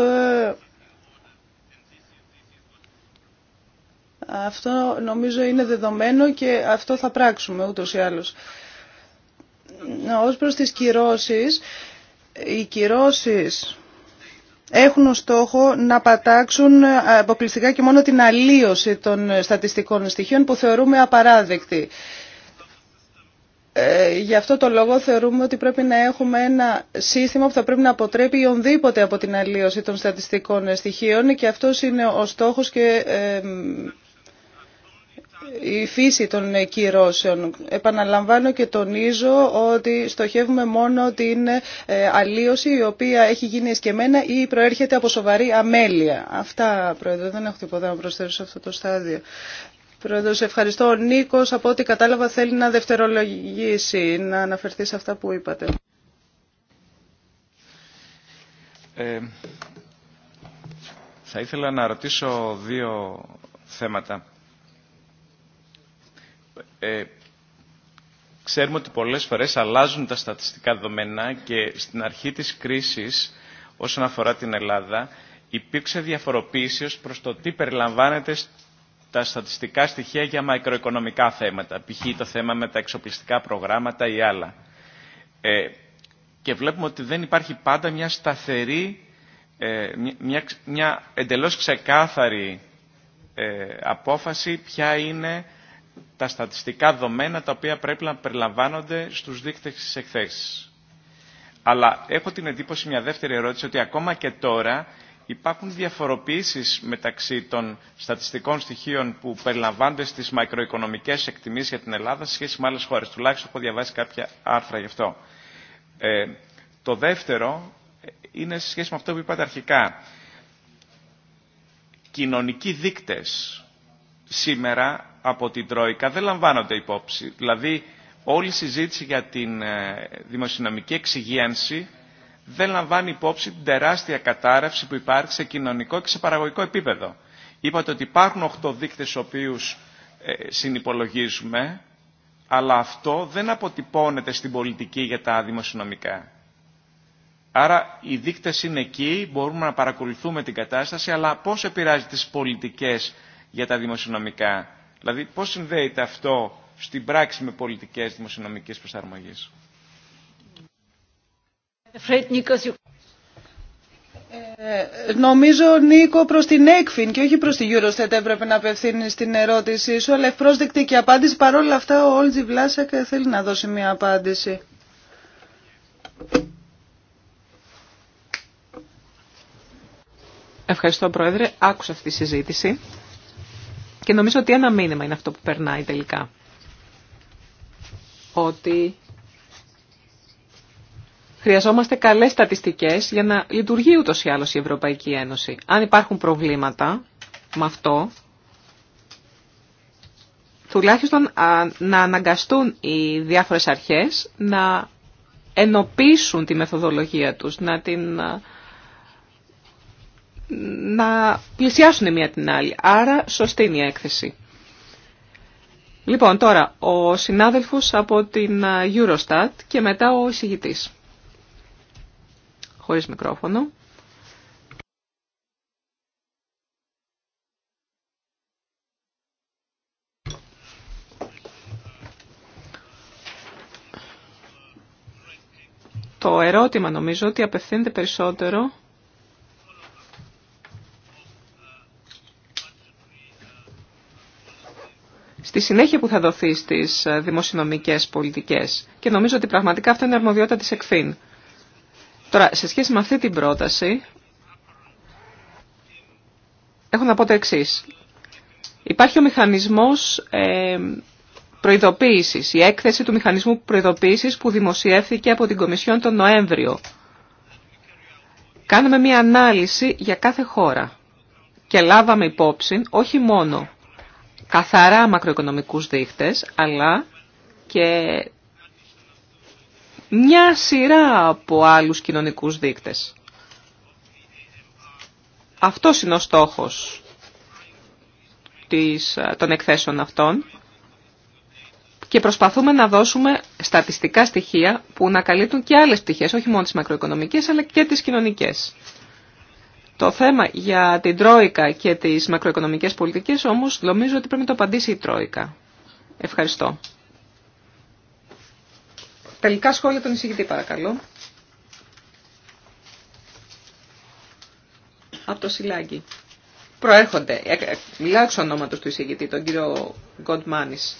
Αυτό νομίζω είναι δεδομένο και αυτό θα πράξουμε ούτως ή άλλως. Ως προς τις κυρώσεις, οι κυρώσεις έχουν ως στόχο να πατάξουν ε, αποκλειστικά και μόνο την αλλίωση των στατιστικών στοιχείων που θεωρούμε απαράδεκτη. Ε, γι' αυτό το λόγο θεωρούμε ότι πρέπει να έχουμε ένα σύστημα που θα πρέπει να αποτρέπει ονδήποτε από την αλλίωση των στατιστικών στοιχείων και αυτός είναι ο στόχος και ε, η φύση των κυρώσεων. Επαναλαμβάνω και τονίζω ότι στοχεύουμε μόνο την ε, αλλίωση η οποία έχει γίνει εσκεμένα ή προέρχεται από σοβαρή αμέλεια. Αυτά, Πρόεδρε, δεν έχω τίποτα να προσθέσω σε αυτό το στάδιο. σε ευχαριστώ. Ο Νίκος, από ό,τι κατάλαβα, θέλει να δευτερολογήσει, να αναφερθεί σε αυτά που είπατε. Ε, θα ήθελα να ρωτήσω δύο θέματα ε, ξέρουμε ότι πολλές φορές αλλάζουν τα στατιστικά δεδομένα και στην αρχή της κρίσης όσον αφορά την Ελλάδα υπήρξε διαφοροποίηση ως προς το τι περιλαμβάνεται τα στατιστικά στοιχεία για μακροοικονομικά θέματα, π.χ. το θέμα με τα εξοπλιστικά προγράμματα ή άλλα. Ε, και βλέπουμε ότι δεν υπάρχει πάντα μια σταθερή, ε, μια, μια εντελώς ξεκάθαρη ε, απόφαση ποια είναι τα στατιστικά δεδομένα τα οποία πρέπει να περιλαμβάνονται στους δείκτες της εκθέσης. Αλλά έχω την εντύπωση μια δεύτερη ερώτηση ότι ακόμα και τώρα υπάρχουν διαφοροποιήσεις μεταξύ των στατιστικών στοιχείων που περιλαμβάνονται στις μακροοικονομικές εκτιμήσεις για την Ελλάδα σε σχέση με άλλες χώρες. Τουλάχιστον έχω διαβάσει κάποια άρθρα γι' αυτό. Ε, το δεύτερο είναι σε σχέση με αυτό που είπατε αρχικά. Κοινωνικοί δείκτες σήμερα από την Τρόικα δεν λαμβάνονται υπόψη. Δηλαδή όλη η συζήτηση για την ε, δημοσιονομική εξυγίανση δεν λαμβάνει υπόψη την τεράστια κατάρρευση που υπάρχει σε κοινωνικό και σε παραγωγικό επίπεδο. Είπατε ότι υπάρχουν 8 δείκτες στους οποίους ε, συνυπολογίζουμε, αλλά αυτό δεν αποτυπώνεται στην πολιτική για τα δημοσιονομικά. Άρα οι δείκτες είναι εκεί, μπορούμε να παρακολουθούμε την κατάσταση, αλλά πώς επηρεάζει τις πολιτικές για τα δημοσιονομικά. Δηλαδή πώς συνδέεται αυτό στην πράξη με πολιτικές δημοσιονομικές προσαρμογής. Ε, νομίζω, Νίκο, προ την ΕΚΦΙΝ και όχι προ την Eurostat έπρεπε να απευθύνει την ερώτησή σου, αλλά ευπρόσδεκτη και απάντηση. Παρόλα αυτά, ο Όλτζι Βλάσακ θέλει να δώσει μια απάντηση. Ευχαριστώ, Πρόεδρε. Άκουσα αυτή τη συζήτηση. Και νομίζω ότι ένα μήνυμα είναι αυτό που περνάει τελικά. Ότι χρειαζόμαστε καλές στατιστικές για να λειτουργεί ούτως ή άλλως η Ευρωπαϊκή Ένωση. Αν υπάρχουν προβλήματα με αυτό, τουλάχιστον να αναγκαστούν οι διάφορες αρχές να ενοποιήσουν τη μεθοδολογία τους, να την να πλησιάσουν μία την άλλη. Άρα σωστή είναι η έκθεση. Λοιπόν, τώρα ο συνάδελφος από την Eurostat και μετά ο εισηγητής. Χωρίς μικρόφωνο. Το ερώτημα νομίζω ότι απευθύνεται περισσότερο τη συνέχεια που θα δοθεί στις ε, δημοσιονομικές πολιτικές. Και νομίζω ότι πραγματικά αυτό είναι αρμοδιότητα της ΕΚΦΗΝ. Τώρα, σε σχέση με αυτή την πρόταση, έχω να πω το εξή. Υπάρχει ο μηχανισμός ε, προειδοποίησης, η έκθεση του μηχανισμού προειδοποίησης που δημοσιεύθηκε από την Κομισιόν τον Νοέμβριο. Κάναμε μία ανάλυση για κάθε χώρα και λάβαμε υπόψη όχι μόνο καθαρά μακροοικονομικούς δείχτες, αλλά και μια σειρά από άλλους κοινωνικούς δείκτες. Αυτό είναι ο στόχος της, των εκθέσεων αυτών και προσπαθούμε να δώσουμε στατιστικά στοιχεία που να καλύπτουν και άλλες πτυχές, όχι μόνο τις μακροοικονομικές αλλά και τις κοινωνικές. Το θέμα για την Τρόικα και τις μακροοικονομικές πολιτικές όμως νομίζω ότι πρέπει να το απαντήσει η Τρόικα. Ευχαριστώ. Τελικά σχόλια τον εισηγητή παρακαλώ. Από το Σιλάγκη. Προέρχονται. Ε, ε, μιλάω εξ ονόματος του εισηγητή, τον κύριο Γκοντμάνης.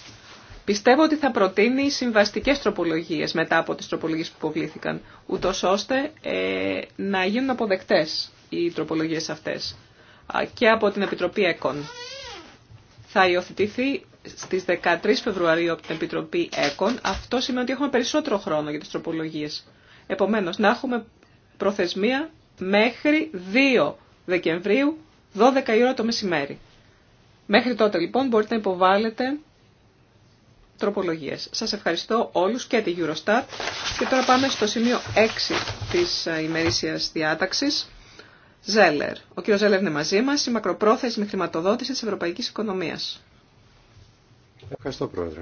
Πιστεύω ότι θα προτείνει συμβαστικές τροπολογίες μετά από τις τροπολογίες που υποβλήθηκαν, ούτως ώστε ε, να γίνουν αποδεκτές οι τροπολογίες αυτές και από την Επιτροπή ΕΚΟΝ. Θα υιοθετηθεί στις 13 Φεβρουαρίου από την Επιτροπή ΕΚΟΝ. Αυτό σημαίνει ότι έχουμε περισσότερο χρόνο για τις τροπολογίες. Επομένως, να έχουμε προθεσμία μέχρι 2 Δεκεμβρίου, 12 η ώρα το μεσημέρι. Μέχρι τότε λοιπόν μπορείτε να υποβάλλετε τροπολογίες. Σας ευχαριστώ όλους και τη Eurostat. Και τώρα πάμε στο σημείο 6 της ε, ημερήσιας διάταξης. Ζέλερ. Ο κύριος Ζέλερ είναι μαζί μας, η μακροπρόθεσμη χρηματοδότηση της ευρωπαϊκής οικονομίας. Ευχαριστώ Πρόεδρε.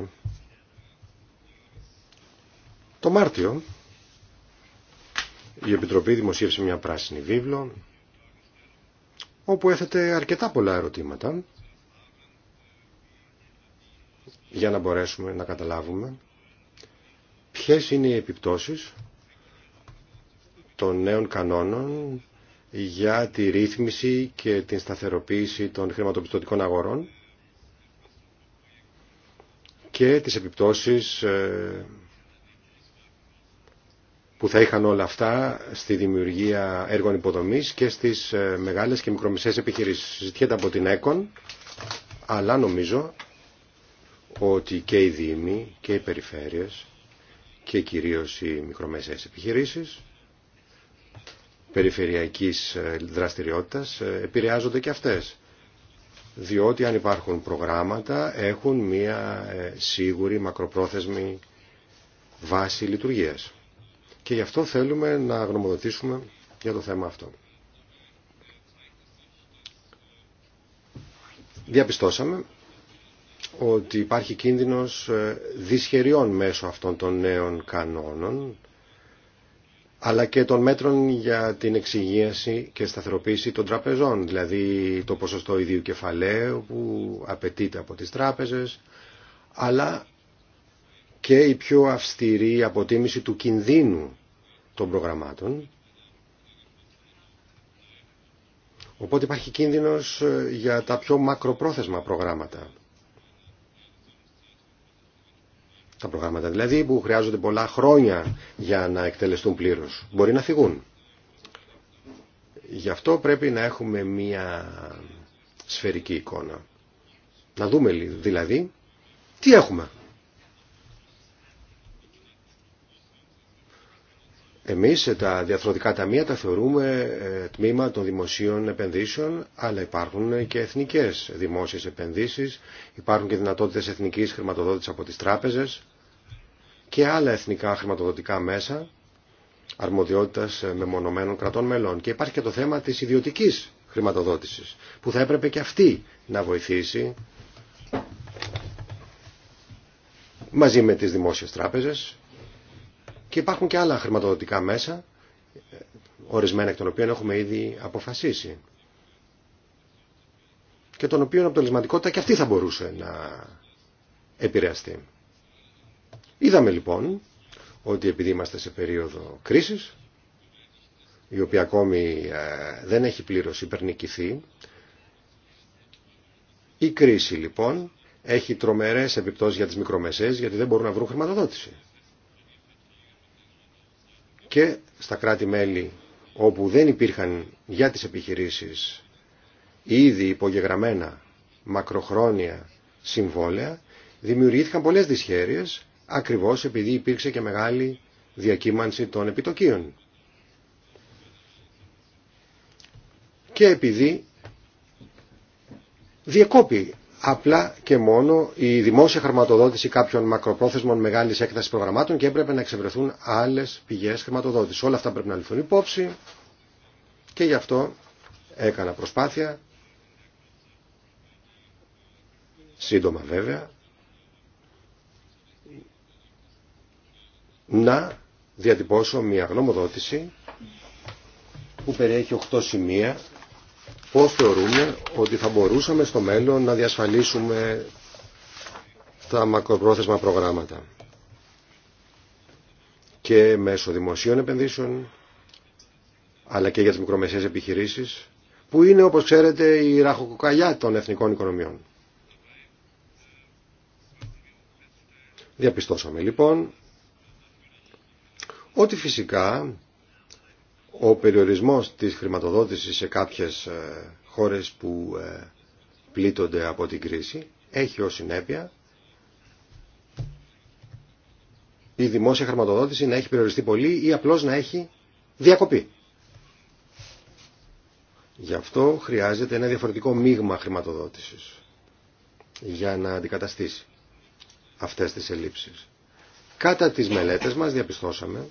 Το Μάρτιο η Επιτροπή δημοσίευσε μια πράσινη βίβλο όπου έθετε αρκετά πολλά ερωτήματα για να μπορέσουμε να καταλάβουμε ποιες είναι οι επιπτώσεις των νέων κανόνων για τη ρύθμιση και την σταθεροποίηση των χρηματοπιστωτικών αγορών και τις επιπτώσεις ε, που θα είχαν όλα αυτά στη δημιουργία έργων υποδομής και στις ε, μεγάλες και μικρομεσαίες επιχειρήσεις. Συζητιέται από την ΕΚΟΝ, αλλά νομίζω ότι και οι Δήμοι και οι Περιφέρειες και κυρίως οι μικρομεσαίες επιχειρήσεις περιφερειακής ε, δραστηριότητας ε, επηρεάζονται και αυτές. Διότι αν υπάρχουν προγράμματα έχουν μία ε, σίγουρη μακροπρόθεσμη βάση λειτουργίας. Και γι' αυτό θέλουμε να γνωμοδοτήσουμε για το θέμα αυτό. Διαπιστώσαμε ότι υπάρχει κίνδυνος δυσχεριών μέσω αυτών των νέων κανόνων αλλά και των μέτρων για την εξυγίαση και σταθεροποίηση των τραπεζών, δηλαδή το ποσοστό ιδίου κεφαλαίου που απαιτείται από τις τράπεζες, αλλά και η πιο αυστηρή αποτίμηση του κινδύνου των προγραμμάτων. Οπότε υπάρχει κίνδυνος ε, για τα πιο μακροπρόθεσμα προγράμματα. τα προγράμματα δηλαδή που χρειάζονται πολλά χρόνια για να εκτελεστούν πλήρως. Μπορεί να φυγούν. Γι' αυτό πρέπει να έχουμε μία σφαιρική εικόνα. Να δούμε δηλαδή τι έχουμε. Εμείς ε, τα διαθροτικά ταμεία τα θεωρούμε ε, τμήμα των δημοσίων επενδύσεων, αλλά υπάρχουν και εθνικές δημόσιες επενδύσεις, υπάρχουν και δυνατότητες εθνικής χρηματοδότησης από τις τράπεζες και άλλα εθνικά χρηματοδοτικά μέσα αρμοδιότητας ε, μεμονωμένων κρατών μελών. Και υπάρχει και το θέμα της ιδιωτικής χρηματοδότησης, που θα έπρεπε και αυτή να βοηθήσει μαζί με τις δημόσιες τράπεζες και υπάρχουν και άλλα χρηματοδοτικά μέσα, ε, ορισμένα εκ των οποίων έχουμε ήδη αποφασίσει και των οποίων αποτελεσματικότητα και αυτή θα μπορούσε να επηρεαστεί. Είδαμε λοιπόν ότι επειδή είμαστε σε περίοδο κρίσης, η οποία ακόμη ε, δεν έχει πλήρως υπερνικηθεί, η κρίση λοιπόν έχει τρομερές επιπτώσεις για τις μικρομεσαίες γιατί δεν μπορούν να βρουν χρηματοδότηση. Και στα κράτη-μέλη όπου δεν υπήρχαν για τις επιχειρήσεις ήδη υπογεγραμμένα μακροχρόνια συμβόλαια, δημιουργήθηκαν πολλές δυσχέρειες ακριβώς επειδή υπήρξε και μεγάλη διακύμανση των επιτοκίων. Και επειδή διεκόπη απλά και μόνο η δημόσια χρηματοδότηση κάποιων μακροπρόθεσμων μεγάλης έκτασης προγραμμάτων και έπρεπε να εξευρεθούν άλλες πηγές χρηματοδότησης. Όλα αυτά πρέπει να ληφθούν υπόψη και γι' αυτό έκανα προσπάθεια, σύντομα βέβαια, να διατυπώσω μια γνωμοδότηση που περιέχει 8 σημεία πώς θεωρούμε ότι θα μπορούσαμε στο μέλλον να διασφαλίσουμε τα μακροπρόθεσμα προγράμματα και μέσω δημοσίων επενδύσεων αλλά και για τις μικρομεσαίες επιχειρήσεις που είναι όπως ξέρετε η ραχοκοκαλιά των εθνικών οικονομιών. Διαπιστώσαμε λοιπόν ότι φυσικά ο περιορισμός της χρηματοδότησης σε κάποιες ε, χώρες που ε, πλήττονται από την κρίση έχει ως συνέπεια η δημόσια χρηματοδότηση να έχει περιοριστεί πολύ ή απλώς να έχει διακοπή. Γι' αυτό χρειάζεται ένα διαφορετικό μείγμα χρηματοδότησης για να αντικαταστήσει αυτές τις ελλείψεις. Κάτα τις μελέτες μας διαπιστώσαμε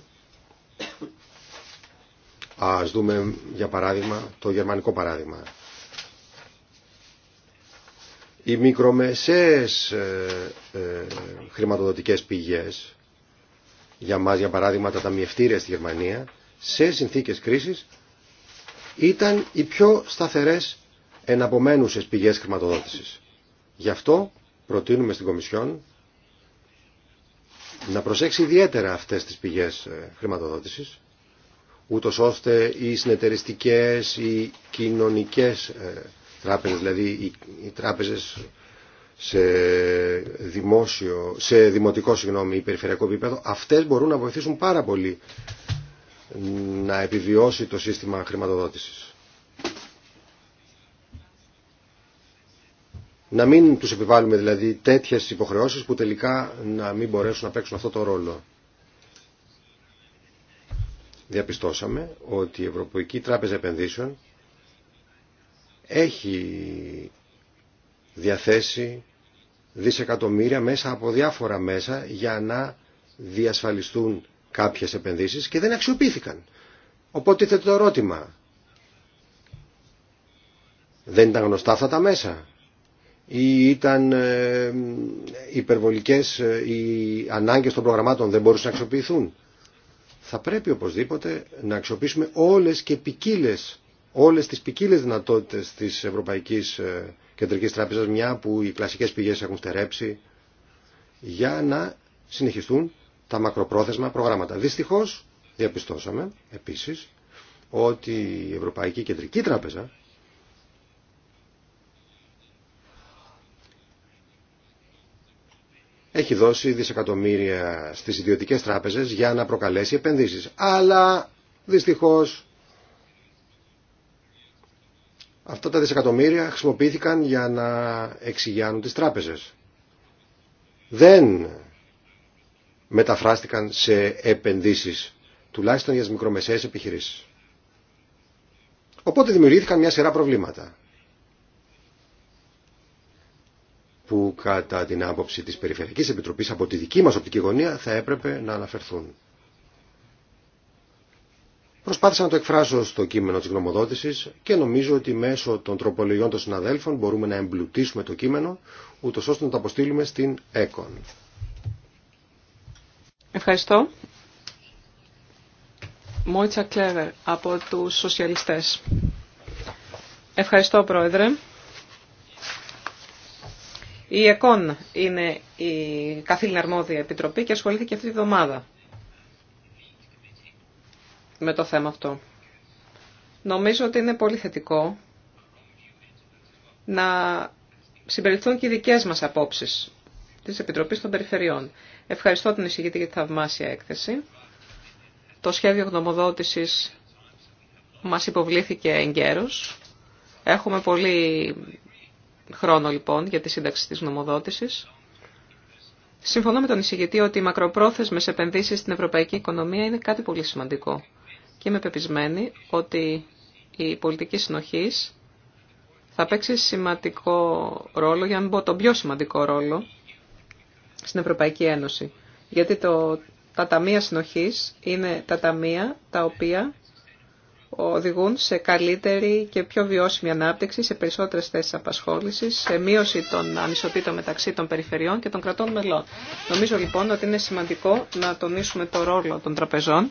Ας δούμε για παράδειγμα το γερμανικό παράδειγμα. Οι μικρομεσαίες ε, ε, χρηματοδοτικές πηγές, για μας για παράδειγμα τα ταμιευτήρια στη Γερμανία, σε συνθήκες κρίσης ήταν οι πιο σταθερές εναπομένουσες πηγές χρηματοδότησης. Γι' αυτό προτείνουμε στην Κομισιόν να προσέξει ιδιαίτερα αυτές τις πηγές ε, χρηματοδότησης, ούτως ώστε οι συνεταιριστικές, οι κοινωνικές ε, τράπεζες, δηλαδή οι τράπεζες σε, δημόσιο, σε δημοτικό συγγνώμη, ή περιφερειακό επίπεδο, αυτές μπορούν να βοηθήσουν πάρα πολύ να επιβιώσει το σύστημα χρηματοδότησης. Να μην τους επιβάλλουμε δηλαδή τέτοιες υποχρεώσεις που τελικά να μην μπορέσουν να παίξουν αυτό το ρόλο. Διαπιστώσαμε ότι η Ευρωπαϊκή Τράπεζα Επενδύσεων έχει διαθέσει δισεκατομμύρια μέσα από διάφορα μέσα για να διασφαλιστούν κάποιες επενδύσεις και δεν αξιοποιήθηκαν. Οπότε θέτω το ερώτημα. Δεν ήταν γνωστά αυτά τα μέσα ή ήταν ε, υπερβολικές ε, οι ανάγκες των προγραμμάτων δεν μπορούσαν να αξιοποιηθούν. Θα πρέπει οπωσδήποτε να αξιοποιήσουμε όλες και ποικίλε, όλες τις ποικίλε δυνατότητες της Ευρωπαϊκής ε, Κεντρικής Τράπεζας, μια που οι κλασικές πηγές έχουν στερέψει, για να συνεχιστούν τα μακροπρόθεσμα προγράμματα. Δυστυχώς διαπιστώσαμε επίσης ότι η Ευρωπαϊκή Κεντρική Τράπεζα έχει δώσει δισεκατομμύρια στις ιδιωτικές τράπεζες για να προκαλέσει επενδύσεις. Αλλά δυστυχώς αυτά τα δισεκατομμύρια χρησιμοποιήθηκαν για να εξηγιάνουν τις τράπεζες. Δεν μεταφράστηκαν σε επενδύσεις, τουλάχιστον για τις μικρομεσαίες επιχειρήσεις. Οπότε δημιουργήθηκαν μια σειρά προβλήματα. που κατά την άποψη της Περιφερειακής Επιτροπής από τη δική μας οπτική γωνία θα έπρεπε να αναφερθούν. Προσπάθησα να το εκφράσω στο κείμενο της γνωμοδότησης και νομίζω ότι μέσω των τροπολογιών των συναδέλφων μπορούμε να εμπλουτίσουμε το κείμενο ούτως ώστε να το αποστείλουμε στην ΕΚΟΝ. Ευχαριστώ. Μόιτσα Κλέβερ από τους Σοσιαλιστές. Ευχαριστώ Πρόεδρε. Η ΕΚΟΝ είναι η καθήλυνα αρμόδια επιτροπή και ασχολήθηκε αυτή τη βδομάδα με το θέμα αυτό. Νομίζω ότι είναι πολύ θετικό να συμπεριληφθούν και οι δικές μας απόψεις της Επιτροπής των Περιφερειών. Ευχαριστώ την εισηγητή για τη θαυμάσια έκθεση. Το σχέδιο γνωμοδότησης μας υποβλήθηκε εγκαίρως. Έχουμε πολύ χρόνο λοιπόν για τη σύνταξη της νομοδότησης. Συμφωνώ με τον εισηγητή ότι οι μακροπρόθεσμες επενδύσεις στην ευρωπαϊκή οικονομία είναι κάτι πολύ σημαντικό. Και είμαι πεπισμένη ότι η πολιτική συνοχής θα παίξει σημαντικό ρόλο, για να μην πω τον πιο σημαντικό ρόλο, στην Ευρωπαϊκή Ένωση. Γιατί το, τα ταμεία συνοχής είναι τα ταμεία τα οποία οδηγούν σε καλύτερη και πιο βιώσιμη ανάπτυξη, σε περισσότερες θέσεις απασχόλησης, σε μείωση των ανισοτήτων μεταξύ των περιφερειών και των κρατών μελών. Νομίζω λοιπόν ότι είναι σημαντικό να τονίσουμε το ρόλο των τραπεζών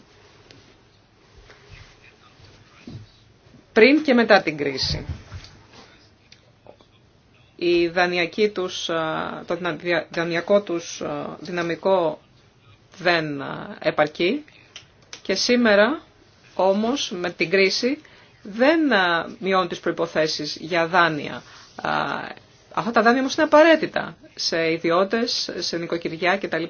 πριν και μετά την κρίση. Η δανειακή τους, το δανειακό τους δυναμικό δεν επαρκεί και σήμερα όμως με την κρίση δεν μειώνουν τις προϋποθέσεις για δάνεια. Αυτά τα δάνεια όμως είναι απαραίτητα σε ιδιώτες, σε νοικοκυριά κτλ.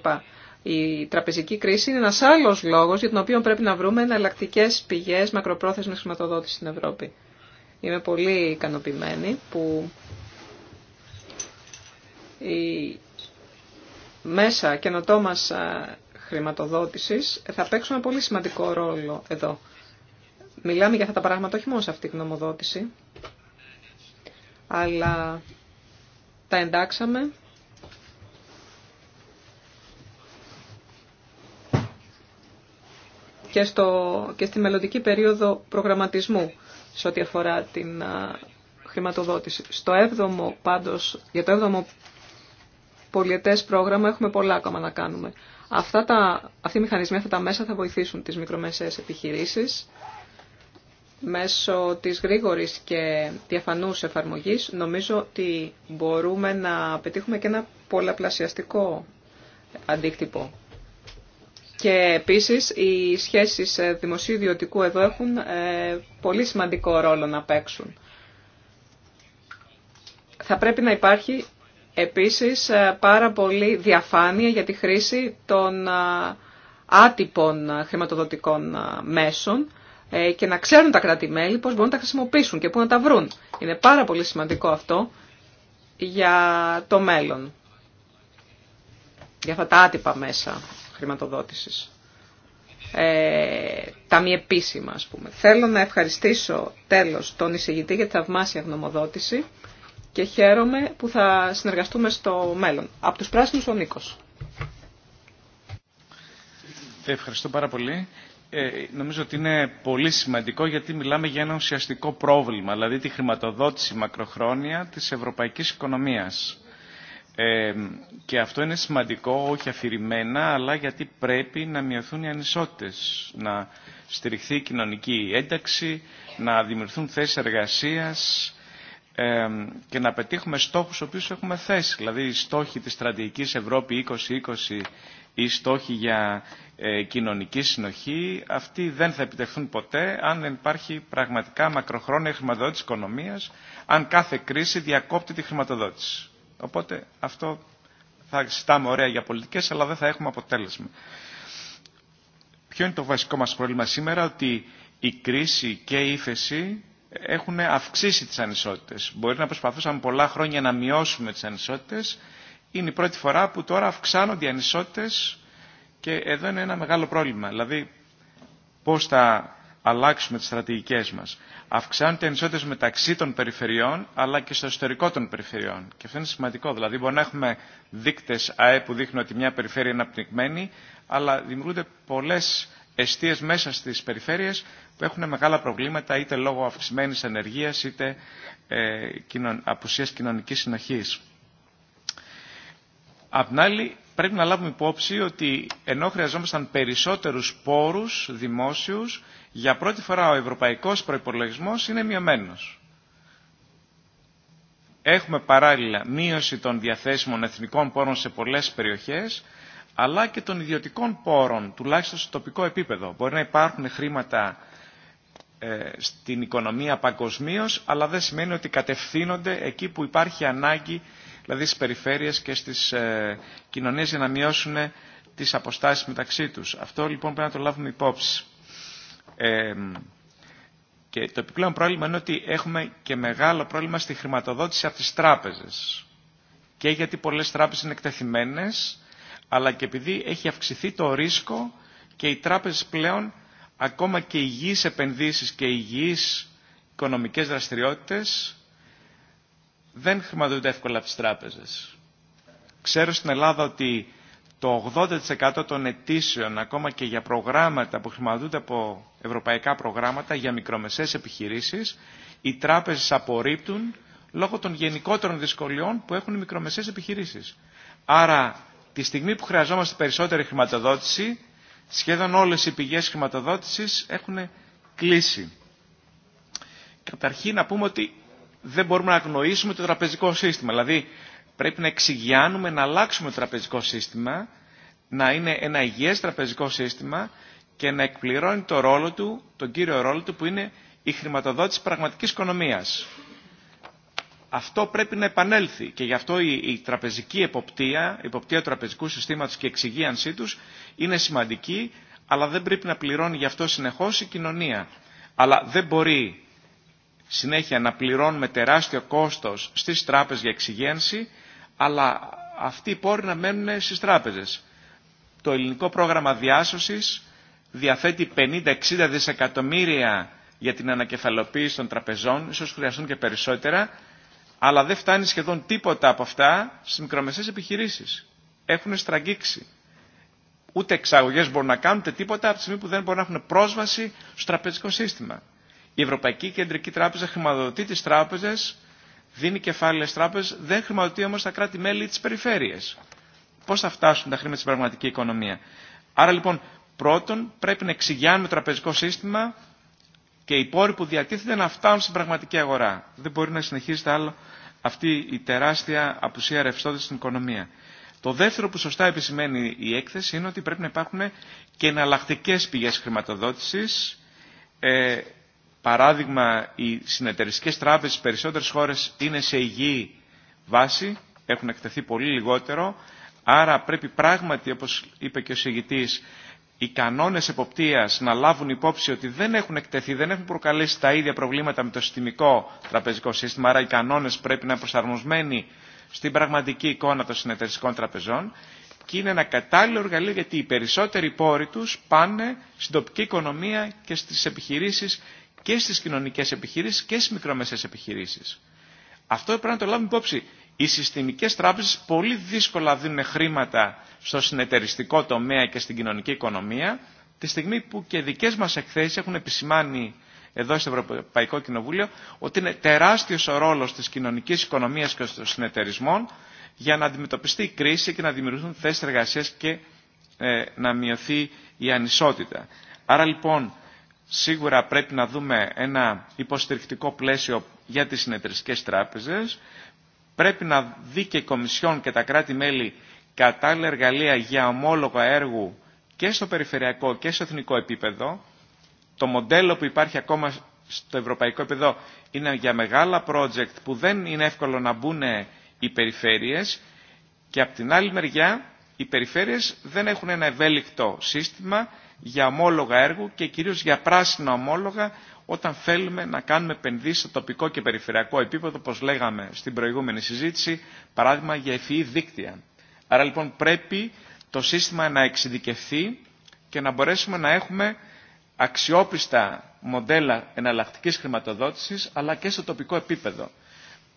Η τραπεζική κρίση είναι ένας άλλος λόγος για τον οποίο πρέπει να βρούμε εναλλακτικέ πηγές μακροπρόθεσμης χρηματοδότησης στην Ευρώπη. Είμαι πολύ ικανοποιημένη που η μέσα καινοτόμας χρηματοδότησης θα παίξουν ένα πολύ σημαντικό ρόλο εδώ. Μιλάμε για αυτά τα πράγματα όχι μόνο σε αυτή τη γνωμοδότηση, αλλά τα εντάξαμε και, στο, και στη μελλοντική περίοδο προγραμματισμού σε ό,τι αφορά την χρηματοδότηση. Στο 7ο πάντως, για το 7ο πολιετές πρόγραμμα έχουμε πολλά ακόμα να κάνουμε. Αυτά τα, αυτοί οι μηχανισμοί, αυτά τα μέσα θα βοηθήσουν τις μικρομεσαίες επιχειρήσεις μέσω της γρήγορης και διαφανούς εφαρμογής νομίζω ότι μπορούμε να πετύχουμε και ένα πολλαπλασιαστικό αντίκτυπο. Και επίσης οι σχέσεις δημοσίου ιδιωτικού εδώ έχουν ε, πολύ σημαντικό ρόλο να παίξουν. Θα πρέπει να υπάρχει επίσης ε, πάρα πολύ διαφάνεια για τη χρήση των ε, άτυπων χρηματοδοτικών μέσων ε, και να ξέρουν τα κράτη-μέλη πώς μπορούν να τα χρησιμοποιήσουν και πού να τα βρουν. Είναι πάρα πολύ σημαντικό αυτό για το μέλλον, για αυτά τα άτυπα μέσα χρηματοδότησης. Ε, τα μη επίσημα, ας πούμε. Θέλω να ευχαριστήσω τέλος τον εισηγητή για τη θαυμάσια γνωμοδότηση και χαίρομαι που θα συνεργαστούμε στο μέλλον. Από τους πράσινους ο Νίκος. Ευχαριστώ πάρα πολύ. Ε, νομίζω ότι είναι πολύ σημαντικό γιατί μιλάμε για ένα ουσιαστικό πρόβλημα, δηλαδή τη χρηματοδότηση μακροχρόνια της ευρωπαϊκής οικονομίας. Ε, και αυτό είναι σημαντικό όχι αφηρημένα, αλλά γιατί πρέπει να μειωθούν οι ανισότητες, να στηριχθεί η κοινωνική ένταξη, να δημιουργηθούν θέσεις εργασίας, και να πετύχουμε στόχους οποίους έχουμε θέσει. Δηλαδή οι στόχοι της στρατηγικής Ευρώπη 2020 ή στόχοι για ε, κοινωνική συνοχή, αυτοί δεν θα επιτευχθούν ποτέ αν δεν υπάρχει πραγματικά μακροχρόνια χρηματοδότηση οικονομίας, αν κάθε κρίση διακόπτει τη χρηματοδότηση. Οπότε αυτό θα ζητάμε ωραία για πολιτικές, αλλά δεν θα έχουμε αποτέλεσμα. Ποιο είναι το βασικό μας πρόβλημα σήμερα, ότι η κρίση και η ύφεση έχουν αυξήσει τις ανισότητες. Μπορεί να προσπαθούσαμε πολλά χρόνια να μειώσουμε τις ανισότητες. Είναι η πρώτη φορά που τώρα αυξάνονται οι ανισότητες και εδώ είναι ένα μεγάλο πρόβλημα. Δηλαδή, πώς θα αλλάξουμε τις στρατηγικές μας. Αυξάνονται οι ανισότητες μεταξύ των περιφερειών, αλλά και στο εσωτερικό των περιφερειών. Και αυτό είναι σημαντικό. Δηλαδή, μπορεί να έχουμε δείκτες ΑΕ που δείχνουν ότι μια περιφέρεια είναι αναπτυγμένη αλλά δημιουργούνται πολλές εστίες μέσα στις περιφέρειες που έχουν μεγάλα προβλήματα είτε λόγω αυξημένης ενεργείας είτε ε, απουσίας κοινωνικής συνοχής. Απ' την άλλη, πρέπει να λάβουμε υπόψη ότι ενώ χρειαζόμασταν περισσότερους πόρους δημόσιους, για πρώτη φορά ο ευρωπαϊκός προϋπολογισμός είναι μειωμένος. Έχουμε παράλληλα μείωση των διαθέσιμων εθνικών πόρων σε πολλές περιοχές, αλλά και των ιδιωτικών πόρων, τουλάχιστον στο τοπικό επίπεδο. Μπορεί να υπάρχουν χρήματα ε, στην οικονομία παγκοσμίω, αλλά δεν σημαίνει ότι κατευθύνονται εκεί που υπάρχει ανάγκη, δηλαδή στις περιφέρειες και στις ε, κοινωνίες για να μειώσουν τις αποστάσεις μεταξύ τους. Αυτό λοιπόν πρέπει να το λάβουμε υπόψη. Ε, και το επιπλέον πρόβλημα είναι ότι έχουμε και μεγάλο πρόβλημα στη χρηματοδότηση από τις τράπεζες. Και γιατί πολλές τράπεζες είναι εκτεθειμένες αλλά και επειδή έχει αυξηθεί το ρίσκο και οι τράπεζες πλέον ακόμα και υγιείς επενδύσεις και υγιείς οικονομικές δραστηριότητες δεν χρηματοδοτούνται εύκολα από τις τράπεζες. Ξέρω στην Ελλάδα ότι το 80% των αιτήσεων, ακόμα και για προγράμματα που χρηματοδοτούνται από ευρωπαϊκά προγράμματα για μικρομεσαίες επιχειρήσεις, οι τράπεζες απορρίπτουν λόγω των γενικότερων δυσκολιών που έχουν οι μικρομεσαίες επιχειρήσεις. Άρα τη στιγμή που χρειαζόμαστε περισσότερη χρηματοδότηση, σχεδόν όλες οι πηγές χρηματοδότησης έχουν κλείσει. Καταρχήν να πούμε ότι δεν μπορούμε να αγνοήσουμε το τραπεζικό σύστημα. Δηλαδή πρέπει να εξηγιάνουμε, να αλλάξουμε το τραπεζικό σύστημα, να είναι ένα υγιές τραπεζικό σύστημα και να εκπληρώνει το ρόλο του, τον κύριο ρόλο του που είναι η χρηματοδότηση πραγματικής οικονομίας αυτό πρέπει να επανέλθει και γι' αυτό η, τραπεζική εποπτεία, η εποπτεία του τραπεζικού συστήματος και η εξυγίανσή τους είναι σημαντική, αλλά δεν πρέπει να πληρώνει γι' αυτό συνεχώς η κοινωνία. Αλλά δεν μπορεί συνέχεια να πληρώνουμε τεράστιο κόστος στις τράπεζες για εξυγίανση αλλά αυτοί οι πόροι να μένουν στις τράπεζες. Το ελληνικό πρόγραμμα διάσωσης διαθέτει 50-60 δισεκατομμύρια για την ανακεφαλοποίηση των τραπεζών, ίσως χρειαστούν και περισσότερα, αλλά δεν φτάνει σχεδόν τίποτα από αυτά στις μικρομεσαίες επιχειρήσεις. Έχουν στραγγίξει. Ούτε εξαγωγές μπορούν να κάνουν, ούτε τίποτα από τη στιγμή που δεν μπορούν να έχουν πρόσβαση στο τραπεζικό σύστημα. Η Ευρωπαϊκή Κεντρική Τράπεζα χρηματοδοτεί τις τράπεζες, δίνει κεφάλαια στις τράπεζες, δεν χρηματοδοτεί όμως τα κράτη-μέλη της περιφέρειας. Πώς θα φτάσουν τα χρήματα στην πραγματική οικονομία. Άρα λοιπόν, πρώτον, πρέπει να εξηγιάνουμε το τραπεζικό σύστημα και οι πόροι που διατίθενται να φτάνουν στην πραγματική αγορά. Δεν μπορεί να συνεχίζεται άλλο αυτή η τεράστια απουσία ρευστότητα στην οικονομία. Το δεύτερο που σωστά επισημαίνει η έκθεση είναι ότι πρέπει να υπάρχουν και εναλλακτικέ πηγέ χρηματοδότηση. Ε, παράδειγμα, οι συνεταιριστικέ τράπεζε στι περισσότερε χώρε είναι σε υγιή βάση, έχουν εκτεθεί πολύ λιγότερο. Άρα πρέπει πράγματι, όπως είπε και ο συγητή οι κανόνες εποπτείας να λάβουν υπόψη ότι δεν έχουν εκτεθεί, δεν έχουν προκαλέσει τα ίδια προβλήματα με το συστημικό τραπεζικό σύστημα, άρα οι κανόνες πρέπει να είναι προσαρμοσμένοι στην πραγματική εικόνα των συνεταιριστικών τραπεζών και είναι ένα κατάλληλο εργαλείο γιατί οι περισσότεροι πόροι τους πάνε στην τοπική οικονομία και στις επιχειρήσεις και στις κοινωνικές επιχειρήσεις και στις μικρομεσαίες επιχειρήσεις. Αυτό πρέπει να το λάβουμε υπόψη οι συστημικές τράπεζες πολύ δύσκολα δίνουν χρήματα στο συνεταιριστικό τομέα και στην κοινωνική οικονομία, τη στιγμή που και δικές μας εκθέσεις έχουν επισημάνει εδώ στο Ευρωπαϊκό Κοινοβούλιο ότι είναι τεράστιος ο ρόλος της κοινωνικής οικονομίας και των συνεταιρισμών για να αντιμετωπιστεί η κρίση και να δημιουργηθούν θέσεις εργασία και ε, να μειωθεί η ανισότητα. Άρα λοιπόν σίγουρα πρέπει να δούμε ένα υποστηρικτικό πλαίσιο για τις συνεταιριστικές τράπεζες Πρέπει να δει και η Κομισιόν και τα κράτη-μέλη κατάλληλα εργαλεία για ομόλογα έργου και στο περιφερειακό και στο εθνικό επίπεδο. Το μοντέλο που υπάρχει ακόμα στο ευρωπαϊκό επίπεδο είναι για μεγάλα project που δεν είναι εύκολο να μπουν οι περιφέρειες και από την άλλη μεριά οι περιφέρειες δεν έχουν ένα ευέλικτο σύστημα για ομόλογα έργου και κυρίως για πράσινα ομόλογα όταν θέλουμε να κάνουμε επενδύσει σε τοπικό και περιφερειακό επίπεδο, όπω λέγαμε στην προηγούμενη συζήτηση, παράδειγμα για ευφυή δίκτυα. Άρα λοιπόν πρέπει το σύστημα να εξειδικευθεί και να μπορέσουμε να έχουμε αξιόπιστα μοντέλα εναλλακτική χρηματοδότηση, αλλά και στο τοπικό επίπεδο.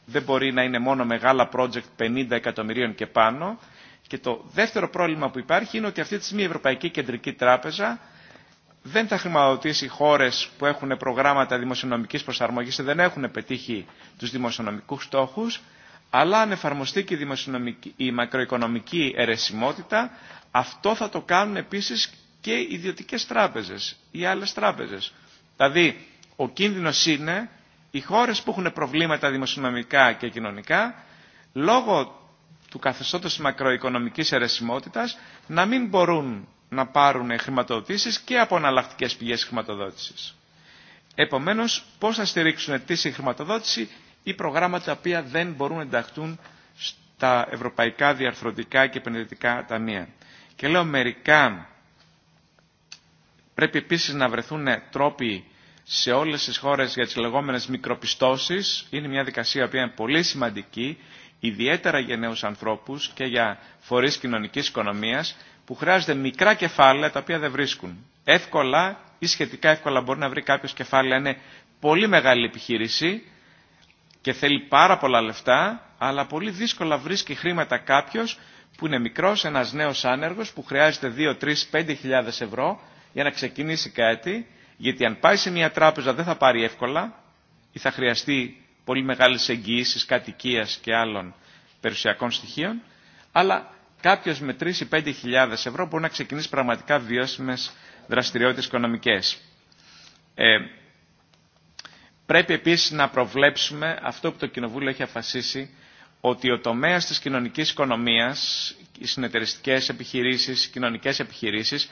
Δεν μπορεί να είναι μόνο μεγάλα project 50 εκατομμυρίων και πάνω. Και το δεύτερο πρόβλημα που υπάρχει είναι ότι αυτή τη στιγμή η Ευρωπαϊκή Κεντρική Τράπεζα δεν θα χρηματοδοτήσει χώρε που έχουν προγράμματα δημοσιονομική προσαρμογή και δεν έχουν πετύχει του δημοσιονομικού στόχου, αλλά αν εφαρμοστεί και η, η μακροοικονομική αιρεσιμότητα, αυτό θα το κάνουν επίση και οι ιδιωτικέ τράπεζε ή άλλε τράπεζε. Δηλαδή, ο κίνδυνο είναι οι χώρε που έχουν προβλήματα δημοσιονομικά και κοινωνικά, λόγω του καθεστώτος της μακροοικονομικής αιρεσιμότητας, να μην μπορούν να πάρουν χρηματοδοτήσεις και από αναλλακτικέ πηγές χρηματοδότησης. Επομένως, πώς θα στηρίξουν τη χρηματοδότηση ή προγράμματα τα οποία δεν μπορούν να ενταχθούν στα ευρωπαϊκά διαρθρωτικά και επενδυτικά ταμεία. Και λέω μερικά πρέπει επίσης να βρεθούν τρόποι σε όλες τις χώρες για τις λεγόμενες μικροπιστώσεις. Είναι μια δικασία που είναι πολύ σημαντική, ιδιαίτερα για νέους ανθρώπους και για φορείς κοινωνικής οικονομίας που χρειάζονται μικρά κεφάλαια τα οποία δεν βρίσκουν. Εύκολα ή σχετικά εύκολα μπορεί να βρει κάποιο κεφάλαια. Είναι πολύ μεγάλη επιχείρηση και θέλει πάρα πολλά λεφτά, αλλά πολύ δύσκολα βρίσκει χρήματα κάποιο που είναι μικρό, ένα νέο άνεργο που χρειάζεται 2, 3, 5.000 ευρώ για να ξεκινήσει κάτι, γιατί αν πάει σε μια τράπεζα δεν θα πάρει εύκολα ή θα χρειαστεί πολύ μεγάλε εγγυήσει κατοικία και άλλων περιουσιακών στοιχείων, αλλά κάποιος με 3 ή 5.000 ευρώ μπορεί να ξεκινήσει πραγματικά βιώσιμες δραστηριότητες οικονομικές. Ε, πρέπει επίσης να προβλέψουμε αυτό που το Κοινοβούλιο έχει αφασίσει ότι ο τομέας της κοινωνικής οικονομίας, οι συνεταιριστικέ επιχειρήσεις, οι κοινωνικές επιχειρήσεις,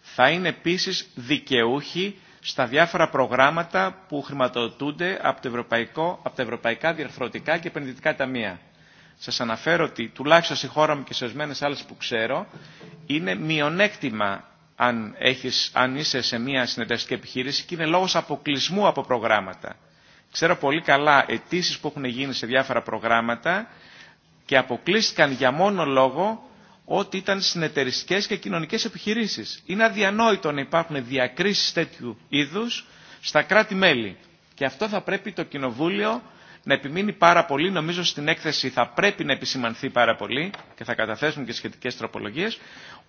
θα είναι επίσης δικαιούχοι στα διάφορα προγράμματα που χρηματοδοτούνται από, το ευρωπαϊκό, από τα ευρωπαϊκά διαρθρωτικά και επενδυτικά ταμεία. Σα αναφέρω ότι τουλάχιστον στη χώρα μου και σε ορισμένε άλλε που ξέρω, είναι μειονέκτημα αν, έχεις, αν είσαι σε μια συνεταιριστική επιχείρηση και είναι λόγος αποκλεισμού από προγράμματα. Ξέρω πολύ καλά αιτήσει που έχουν γίνει σε διάφορα προγράμματα και αποκλείστηκαν για μόνο λόγο ότι ήταν συνεταιριστικέ και κοινωνικέ επιχειρήσει. Είναι αδιανόητο να υπάρχουν διακρίσει τέτοιου είδου στα κράτη-μέλη. Και αυτό θα πρέπει το Κοινοβούλιο να επιμείνει πάρα πολύ. Νομίζω στην έκθεση θα πρέπει να επισημανθεί πάρα πολύ και θα καταθέσουν και σχετικές τροπολογίες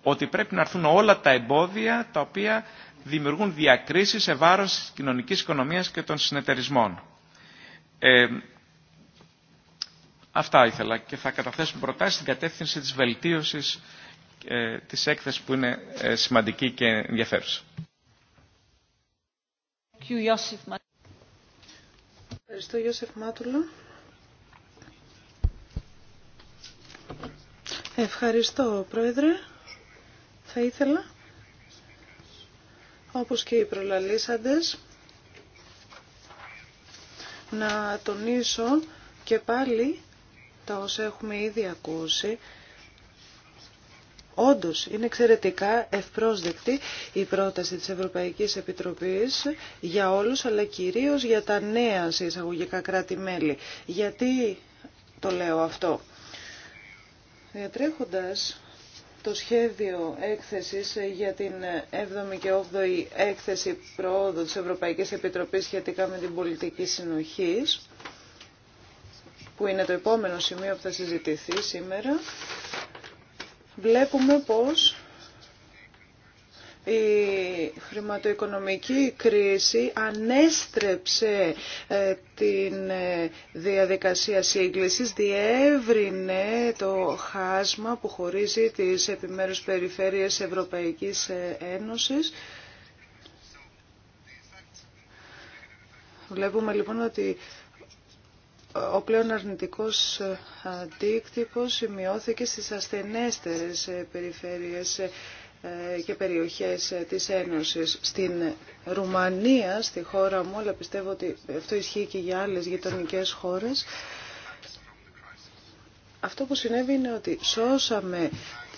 ότι πρέπει να έρθουν όλα τα εμπόδια τα οποία δημιουργούν διακρίσεις σε βάρος της κοινωνικής οικονομίας και των συνεταιρισμών. Ε, αυτά ήθελα και θα καταθέσουμε προτάσεις στην κατεύθυνση της βελτίωσης ε, της έκθεσης που είναι ε, σημαντική και ενδιαφέρουσα. Ευχαριστώ, Ιώσεφ Μάτουλα. Ευχαριστώ, Πρόεδρε. Θα ήθελα, όπως και οι προλαλήσαντες, να τονίσω και πάλι τα όσα έχουμε ήδη ακούσει Όντως είναι εξαιρετικά ευπρόσδεκτη η πρόταση της Ευρωπαϊκής Επιτροπής για όλους αλλά κυρίως για τα νέα σε εισαγωγικά κράτη-μέλη. Γιατί το λέω αυτό. Διατρέχοντας το σχέδιο έκθεσης για την 7η και 8η έκθεση προόδου της Ευρωπαϊκής Επιτροπής σχετικά με την πολιτική συνοχής, που είναι το επόμενο σημείο που θα συζητηθεί σήμερα, βλέπουμε πως η χρηματοοικονομική κρίση ανέστρεψε ε, την ε, διαδικασία σύγκλησης, διεύρυνε το χάσμα που χωρίζει τις επιμέρους περιφέρειες Ευρωπαϊκής ε, Ένωσης. Βλέπουμε λοιπόν ότι ο πλέον αρνητικός αντίκτυπος σημειώθηκε στις ασθενέστερες περιφέρειες ε, και περιοχές ε, της Ένωσης. Στην Ρουμανία, στη χώρα μου, αλλά πιστεύω ότι αυτό ισχύει και για άλλες γειτονικές χώρες, αυτό που συνέβη είναι ότι σώσαμε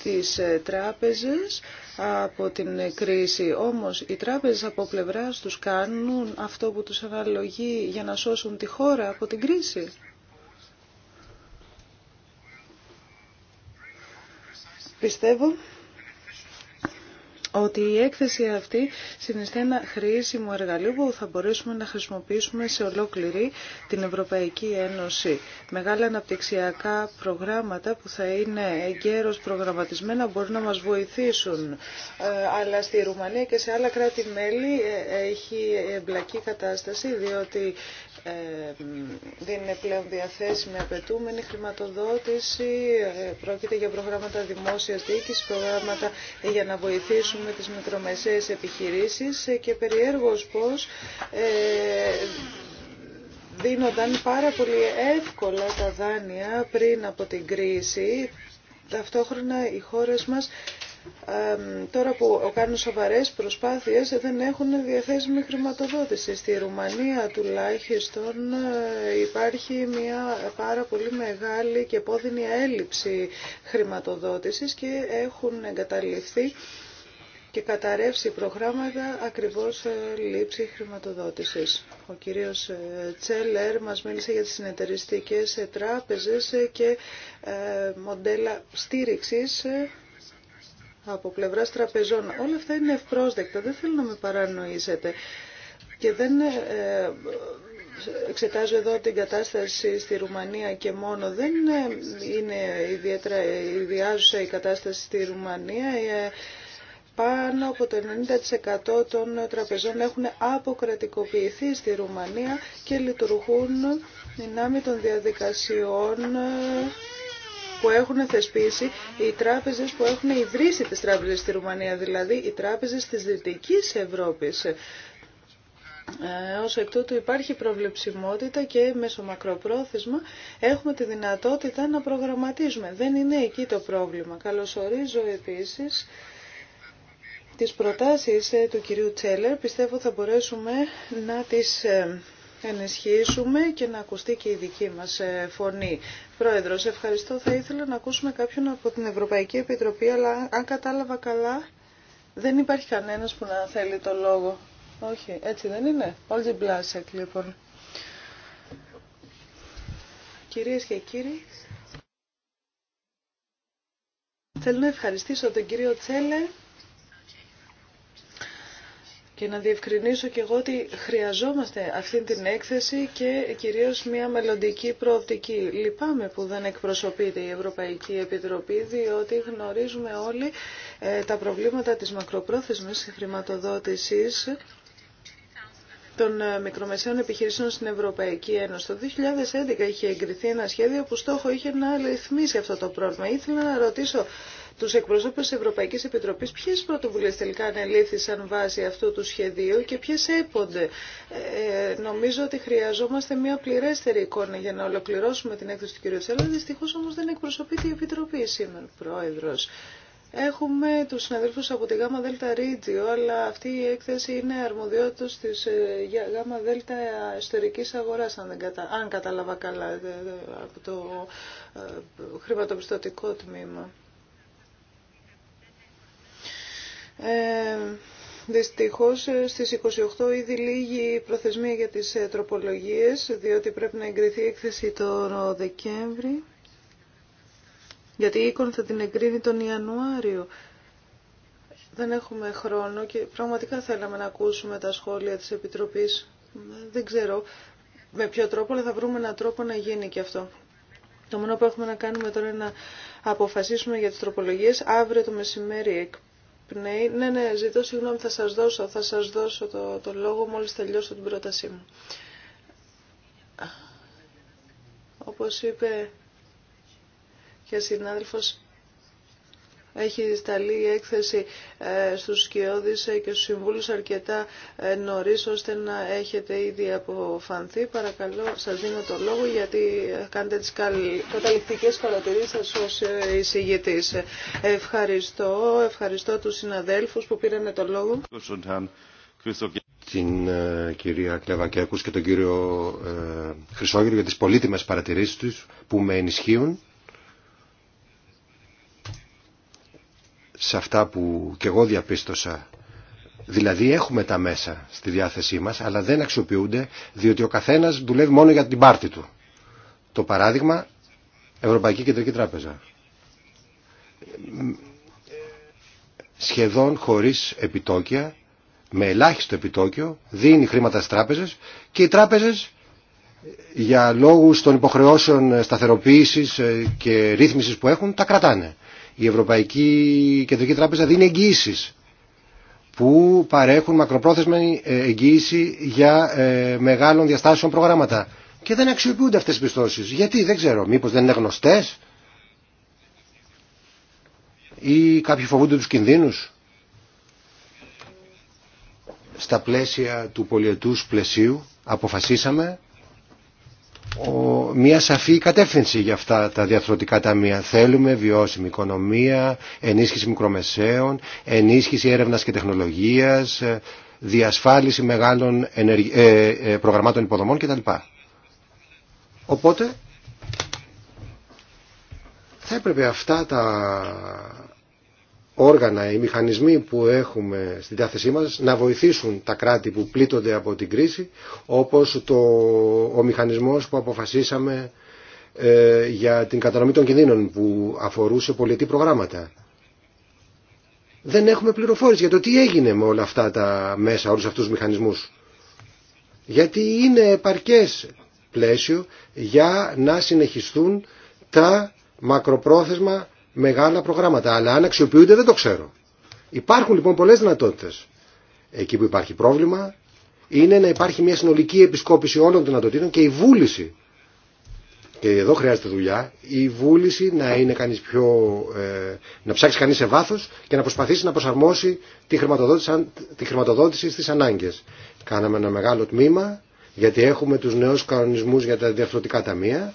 τις ε, τράπεζες από την κρίση. Όμως οι τράπεζες από πλευράς τους κάνουν αυτό που τους αναλογεί για να σώσουν τη χώρα από την κρίση. Πιστεύω ότι η έκθεση αυτή συνιστά ένα χρήσιμο εργαλείο που θα μπορέσουμε να χρησιμοποιήσουμε σε ολόκληρη την Ευρωπαϊκή Ένωση. Μεγάλα αναπτυξιακά προγράμματα που θα είναι εγκαίρως προγραμματισμένα μπορούν να μας βοηθήσουν. Ε, αλλά στη Ρουμανία και σε άλλα κράτη-μέλη ε, έχει εμπλακή κατάσταση διότι ε, δεν είναι πλέον διαθέσιμη απαιτούμενη χρηματοδότηση. Ε, πρόκειται για προγράμματα δημόσιας διοίκησης, προγράμματα για να βοηθήσουμε τις μικρομεσαίες επιχειρήσεις και περιέργως πώς ε, δίνονταν πάρα πολύ εύκολα τα δάνεια πριν από την κρίση. Ταυτόχρονα οι χώρες μας τώρα που κάνουν σοβαρές προσπάθειες δεν έχουν διαθέσιμη χρηματοδότηση. Στη Ρουμανία τουλάχιστον ε, υπάρχει μια πάρα πολύ μεγάλη και πόδινη έλλειψη χρηματοδότησης και έχουν εγκαταλειφθεί και καταρρεύσει προγράμματα ακριβώς ε, λήψη χρηματοδότησης. Ο κύριος ε, Τσέλερ μας μίλησε για τις συνεταιριστικές τράπεζες και μοντέλα στήριξης από πλευράς τραπεζών. Όλα αυτά είναι ευπρόσδεκτα, δεν θέλω να με παρανοήσετε. Και δεν ε, εξετάζω εδώ την κατάσταση στη Ρουμανία και μόνο. Δεν ε, είναι ιδιαίτερα ιδιάζουσα η κατάσταση στη Ρουμανία. Ε, πάνω από το 90% των τραπεζών έχουν αποκρατικοποιηθεί στη Ρουμανία και λειτουργούν δυνάμει των διαδικασιών που έχουν θεσπίσει οι τράπεζες που έχουν ιδρύσει τις τράπεζες στη Ρουμανία, δηλαδή οι τράπεζες της Δυτικής Ευρώπης. Ε, ως εκ τούτου υπάρχει προβλεψιμότητα και μέσω μακροπρόθεσμα έχουμε τη δυνατότητα να προγραμματίζουμε. Δεν είναι εκεί το πρόβλημα. Καλωσορίζω επίσης τις προτάσεις ε, του κυρίου Τσέλερ. Πιστεύω θα μπορέσουμε να τις ε, ενισχύσουμε και να ακουστεί και η δική μας ε, φωνή. Πρόεδρος, ευχαριστώ. Θα ήθελα να ακούσουμε κάποιον από την Ευρωπαϊκή Επιτροπή, αλλά αν κατάλαβα καλά, δεν υπάρχει κανένας που να θέλει το λόγο. Όχι, έτσι δεν είναι. Όλτζι Μπλάσεκ, λοιπόν. Κυρίες και κύριοι, θέλω να ευχαριστήσω τον κύριο Τσέλε και να διευκρινίσω και εγώ ότι χρειαζόμαστε αυτή την έκθεση και κυρίως μια μελλοντική προοπτική. Λυπάμαι που δεν εκπροσωπείται η Ευρωπαϊκή Επιτροπή, διότι γνωρίζουμε όλοι ε, τα προβλήματα της μακροπρόθεσμης χρηματοδότησης των ε, μικρομεσαίων επιχειρήσεων στην Ευρωπαϊκή Ένωση. Το 2011 είχε εγκριθεί ένα σχέδιο που στόχο είχε να ρυθμίσει αυτό το πρόβλημα. Ήθελα να ρωτήσω του εκπροσώπους τη Ευρωπαϊκής Επιτροπής ποιε πρωτοβουλίε τελικά ανελήφθησαν βάσει αυτού του σχεδίου και ποιε έπονται. Ε, νομίζω ότι χρειαζόμαστε μια πληρέστερη εικόνα για να ολοκληρώσουμε την έκθεση του κ. Τσέλα. Δυστυχώ όμω δεν εκπροσωπείται η Επιτροπή σήμερα, πρόεδρο. Έχουμε του συναδέλφου από τη ΓΑΜΑ ΔΕΛΤΑ Ρίτζιο, αλλά αυτή η έκθεση είναι αρμοδιότητα τη ε, ΓΑΜΑ ΔΕΛΤΑ Εσωτερική αγορά αν, κατα... αν κατάλαβα καλά, ε, από το χρηματοπιστωτικό τμήμα. Ε, δυστυχώς στις 28 ήδη λίγη προθεσμία για τις ε, τροπολογίες, διότι πρέπει να εγκριθεί η έκθεση τον Δεκέμβρη, γιατί η Οίκον θα την εγκρίνει τον Ιανουάριο. Δεν έχουμε χρόνο και πραγματικά θέλαμε να ακούσουμε τα σχόλια της Επιτροπής. Δεν ξέρω με ποιο τρόπο, αλλά θα βρούμε έναν τρόπο να γίνει και αυτό. Το μόνο που έχουμε να κάνουμε τώρα είναι να αποφασίσουμε για τις τροπολογίες. Αύριο το μεσημέρι ναι, Ναι, ναι, ζητώ συγγνώμη, θα σας δώσω, θα σας δώσω το, το λόγο μόλις τελειώσω την πρότασή μου. Όπως είπε και ο συνάδελφος έχει σταλεί η έκθεση ε, στους σκιώδεις και στους συμβούλους αρκετά ε, νωρίς ώστε να έχετε ήδη αποφανθεί. Παρακαλώ, σας δίνω το λόγο γιατί ε, κάνετε τις καταληκτικές παρατηρήσεις σας ως εισηγητής. Ευχαριστώ, ευχαριστώ τους συναδέλφους που πήραν το λόγο. Την κυρία Κλεβακέκους και τον κύριο Χρυσόγερο για τις πολύτιμες παρατηρήσεις τους που με ενισχύουν σε αυτά που και εγώ διαπίστωσα. Δηλαδή έχουμε τα μέσα στη διάθεσή μας, αλλά δεν αξιοποιούνται, διότι ο καθένας δουλεύει μόνο για την πάρτη του. Το παράδειγμα, Ευρωπαϊκή Κεντρική Τράπεζα. Σχεδόν χωρίς επιτόκια, με ελάχιστο επιτόκιο, δίνει χρήματα στις τράπεζες και οι τράπεζες για λόγους των υποχρεώσεων σταθεροποίησης ε, και ρύθμισης που έχουν, τα κρατάνε. Η Ευρωπαϊκή Κεντρική Τράπεζα δίνει εγγύησει που παρέχουν μακροπρόθεσμη ε, εγγύηση για ε, μεγάλων διαστάσεων προγράμματα. Και δεν αξιοποιούνται αυτές οι πιστώσεις. Γιατί δεν ξέρω. Μήπως δεν είναι γνωστές ή κάποιοι φοβούνται τους κινδύνους. Στα πλαίσια του πολιετούς πλαισίου αποφασίσαμε μια σαφή κατεύθυνση για αυτά τα διαθροτικά ταμεία. Θέλουμε βιώσιμη οικονομία, ενίσχυση μικρομεσαίων, ενίσχυση έρευνας και τεχνολογίας, διασφάλιση μεγάλων ε, ε, προγραμμάτων υποδομών κτλ. Οπότε θα έπρεπε αυτά τα όργανα, οι μηχανισμοί που έχουμε στη διάθεσή μας να βοηθήσουν τα κράτη που πλήττονται από την κρίση όπως το, ο μηχανισμός που αποφασίσαμε ε, για την κατανομή των κινδύνων που αφορούσε πολιτή προγράμματα. Δεν έχουμε πληροφόρηση για το τι έγινε με όλα αυτά τα μέσα, όλους αυτούς τους μηχανισμούς. Γιατί είναι επαρκές πλαίσιο για να συνεχιστούν τα μακροπρόθεσμα μεγάλα προγράμματα. Αλλά αν αξιοποιούνται δεν το ξέρω. Υπάρχουν λοιπόν πολλές δυνατότητες. Εκεί που υπάρχει πρόβλημα είναι να υπάρχει μια συνολική επισκόπηση όλων των δυνατοτήτων και η βούληση και εδώ χρειάζεται δουλειά, η βούληση να, είναι πιο, ε, να ψάξει κανείς σε βάθος και να προσπαθήσει να προσαρμόσει τη χρηματοδότηση, τη χρηματοδότηση στις ανάγκες. Κάναμε ένα μεγάλο τμήμα, γιατί έχουμε τους νέους κανονισμούς για τα διαφθορτικά ταμεία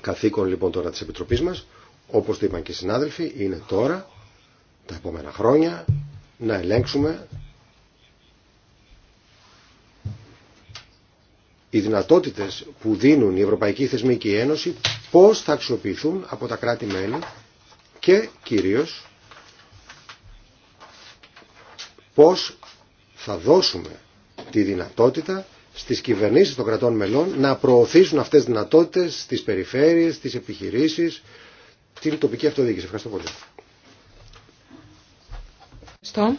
Καθήκον λοιπόν τώρα της Επιτροπής μας, όπως το είπαν και οι συνάδελφοι, είναι τώρα, τα επόμενα χρόνια, να ελέγξουμε οι δυνατότητες που δίνουν η Ευρωπαϊκή Θεσμική Ένωση πώς θα αξιοποιηθούν από τα κράτη-μέλη και κυρίως πώς θα δώσουμε τη δυνατότητα στις κυβερνήσεις των κρατών μελών να προωθήσουν αυτές τις δυνατότητες στις περιφέρειες, στις επιχειρήσεις, την τοπική αυτοδιοίκηση. Ευχαριστώ πολύ. Ευχαριστώ.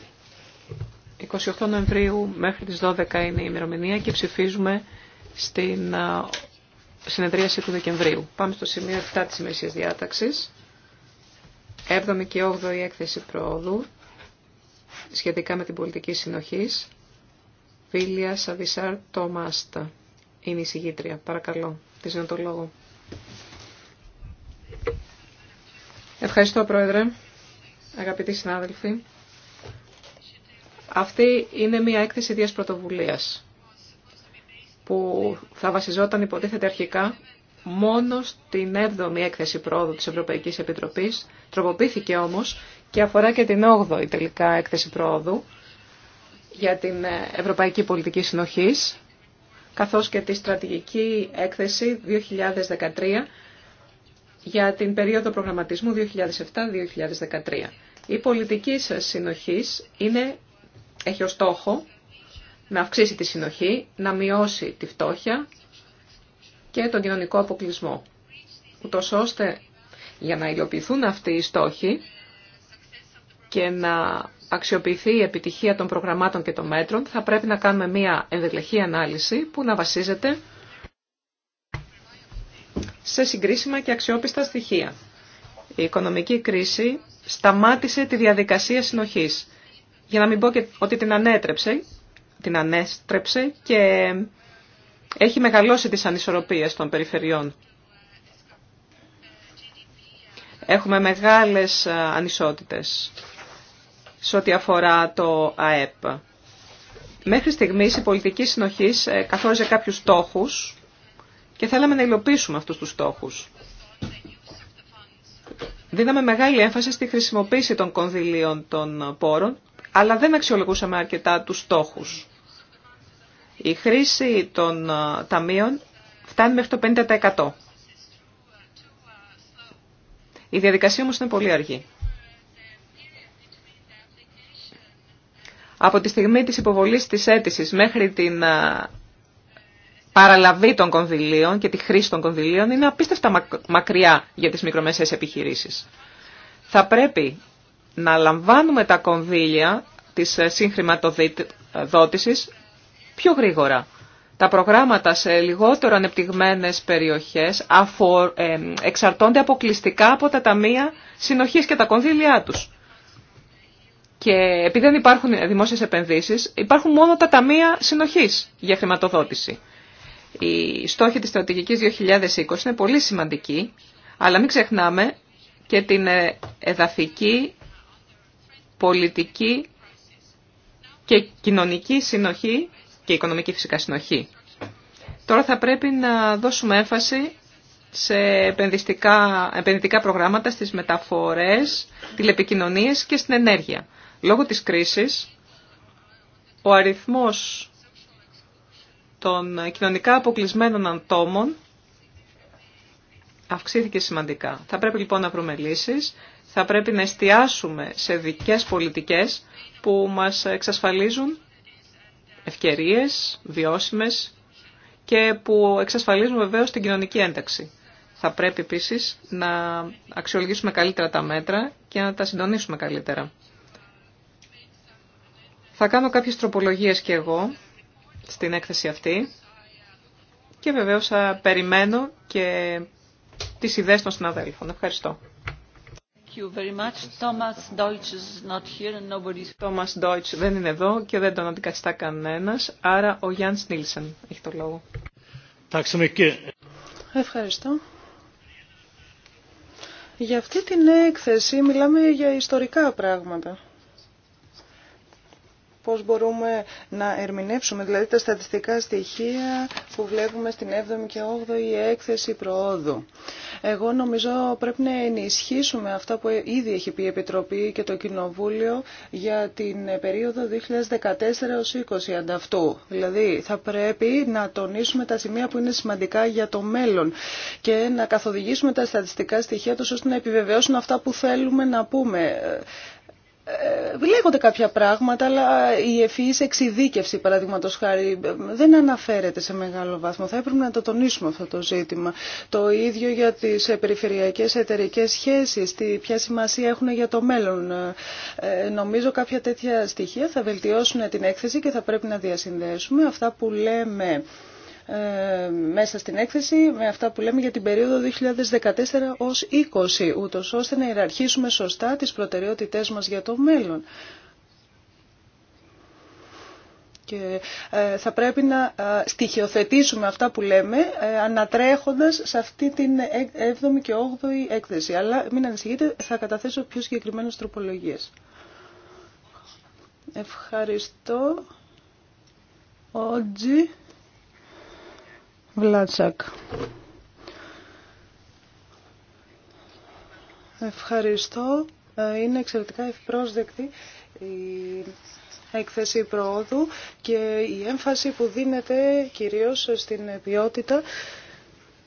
28 Νοεμβρίου μέχρι τις 12 είναι η ημερομηνία και ψηφίζουμε στην συνεδρίαση του Δεκεμβρίου. Πάμε στο σημείο 7 της ημερησίας διάταξης. 7η και 8η έκθεση προόδου σχετικά με την πολιτική συνοχής. Βίλια Σαβισάρ Τόμάστα. Είναι η συγγήτρια. Παρακαλώ. Τη δίνω το λόγο. Ευχαριστώ, Πρόεδρε. Αγαπητοί συνάδελφοι. Αυτή είναι μια έκθεση ίδιας πρωτοβουλίας που θα βασιζόταν υποτίθεται αρχικά μόνο στην 7η έκθεση πρόοδου της Ευρωπαϊκής Επιτροπής, τροποποιήθηκε όμως και αφορά και την 8η τελικά έκθεση πρόοδου, για την Ευρωπαϊκή Πολιτική Συνοχής, καθώς και τη Στρατηγική Έκθεση 2013 για την περίοδο προγραμματισμού 2007-2013. Η πολιτική συνοχής είναι, έχει ως στόχο να αυξήσει τη συνοχή, να μειώσει τη φτώχεια και τον κοινωνικό αποκλεισμό. Ούτως ώστε για να υλοποιηθούν αυτοί οι στόχοι και να αξιοποιηθεί η επιτυχία των προγραμμάτων και των μέτρων, θα πρέπει να κάνουμε μια ενδελεχή ανάλυση που να βασίζεται σε συγκρίσιμα και αξιόπιστα στοιχεία. Η οικονομική κρίση σταμάτησε τη διαδικασία συνοχής. Για να μην πω ότι την ανέτρεψε, την ανέστρεψε και έχει μεγαλώσει τις ανισορροπίες των περιφερειών. Έχουμε μεγάλες ανισότητες σε ό,τι αφορά το ΑΕΠ. Μέχρι στιγμής η πολιτική συνοχής ε, καθόριζε κάποιους στόχους και θέλαμε να υλοποιήσουμε αυτούς τους στόχους. Δίναμε μεγάλη έμφαση στη χρησιμοποίηση των κονδυλίων των πόρων, αλλά δεν αξιολογούσαμε αρκετά τους στόχους. Η χρήση των ε, ταμείων φτάνει μέχρι το 50%. Η διαδικασία όμως είναι πολύ αργή. από τη στιγμή της υποβολής της αίτησης μέχρι την παραλαβή των κονδυλίων και τη χρήση των κονδυλίων είναι απίστευτα μακριά για τις μικρομεσαίες επιχειρήσεις. Θα πρέπει να λαμβάνουμε τα κονδύλια της ε, συγχρηματοδότησης πιο γρήγορα. Τα προγράμματα σε λιγότερο ανεπτυγμένες περιοχές ε, εξαρτώνται αποκλειστικά από τα ταμεία συνοχής και τα κονδύλια τους. Και επειδή δεν υπάρχουν δημόσιες επενδύσεις, υπάρχουν μόνο τα ταμεία συνοχής για χρηματοδότηση. Η στόχοι της στρατηγικής 2020 είναι πολύ σημαντική, αλλά μην ξεχνάμε και την ε, εδαφική, πολιτική και κοινωνική συνοχή και οικονομική φυσικά συνοχή. Τώρα θα πρέπει να δώσουμε έμφαση σε επενδυτικά προγράμματα στις μεταφορές, τηλεπικοινωνίες και στην ενέργεια. Λόγω της κρίσης, ο αριθμός των κοινωνικά αποκλεισμένων αντόμων αυξήθηκε σημαντικά. Θα πρέπει λοιπόν να βρούμε λύσεις, θα πρέπει να εστιάσουμε σε δικές πολιτικές που μας εξασφαλίζουν ευκαιρίες βιώσιμες και που εξασφαλίζουν βεβαίως την κοινωνική ένταξη. Θα πρέπει επίσης να αξιολογήσουμε καλύτερα τα μέτρα και να τα συντονίσουμε καλύτερα. Θα κάνω κάποιες τροπολογίες και εγώ στην έκθεση αυτή και βεβαίως θα περιμένω και τις ιδέες των συναδέλφων. Ευχαριστώ. Τόμας Ντόιτς δεν είναι εδώ και δεν τον αντικαθιστά κανένας, άρα ο Γιάννης Νίλσεν έχει το λόγο. Ευχαριστώ. Για αυτή την έκθεση μιλάμε για ιστορικά πράγματα πώς μπορούμε να ερμηνεύσουμε δηλαδή τα στατιστικά στοιχεία που βλέπουμε στην 7η και 8η έκθεση προόδου. Εγώ νομίζω πρέπει να ενισχύσουμε αυτά που ήδη έχει πει η Επιτροπή και το Κοινοβούλιο για την περίοδο 2014-2020 ανταυτού. Δηλαδή θα πρέπει να τονίσουμε τα σημεία που είναι σημαντικά για το μέλλον και να καθοδηγήσουμε τα στατιστικά στοιχεία τους ώστε να επιβεβαιώσουν αυτά που θέλουμε να πούμε. Ε, λέγονται κάποια πράγματα, αλλά η ευφυή εξειδίκευση, παραδείγματο χάρη, δεν αναφέρεται σε μεγάλο βάθμο. Θα έπρεπε να το τονίσουμε αυτό το ζήτημα. Το ίδιο για τις περιφερειακέ εταιρικέ σχέσεις, τι, ποια σημασία έχουν για το μέλλον. Ε, νομίζω κάποια τέτοια στοιχεία θα βελτιώσουν την έκθεση και θα πρέπει να διασυνδέσουμε αυτά που λέμε ε, μέσα στην έκθεση με αυτά που λέμε για την περίοδο 2014 ως 20, ούτως ώστε να ιεραρχήσουμε σωστά τις προτεραιότητές μας για το μέλλον. Και ε, θα πρέπει να ε, στοιχειοθετήσουμε αυτά που λέμε ανατρέχοντας σε αυτή την 7η και 8η έκθεση. Αλλά μην ανησυχείτε, θα καταθέσω πιο συγκεκριμένες τροπολογίες. Ευχαριστώ. Ότζη. Ευχαριστώ. Ε, είναι εξαιρετικά ευπρόσδεκτη η έκθεση προόδου και η έμφαση που δίνεται κυρίως στην ποιότητα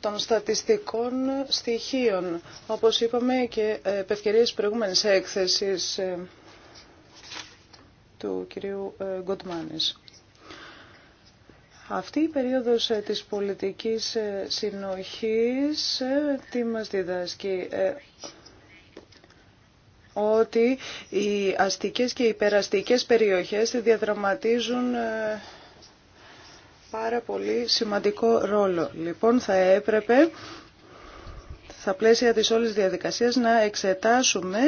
των στατιστικών στοιχείων. Όπως είπαμε και επευκαιρίες προηγούμενης έκθεσης ε, του κυρίου ε, Γκοντμάνης. Αυτή η περίοδος ε, της πολιτικής ε, συνοχής ε, τι μας διδάσκει ότι οι αστικές και οι υπεραστικές περιοχές διαδραματίζουν πάρα πολύ σημαντικό ρόλο. Λοιπόν, θα έπρεπε στα πλαίσια της όλης διαδικασίας να εξετάσουμε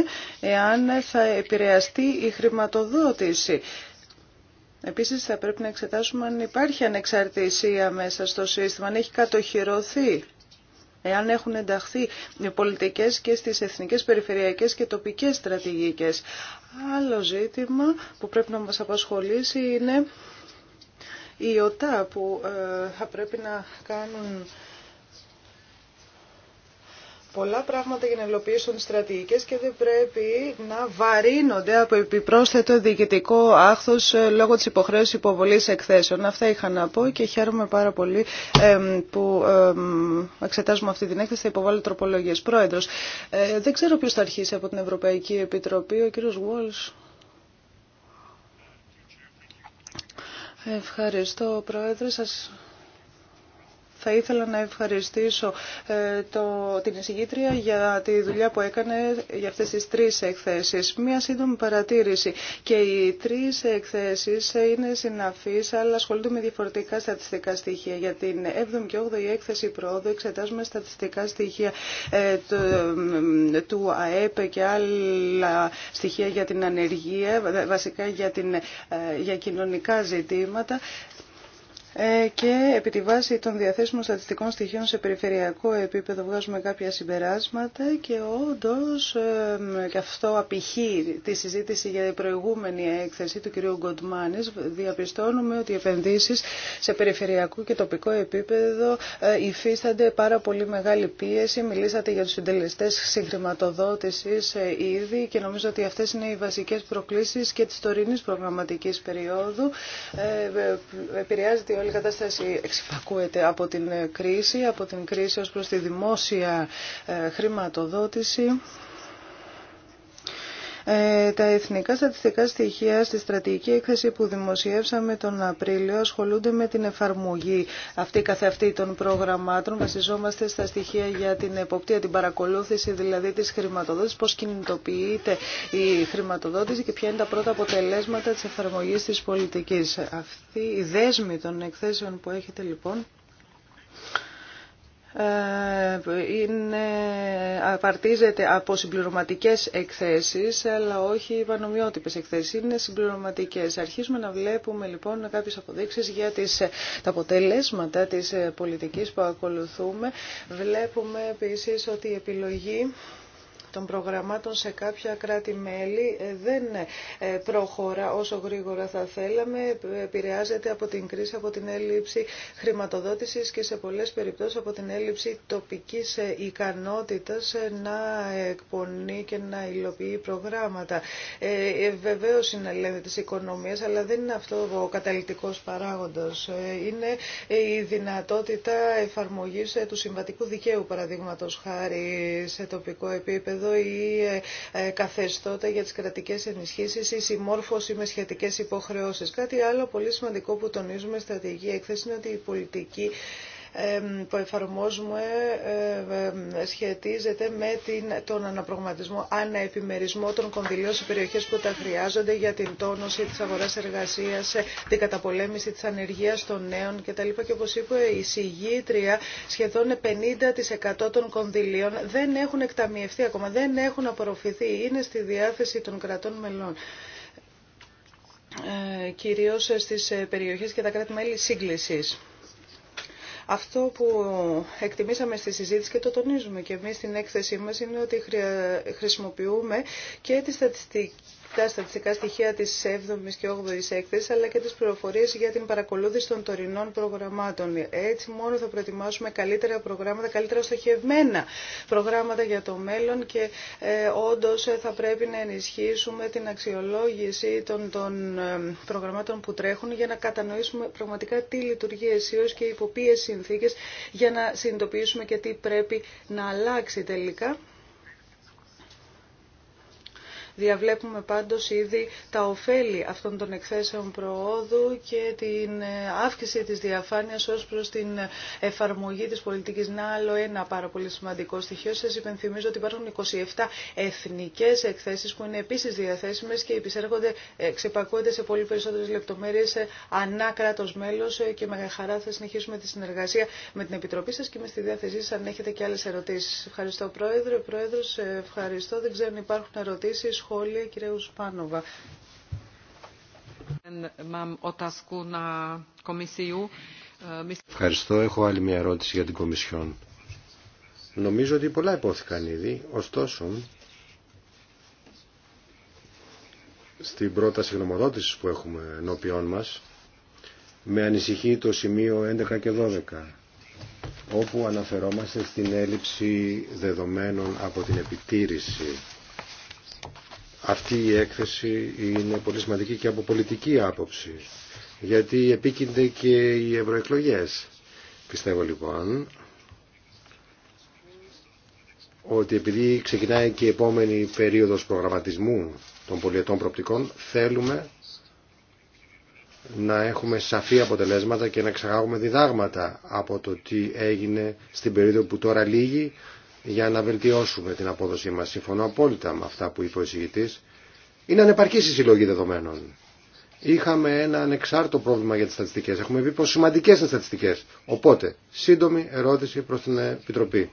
εάν θα επηρεαστεί η χρηματοδότηση Επίσης θα πρέπει να εξετάσουμε αν υπάρχει ανεξαρτησία μέσα στο σύστημα, αν έχει κατοχυρωθεί, εάν έχουν ενταχθεί οι πολιτικές και στις εθνικές, περιφερειακές και τοπικές στρατηγικές. Άλλο ζήτημα που πρέπει να μας απασχολήσει είναι η ΟΤΑ που ε, θα πρέπει να κάνουν πολλά πράγματα για να υλοποιήσουν στρατηγικές και δεν πρέπει να βαρύνονται από επιπρόσθετο διοικητικό άχθος ε, λόγω της υποχρέωσης υποβολής εκθέσεων. Αυτά είχα να πω και χαίρομαι πάρα πολύ που εξετάζουμε αυτή την έκθεση. Θα υποβάλω τροπολογίες. Πρόεδρος, ε, δεν ξέρω ποιος θα αρχίσει από την Ευρωπαϊκή Επιτροπή, ο κύριος Γουόλς. Ευχαριστώ, Πρόεδρε. Σας θα ήθελα να ευχαριστήσω ε, το, την εισηγήτρια για τη δουλειά που έκανε για αυτές τις τρεις εκθέσεις. Μία σύντομη παρατήρηση. Και οι τρεις εκθέσεις ε, είναι συναφείς, αλλά ασχολούνται με διαφορετικά στατιστικά στοιχεία. Για την 7η και 8η έκθεση πρόοδο εξετάζουμε στατιστικά στοιχεία ε, του, του ΑΕΠ και άλλα στοιχεία για την ανεργία, βασικά για, την, για κοινωνικά ζητήματα. Ε, και επί τη βάση των διαθέσιμων στατιστικών στοιχείων σε περιφερειακό επίπεδο βγάζουμε κάποια συμπεράσματα και όντως ε, και αυτό απηχεί τη συζήτηση για την προηγούμενη έκθεση του κ. Γκοντμάνης διαπιστώνουμε ότι οι επενδύσεις σε περιφερειακό και τοπικό επίπεδο ε, υφίστανται πάρα πολύ μεγάλη πίεση μιλήσατε για τους συντελεστές συγχρηματοδότησης ήδη και νομίζω ότι αυτές είναι οι βασικές προκλήσεις και της τωρινής προγραμματικής περίοδου η κατάσταση εξυπακούεται από την κρίση, από την κρίση ως προς τη δημόσια ε, χρηματοδότηση. Ε, τα εθνικά στατιστικά στοιχεία στη στρατηγική έκθεση που δημοσιεύσαμε τον Απρίλιο ασχολούνται με την εφαρμογή αυτή καθεαυτή των προγραμμάτων. Βασιζόμαστε στα στοιχεία για την εποπτεία, την παρακολούθηση δηλαδή της χρηματοδότησης, Πώ κινητοποιείται η χρηματοδότηση και ποια είναι τα πρώτα αποτελέσματα τη εφαρμογή τη πολιτική. Αυτή η δέσμη των εκθέσεων που έχετε λοιπόν ε, είναι, απαρτίζεται από συμπληρωματικές εκθέσεις, αλλά όχι υπανομοιότυπες εκθέσεις, είναι συμπληρωματικές. Αρχίζουμε να βλέπουμε λοιπόν κάποιες αποδείξεις για τις, τα αποτελέσματα της πολιτικής που ακολουθούμε. Βλέπουμε επίσης ότι η επιλογή των προγραμμάτων σε κάποια κράτη-μέλη ε, δεν ε, προχωρά όσο γρήγορα θα θέλαμε. Ε, επηρεάζεται από την κρίση, από την έλλειψη χρηματοδότησης και σε πολλές περιπτώσεις από την έλλειψη τοπικής ικανότητας να εκπονεί και να υλοποιεί προγράμματα. Βεβαίω είναι λένε της οικονομία, αλλά δεν είναι αυτό ο καταλητικός παράγοντας. Είναι η δυνατότητα εφαρμογής του συμβατικού δικαίου, παραδείγματος χάρη, σε τοπικό επίπεδο ή ε, ε, καθεστώτα για τις κρατικές ενισχύσεις ή συμμόρφωση με σχετικές υποχρεώσεις. Κάτι άλλο πολύ σημαντικό που τονίζουμε στρατηγική έκθεση είναι ότι η πολιτική που εφαρμόζουμε σχετίζεται με τον αναπρογματισμό, αναεπιμερισμό των κονδυλίων σε περιοχές που τα χρειάζονται για την τόνωση της αγοράς εργασίας, την καταπολέμηση της ανεργίας των νέων κτλ. Και όπως είπε η συγγήτρια, σχεδόν 50% των κονδυλίων δεν έχουν εκταμιευθεί ακόμα, δεν έχουν απορροφηθεί, είναι στη διάθεση των κρατών μελών ε, κυρίως στις ε, περιοχές και τα κράτη-μέλη σύγκλησης. Αυτό που εκτιμήσαμε στη συζήτηση και το τονίζουμε και εμείς στην έκθεσή μας είναι ότι χρησιμοποιούμε και τη στατιστική τα στατιστικά στοιχεία τη 7 η και 8 η έκθεση, αλλά και τι πληροφορίε για την παρακολούθηση των τωρινών προγραμμάτων. Έτσι μόνο θα προετοιμάσουμε καλύτερα προγράμματα, καλύτερα στοχευμένα προγράμματα για το μέλλον και ε, ε θα πρέπει να ενισχύσουμε την αξιολόγηση των, των ε, προγραμμάτων που τρέχουν για να κατανοήσουμε πραγματικά τι λειτουργεί αισίω και υπό ποιε συνθήκε για να συνειδητοποιήσουμε και τι πρέπει να αλλάξει τελικά. Διαβλέπουμε πάντως ήδη τα ωφέλη αυτών των εκθέσεων προόδου και την ε, αύξηση της διαφάνειας ως προς την ε, εφαρμογή της πολιτικής. Να άλλο ένα πάρα πολύ σημαντικό στοιχείο. Σας υπενθυμίζω ότι υπάρχουν 27 εθνικές εκθέσεις που είναι επίσης διαθέσιμες και επισέρχονται, ε, ξεπακούνται σε πολύ περισσότερες λεπτομέρειες ανά κράτος μέλος και με χαρά θα συνεχίσουμε τη συνεργασία με την Επιτροπή σας και με στη διάθεσή σας αν έχετε και άλλες ερωτήσεις. Ευχαριστώ Πρόεδρε. Πρόεδρος, ευχαριστώ. Δεν ξέρω αν υπάρχουν ερωτήσεις, σχόλια, κυρία Ουσπάνοβα. Ε, Ευχαριστώ. Έχω άλλη μια ερώτηση για την Κομισιόν. Νομίζω ότι πολλά υπόθηκαν ήδη, ωστόσο στην πρόταση γνωμοδότηση που έχουμε ενώπιόν μας με ανησυχεί το σημείο 11 και 12 όπου αναφερόμαστε στην έλλειψη δεδομένων από την επιτήρηση αυτή η έκθεση είναι πολύ σημαντική και από πολιτική άποψη, γιατί επίκυνται και οι ευρωεκλογέ. Πιστεύω λοιπόν ότι επειδή ξεκινάει και η επόμενη περίοδος προγραμματισμού των πολιετών προπτικών, θέλουμε να έχουμε σαφή αποτελέσματα και να εξαγάγουμε διδάγματα από το τι έγινε στην περίοδο που τώρα λύγει για να βελτιώσουμε την απόδοσή μας. Συμφωνώ απόλυτα με αυτά που είπε ο εισηγητής. Είναι ανεπαρκή η συλλογή δεδομένων. Είχαμε ένα ανεξάρτητο πρόβλημα για τις στατιστικές. Έχουμε πει πως σημαντικές είναι στατιστικές. Οπότε, σύντομη ερώτηση προς την Επιτροπή.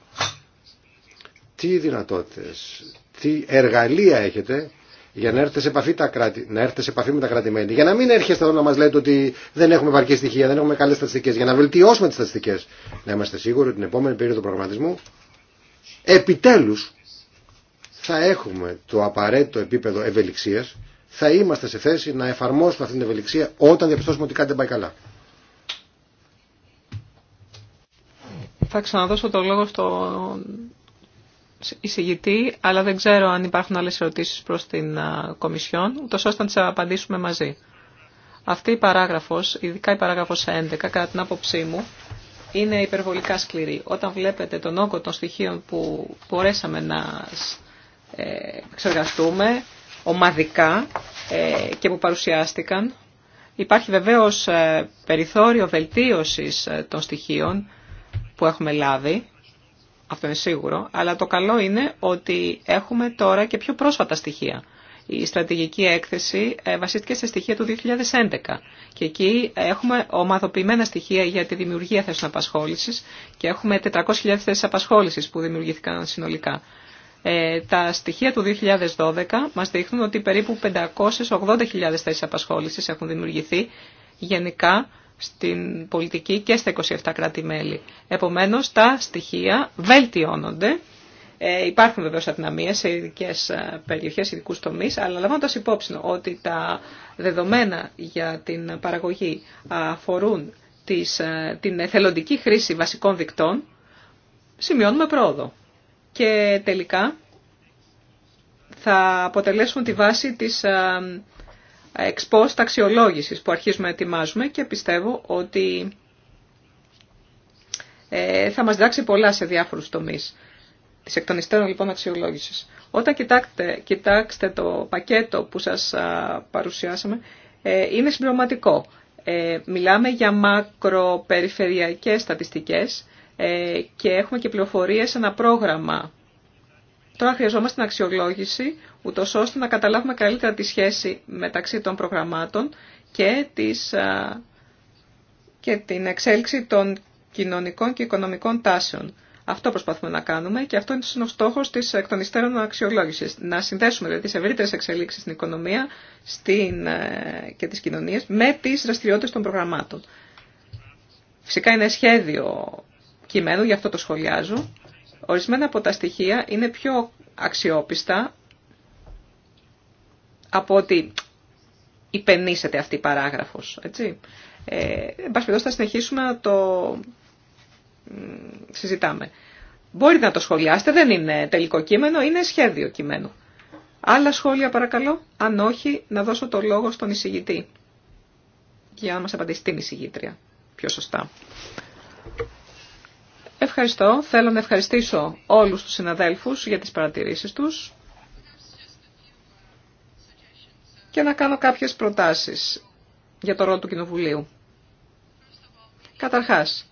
Τι δυνατότητες, τι εργαλεία έχετε για να έρθετε σε επαφή, κράτη, να έρθετε σε επαφή με τα κρατημένη. Για να μην έρχεστε εδώ να μα λέτε ότι δεν έχουμε επαρκή στοιχεία, δεν έχουμε καλέ στατιστικέ. Για να βελτιώσουμε τι στατιστικέ. Να είμαστε σίγουροι ότι την επόμενη περίοδο προγραμματισμού επιτέλους θα έχουμε το απαραίτητο επίπεδο ευελιξίας, θα είμαστε σε θέση να εφαρμόσουμε αυτή την ευελιξία όταν διαπιστώσουμε ότι κάτι δεν πάει καλά. Θα ξαναδώσω το λόγο στον εισηγητή, αλλά δεν ξέρω αν υπάρχουν άλλες ερωτήσεις προς την Κομισιόν, ούτως ώστε να τις απαντήσουμε μαζί. Αυτή η παράγραφος, ειδικά η παράγραφος 11, κατά την άποψή μου, είναι υπερβολικά σκληρή. Όταν βλέπετε τον όγκο των στοιχείων που μπορέσαμε να ε, εξεργαστούμε ομαδικά ε, και που παρουσιάστηκαν, υπάρχει βεβαίως ε, περιθώριο βελτίωσης των στοιχείων που έχουμε λάβει, αυτό είναι σίγουρο, αλλά το καλό είναι ότι έχουμε τώρα και πιο πρόσφατα στοιχεία. Η στρατηγική έκθεση ε, βασίστηκε σε στοιχεία του 2011 και εκεί έχουμε ομαδοποιημένα στοιχεία για τη δημιουργία θέσεων απασχόλησης και έχουμε 400.000 θέσεις απασχόλησης που δημιουργήθηκαν συνολικά. Ε, τα στοιχεία του 2012 μας δείχνουν ότι περίπου 580.000 θέσεις απασχόλησης έχουν δημιουργηθεί γενικά στην πολιτική και στα 27 κράτη-μέλη. Επομένως, τα στοιχεία βελτιώνονται ε, υπάρχουν βεβαίω αδυναμίε σε ειδικέ ε, περιοχέ, ειδικού τομεί, αλλά λαμβάνοντα υπόψη ότι τα δεδομένα για την παραγωγή αφορούν ε, την εθελοντική χρήση βασικών δικτών, σημειώνουμε πρόοδο. Και τελικά θα αποτελέσουν τη βάση της εξπός αξιολόγησης που αρχίζουμε να ετοιμάζουμε και πιστεύω ότι θα μας διδάξει πολλά σε διάφορους τομείς. Τη εκ των λοιπόν αξιολόγηση. Όταν κοιτάξτε, το πακέτο που σας παρουσιάσαμε, ε, είναι συμπληρωματικό. Ε, μιλάμε για μακροπεριφερειακές στατιστικές ε, και έχουμε και πληροφορίες σε ένα πρόγραμμα. Τώρα χρειαζόμαστε την αξιολόγηση, ούτω ώστε να καταλάβουμε καλύτερα τη σχέση μεταξύ των προγραμμάτων και, της, και την εξέλιξη των κοινωνικών και οικονομικών τάσεων. Αυτό προσπαθούμε να κάνουμε και αυτό είναι ο στόχο τη εκ των υστέρων αξιολόγηση. Να συνδέσουμε δηλαδή τι ευρύτερε εξελίξει στην οικονομία στην, ε, και τι κοινωνίε με τι δραστηριότητε των προγραμμάτων. Φυσικά είναι σχέδιο κειμένου, γι' αυτό το σχολιάζω. Ορισμένα από τα στοιχεία είναι πιο αξιόπιστα από ότι υπενήσεται αυτή η παράγραφος. Έτσι. Ε, εν πάση περιπτώσει θα συνεχίσουμε να το συζητάμε. Μπορείτε να το σχολιάσετε, δεν είναι τελικό κείμενο, είναι σχέδιο κειμένου. Άλλα σχόλια παρακαλώ, αν όχι να δώσω το λόγο στον εισηγητή. Για να μας απαντήσει την εισηγήτρια πιο σωστά. Ευχαριστώ. Θέλω να ευχαριστήσω όλους τους συναδέλφους για τις παρατηρήσεις τους και να κάνω κάποιες προτάσεις για το ρόλο του Κοινοβουλίου. Καταρχάς,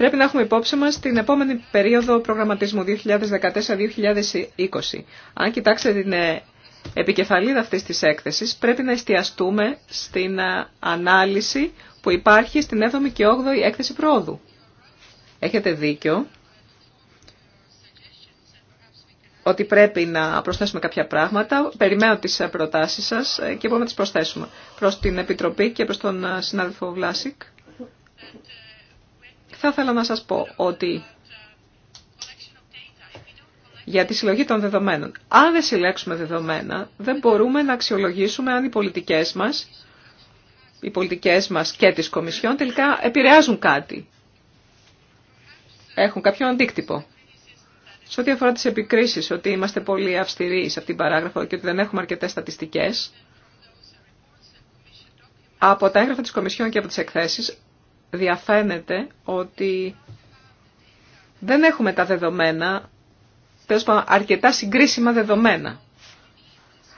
Πρέπει να έχουμε υπόψη μας την επόμενη περίοδο προγραμματισμού 2014-2020. Αν κοιτάξετε την ε, επικεφαλίδα αυτής της έκθεσης, πρέπει να εστιαστούμε στην ε, ανάλυση που υπάρχει στην 7η και 8η έκθεση προόδου. Έχετε δίκιο ότι πρέπει να προσθέσουμε κάποια πράγματα. Περιμένω τις ε, προτάσεις σας και μπορούμε να τις προσθέσουμε προς την Επιτροπή και προς τον συνάδελφο Βλάσικ. Θα ήθελα να σας πω ότι για τη συλλογή των δεδομένων. Αν δεν συλλέξουμε δεδομένα, δεν μπορούμε να αξιολογήσουμε αν οι πολιτικές μας, οι πολιτικές μας και τις Κομισιόν τελικά επηρεάζουν κάτι. Έχουν κάποιο αντίκτυπο. Σε ό,τι αφορά τις επικρίσεις, ότι είμαστε πολύ αυστηροί σε αυτήν την παράγραφο και ότι δεν έχουμε αρκετές στατιστικές, από τα έγγραφα της Κομισιόν και από τις εκθέσεις διαφαίνεται ότι δεν έχουμε τα δεδομένα, τέλος πάντων αρκετά συγκρίσιμα δεδομένα.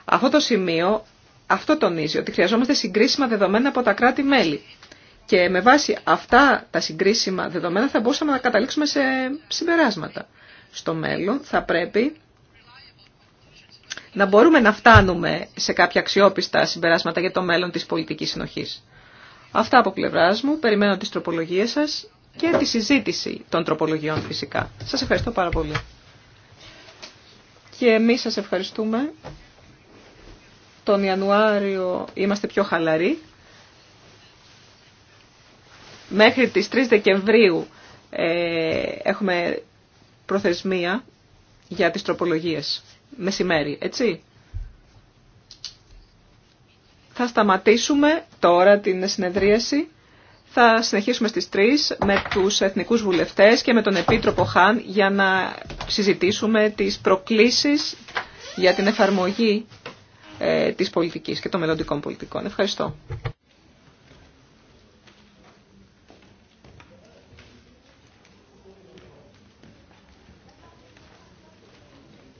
Αυτό το σημείο, αυτό τονίζει, ότι χρειαζόμαστε συγκρίσιμα δεδομένα από τα κράτη-μέλη. Και με βάση αυτά τα συγκρίσιμα δεδομένα θα μπορούσαμε να καταλήξουμε σε συμπεράσματα. Στο μέλλον θα πρέπει να μπορούμε να φτάνουμε σε κάποια αξιόπιστα συμπεράσματα για το μέλλον της πολιτικής συνοχής. Αυτά από πλευρά μου. Περιμένω τι τροπολογίε σας και τη συζήτηση των τροπολογιών φυσικά. Σας ευχαριστώ πάρα πολύ. Και εμείς σας ευχαριστούμε. Τον Ιανουάριο είμαστε πιο χαλαροί. Μέχρι τις 3 Δεκεμβρίου ε, έχουμε προθεσμία για τις τροπολογίες. Μεσημέρι, έτσι. Θα σταματήσουμε τώρα την συνεδρίαση. Θα συνεχίσουμε στις 3 με τους εθνικούς βουλευτές και με τον Επίτροπο Χάν για να συζητήσουμε τις προκλήσεις για την εφαρμογή ε, της πολιτικής και των μελλοντικών πολιτικών. Ευχαριστώ.